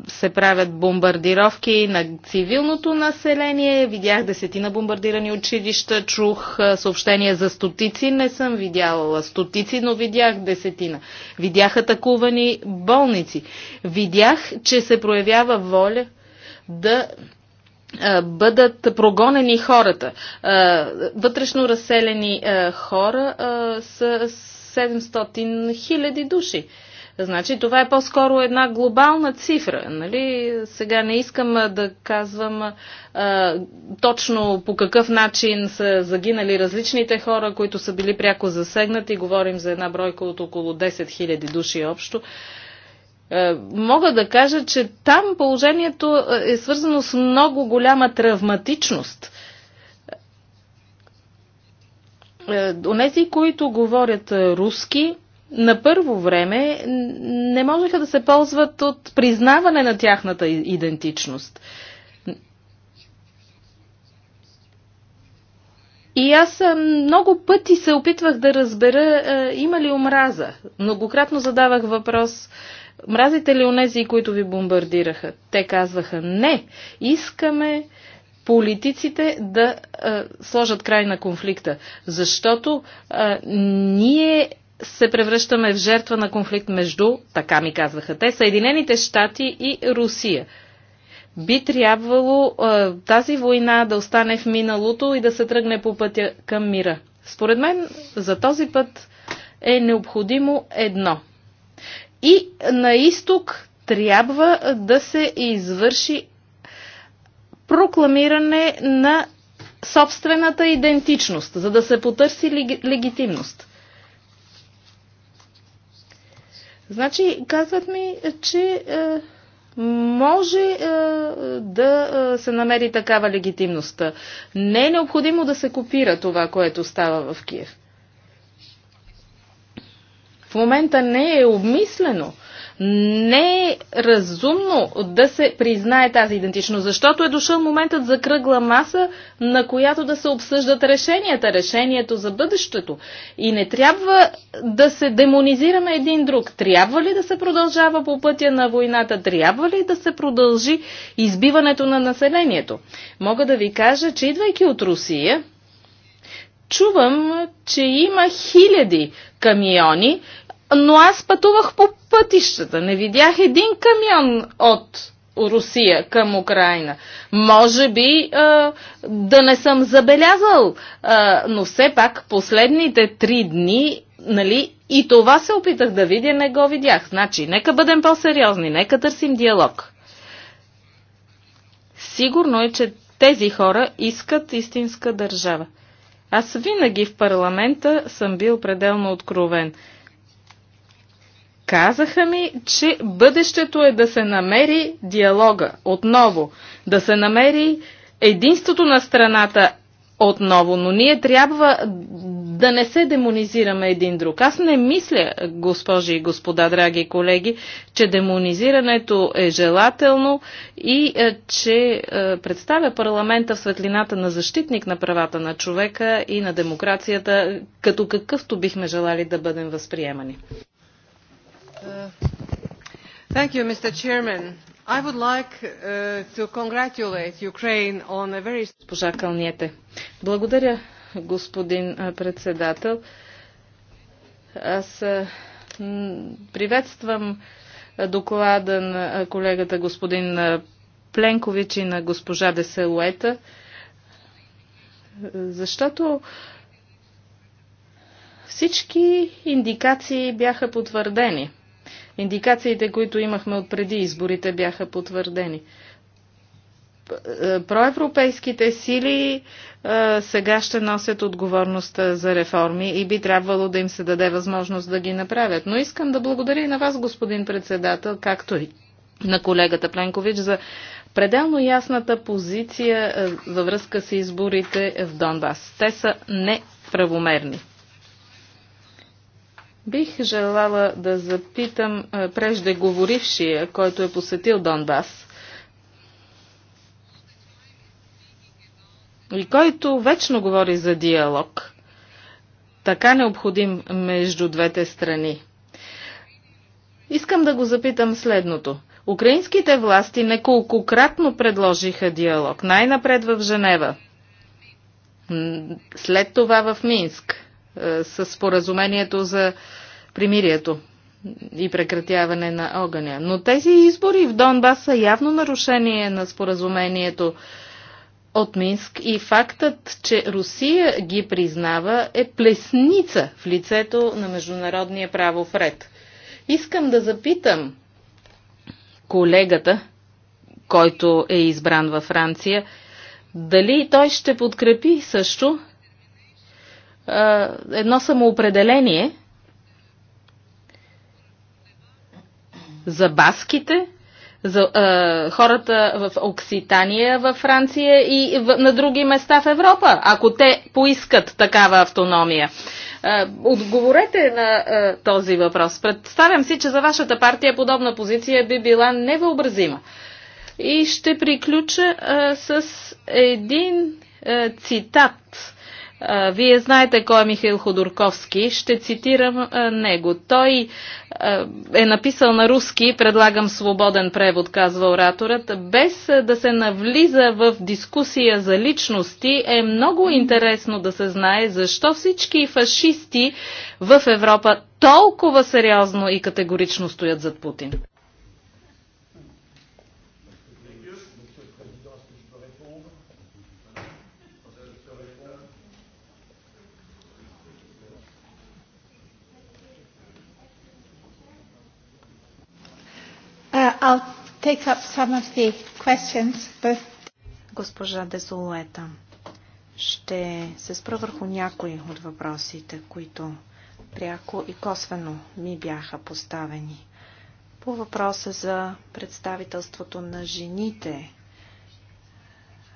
се правят бомбардировки на цивилното население, видях десетина бомбардирани училища, чух е, съобщения за стотици, не съм видяла стотици, но видях десетина. Видях атакувани болници. Видях, че се проявява воля да бъдат прогонени хората. Вътрешно разселени хора са 700 хиляди души. Значи това е по-скоро една глобална цифра. Нали? Сега не искам да казвам а, точно по какъв начин са загинали различните хора, които са били пряко засегнати. Говорим за една бройка от около 10 000 души общо. А, е, мога да кажа, че там положението е, е свързано с много голяма травматичност. Е, онези, които говорят руски, на първо време не можеха да се ползват от признаване на тяхната идентичност. И аз много пъти се опитвах да разбера има ли омраза. Многократно задавах въпрос Мразите ли онези, които ви бомбардираха? Те казваха не. Искаме политиците да а, сложат край на конфликта, защото а, ние се превръщаме в жертва на конфликт между, така ми казваха те, Съединените щати и Русия. Би трябвало а, тази война да остане в миналото и да се тръгне по пътя към мира. Според мен за този път е необходимо едно – и на изток трябва да се извърши прокламиране на собствената идентичност, за да се потърси легитимност. Значи, казват ми, че е, може е, да е, се намери такава легитимност. Не е необходимо да се копира това, което става в Киев в момента не е обмислено. Не е разумно да се признае тази идентичност, защото е дошъл моментът за кръгла маса, на която да се обсъждат решенията, решението за бъдещето. И не трябва да се демонизираме един друг. Трябва ли да се продължава по пътя на войната? Трябва ли да се продължи избиването на населението? Мога да ви кажа, че идвайки от Русия, чувам, че има хиляди камиони, но аз пътувах по пътищата. Не видях един камион от Русия към Украина. Може би а, да не съм забелязал, а, но все пак последните три дни, нали, и това се опитах да видя, не го видях. Значи, нека бъдем по-сериозни, нека търсим диалог. Сигурно е, че тези хора искат истинска държава. Аз винаги в парламента съм бил пределно откровен. Казаха ми, че бъдещето е да се намери диалога отново, да се намери единството на страната отново, но ние трябва да не се демонизираме един друг. Аз не мисля, госпожи и господа, драги колеги, че демонизирането е желателно и е, че е, представя парламента в светлината на защитник на правата на човека и на демокрацията, като какъвто бихме желали да бъдем възприемани. Uh, mr president i would like uh, to congratulate ukraine on a very. госпожа Благодаря, господин председател. Аз приветствам доклада на колегата господин Пленкович и на госпожа Деселуета, защото всички индикации бяха потвърдени – Индикациите, които имахме от преди изборите, бяха потвърдени. Проевропейските сили сега ще носят отговорността за реформи и би трябвало да им се даде възможност да ги направят. Но искам да благодаря и на вас, господин председател, както и на колегата Пленкович за пределно ясната позиция във връзка с изборите в Донбас. Те са неправомерни. Бих желала да запитам е, преждеговорившия, който е посетил Донбас и който вечно говори за диалог, така необходим между двете страни. Искам да го запитам следното. Украинските власти неколкократно предложиха диалог, най-напред в Женева, след това в Минск – е, с споразумението за примирието и прекратяване на огъня. Но тези избори в Донбас са явно нарушение на споразумението от Минск и фактът, че Русия ги признава е плесница в лицето на международния правов ред. Искам да запитам колегата, който е избран във Франция, дали той ще подкрепи също едно самоопределение за баските, за а, хората в Окситания във Франция и в, на други места в Европа, ако те поискат такава автономия. А, отговорете на а, този въпрос. Представям си, че за вашата партия подобна позиция би била невъобразима. И ще приключа а, с един а, цитат вие знаете кой е Михаил Ходорковски. Ще цитирам него. Той е написал на руски, предлагам свободен превод, казва ораторът, без да се навлиза в дискусия за личности, е много интересно да се знае защо всички фашисти в Европа толкова сериозно и категорично стоят зад Путин. I'll take up some of the questions, Госпожа Дезолуета, ще се спра върху някои от въпросите, които пряко и косвено ми бяха поставени. По въпроса за представителството на жените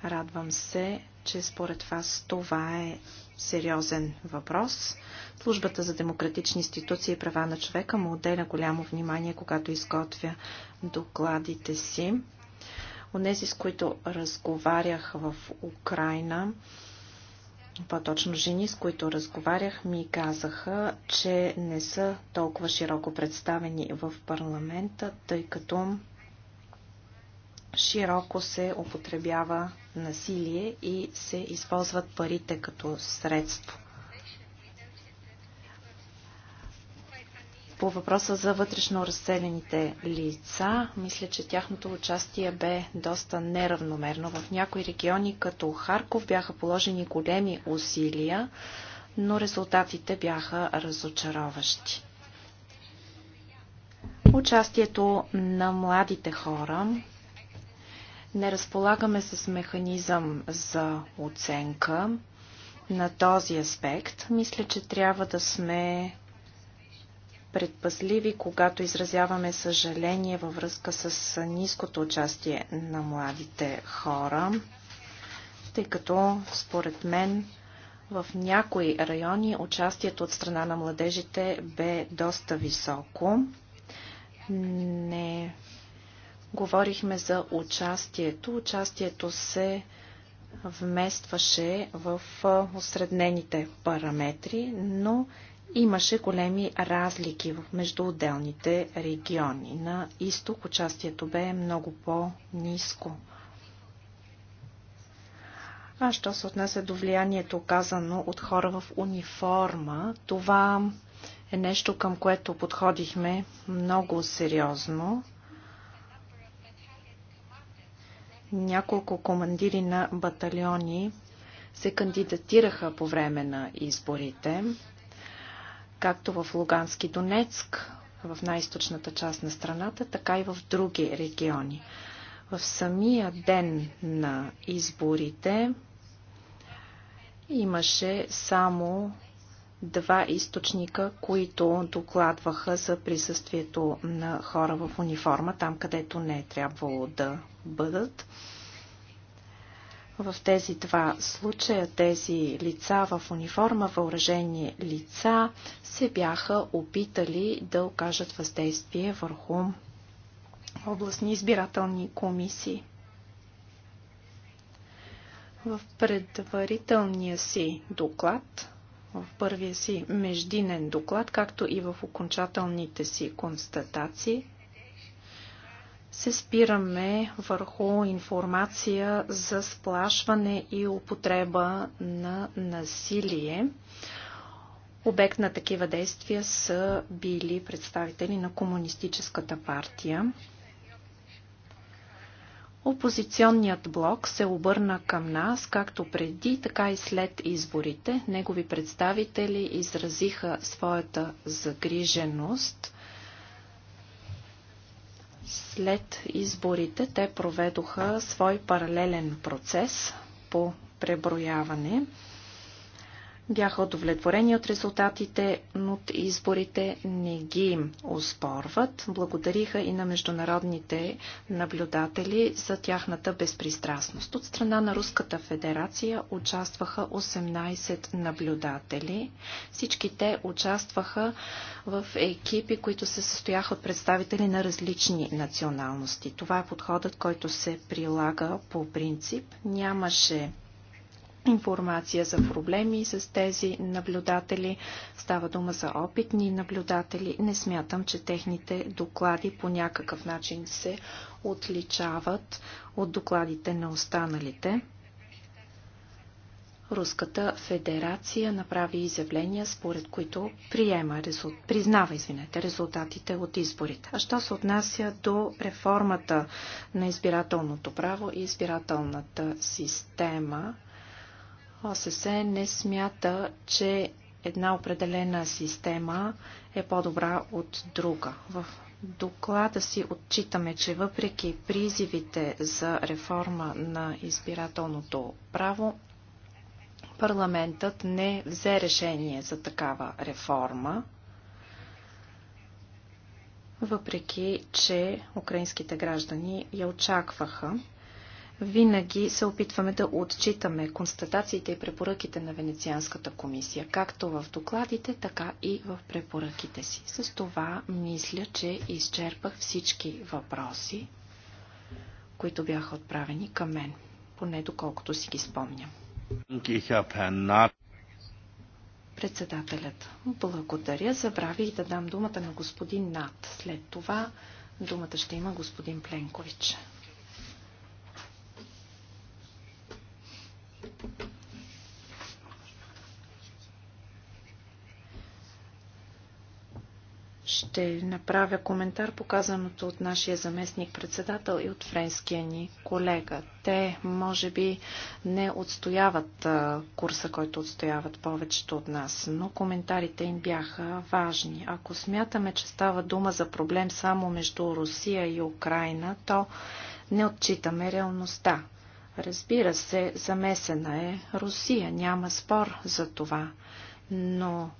Радвам се, че според вас това е сериозен въпрос. Службата за демократични институции и права на човека му отделя голямо внимание, когато изготвя докладите си. Онези, с които разговарях в Украина, по-точно жени, с които разговарях, ми казаха, че не са толкова широко представени в парламента, тъй като широко се употребява насилие и се използват парите като средство. По въпроса за вътрешно разселените лица, мисля, че тяхното участие бе доста неравномерно. В някои региони, като Харков, бяха положени големи усилия, но резултатите бяха разочароващи. Участието на младите хора не разполагаме с механизъм за оценка на този аспект. Мисля, че трябва да сме предпазливи, когато изразяваме съжаление във връзка с ниското участие на младите хора, тъй като според мен в някои райони участието от страна на младежите бе доста високо. Не Говорихме за участието. Участието се вместваше в осреднените параметри, но имаше големи разлики между отделните региони. На изток участието бе много по-низко. А що се отнася до влиянието казано от хора в униформа, това е нещо към което подходихме много сериозно. Няколко командири на батальони се кандидатираха по време на изборите, както в Лугански Донецк, в най-источната част на страната, така и в други региони. В самия ден на изборите имаше само два източника, които докладваха за присъствието на хора в униформа, там където не е трябвало да бъдат. В тези два случая тези лица в униформа, въоръжени лица, се бяха опитали да окажат въздействие върху областни избирателни комисии. В предварителния си доклад в първия си междинен доклад, както и в окончателните си констатации, се спираме върху информация за сплашване и употреба на насилие. Обект на такива действия са били представители на Комунистическата партия. Опозиционният блок се обърна към нас както преди, така и след изборите. Негови представители изразиха своята загриженост. След изборите те проведоха свой паралелен процес по преброяване бяха удовлетворени от резултатите но от изборите, не ги оспорват. Благодариха и на международните наблюдатели за тяхната безпристрастност. От страна на Руската федерация участваха 18 наблюдатели. Всички те участваха в екипи, които се състояха от представители на различни националности. Това е подходът, който се прилага по принцип. Нямаше информация за проблеми с тези наблюдатели. Става дума за опитни наблюдатели. Не смятам, че техните доклади по някакъв начин се отличават от докладите на останалите. Руската федерация направи изявления, според които приема, признава извинете, резултатите от изборите. А що се отнася до реформата на избирателното право и избирателната система, ОСС не смята, че една определена система е по-добра от друга. В доклада си отчитаме, че въпреки призивите за реформа на избирателното право, парламентът не взе решение за такава реформа, въпреки че украинските граждани я очакваха винаги се опитваме да отчитаме констатациите и препоръките на Венецианската комисия, както в докладите, така и в препоръките си. С това мисля, че изчерпах всички въпроси, които бяха отправени към мен, поне доколкото си ги спомням. Председателят, благодаря. Забравих да дам думата на господин Над. След това думата ще има господин Пленкович. Ще направя коментар показаното от нашия заместник-председател и от френския ни колега. Те, може би, не отстояват курса, който отстояват повечето от нас, но коментарите им бяха важни. Ако смятаме, че става дума за проблем само между Русия и Украина, то не отчитаме реалността. Разбира се, замесена е Русия, няма спор за това, но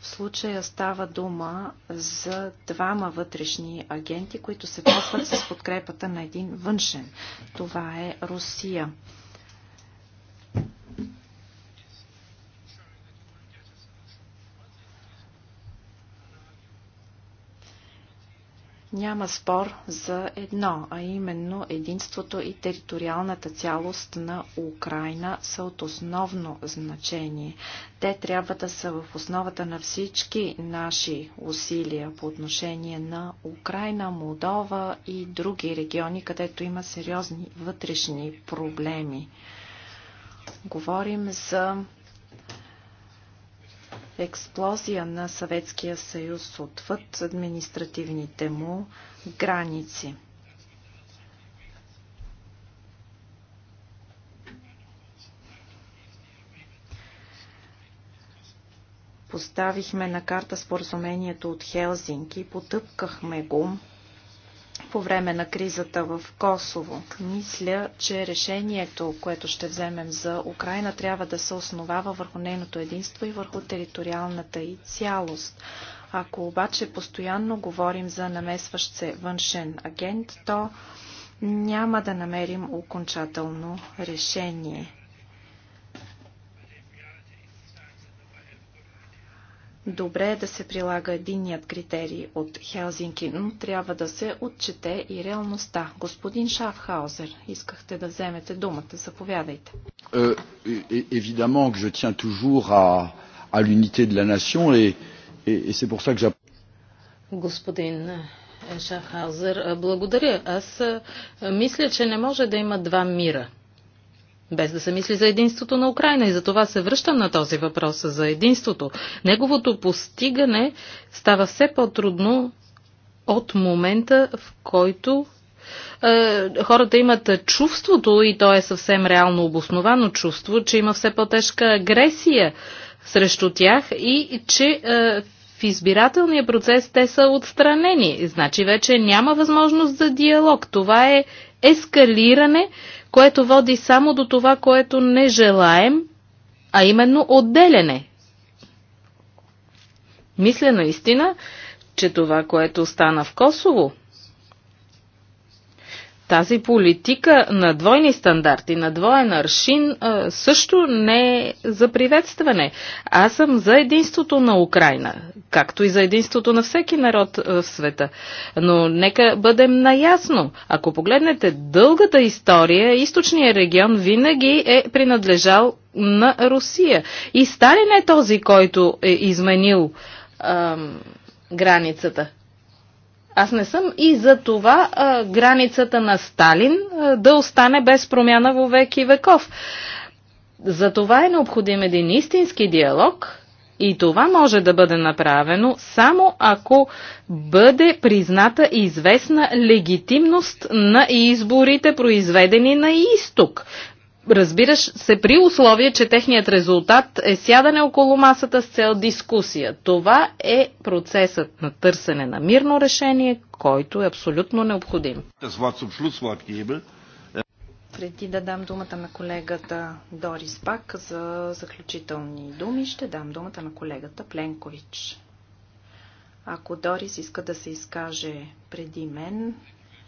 в случая става дума за двама вътрешни агенти, които се пасват с подкрепата на един външен. Това е Русия. Няма спор за едно, а именно единството и териториалната цялост на Украина са от основно значение. Те трябва да са в основата на всички наши усилия по отношение на Украина, Молдова и други региони, където има сериозни вътрешни проблеми. Говорим за експлозия на Съветския съюз отвъд административните му граници. Поставихме на карта споразумението от Хелзинки, потъпкахме го по време на кризата в Косово. Мисля, че решението, което ще вземем за Украина, трябва да се основава върху нейното единство и върху териториалната и цялост. Ако обаче постоянно говорим за намесващ се външен агент, то няма да намерим окончателно решение. Добре е да се прилага единният критерий от Хелзинки, но трябва да се отчете и реалността. Господин Шафхаузер, искахте да вземете думата. Заповядайте. Е, е, е, Господин Шафхаузер, благодаря. Аз мисля, че не може да има два мира – без да се мисли за единството на Украина. И за това се връщам на този въпрос за единството. Неговото постигане става все по-трудно от момента, в който е, хората имат чувството, и то е съвсем реално обосновано чувство, че има все по-тежка агресия срещу тях и че е, в избирателния процес те са отстранени. Значи вече няма възможност за диалог. Това е ескалиране което води само до това, което не желаем, а именно отделяне. Мисля наистина, че това, което стана в Косово, тази политика на двойни стандарти, на двоен аршин също не е за приветстване. Аз съм за единството на Украина, както и за единството на всеки народ в света. Но нека бъдем наясно. Ако погледнете дългата история, източният регион винаги е принадлежал на Русия. И Сталин е този, който е изменил ам, границата. Аз не съм и за това а, границата на Сталин а, да остане без промяна во век и веков. За това е необходим един истински диалог и това може да бъде направено само ако бъде призната известна легитимност на изборите, произведени на изток разбираш се при условие, че техният резултат е сядане около масата с цел дискусия. Това е процесът на търсене на мирно решение, който е абсолютно необходим. Преди да дам думата на колегата Дорис Пак за заключителни думи, ще дам думата на колегата Пленкович. Ако Дорис иска да се изкаже преди мен,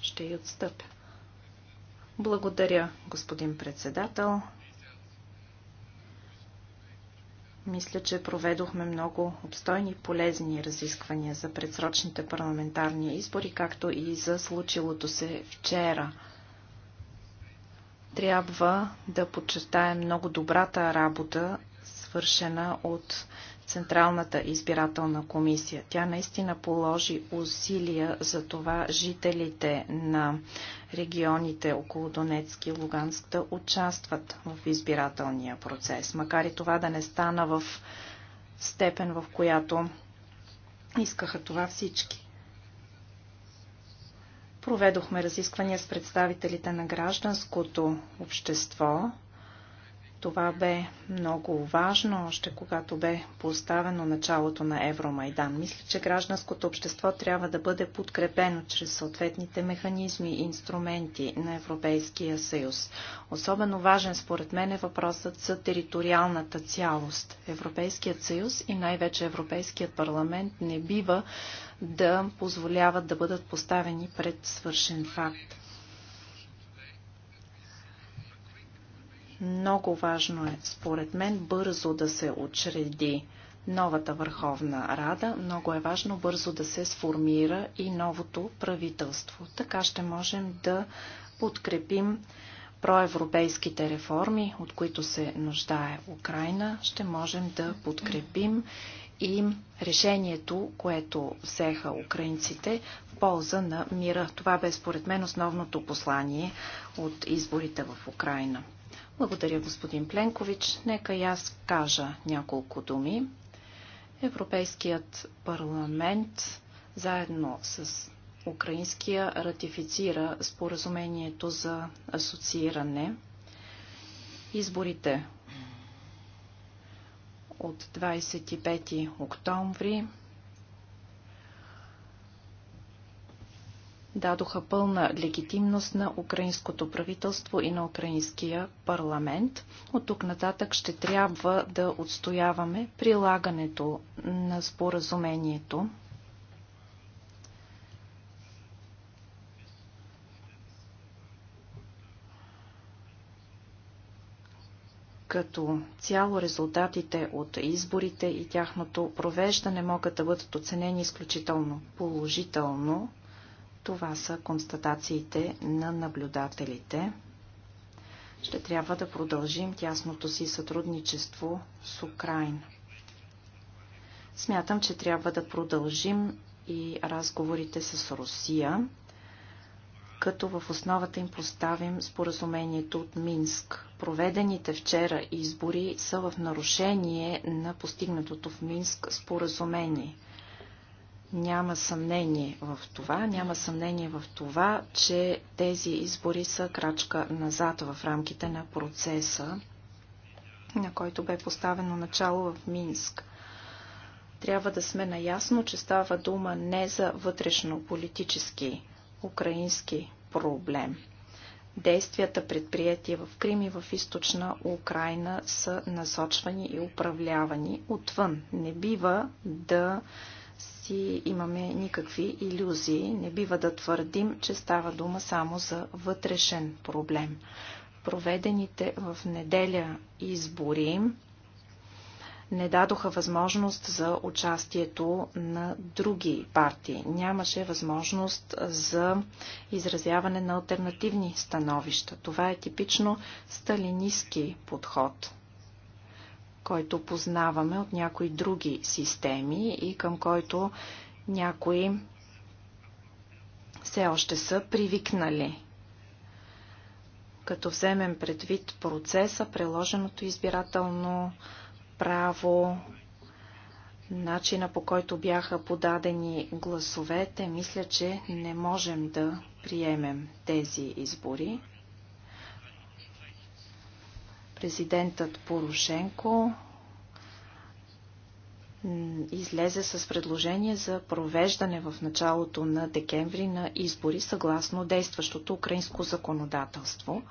ще й отстъпя. Благодаря, господин председател. Мисля, че проведохме много обстойни и полезни разисквания за предсрочните парламентарни избори, както и за случилото се вчера. Трябва да подчертаем много добрата работа, свършена от Централната избирателна комисия. Тя наистина положи усилия за това жителите на регионите около Донецки и Луганск да участват в избирателния процес, макар и това да не стана в степен, в която искаха това всички. Проведохме разисквания с представителите на гражданското общество, това бе много важно, още когато бе поставено началото на Евромайдан. Мисля, че гражданското общество трябва да бъде подкрепено чрез съответните механизми и инструменти на Европейския съюз. Особено важен според мен е въпросът за териториалната цялост. Европейският съюз и най-вече Европейският парламент не бива да позволяват да бъдат поставени пред свършен факт. Много важно е, според мен, бързо да се очреди новата Върховна Рада. Много е важно бързо да се сформира и новото правителство. Така ще можем да подкрепим проевропейските реформи, от които се нуждае Украина. Ще можем да подкрепим и решението, което взеха украинците в полза на мира. Това бе според мен основното послание от изборите в Украина. Благодаря, господин Пленкович. Нека и аз кажа няколко думи. Европейският парламент заедно с Украинския ратифицира споразумението за асоцииране. Изборите от 25 октомври дадоха пълна легитимност на украинското правителство и на украинския парламент. От тук нататък ще трябва да отстояваме прилагането на споразумението. като цяло резултатите от изборите и тяхното провеждане могат да бъдат оценени изключително положително. Това са констатациите на наблюдателите. Ще трябва да продължим тясното си сътрудничество с Украина. Смятам, че трябва да продължим и разговорите с Русия, като в основата им поставим споразумението от Минск. Проведените вчера избори са в нарушение на постигнатото в Минск споразумение – няма съмнение в това. Няма съмнение в това, че тези избори са крачка назад в рамките на процеса, на който бе поставено начало в Минск. Трябва да сме наясно, че става дума не за вътрешно политически украински проблем. Действията, предприятия в Крим и в източна Украина, са насочвани и управлявани отвън. Не бива да си имаме никакви иллюзии. Не бива да твърдим, че става дума само за вътрешен проблем. Проведените в неделя избори не дадоха възможност за участието на други партии. Нямаше възможност за изразяване на альтернативни становища. Това е типично сталинистки подход който познаваме от някои други системи и към който някои все още са привикнали. Като вземем предвид процеса, приложеното избирателно право, начина по който бяха подадени гласовете, мисля, че не можем да приемем тези избори. Президентът Порошенко излезе с предложение за провеждане в началото на декември на избори съгласно действащото украинско законодателство.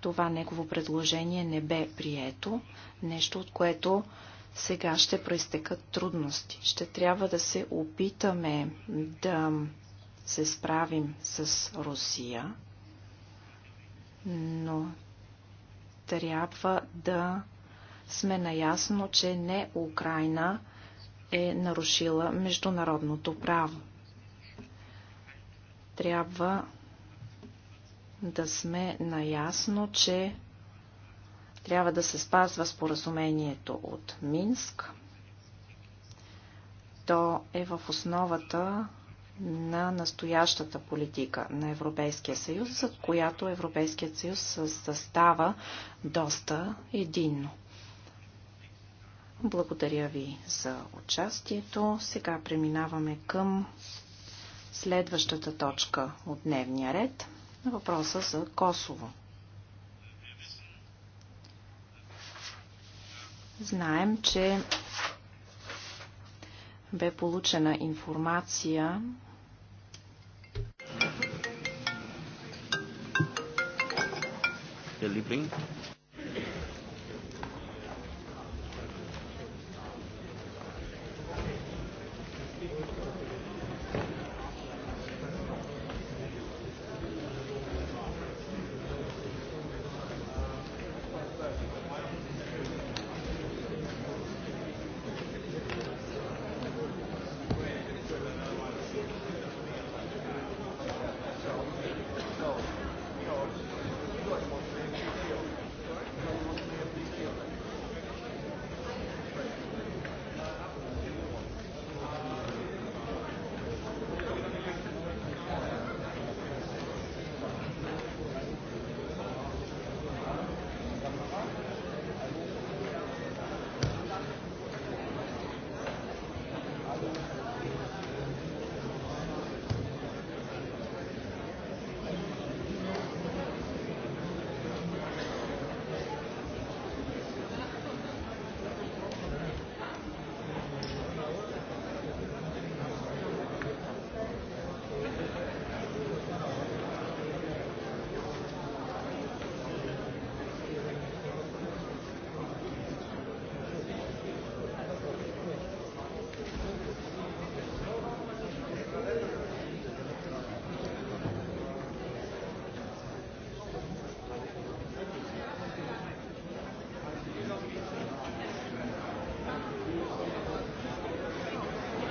Това негово предложение не бе прието, нещо от което сега ще проистекат трудности. Ще трябва да се опитаме да се справим с Русия, но трябва да сме наясно, че не Украина е нарушила международното право. Трябва да сме наясно, че трябва да се спазва споразумението от Минск. То е в основата на настоящата политика на Европейския съюз, за която Европейският съюз състава доста единно. Благодаря ви за участието. Сега преминаваме към следващата точка от дневния ред на въпроса за Косово. Знаем, че бе получена информация Herr Liebling.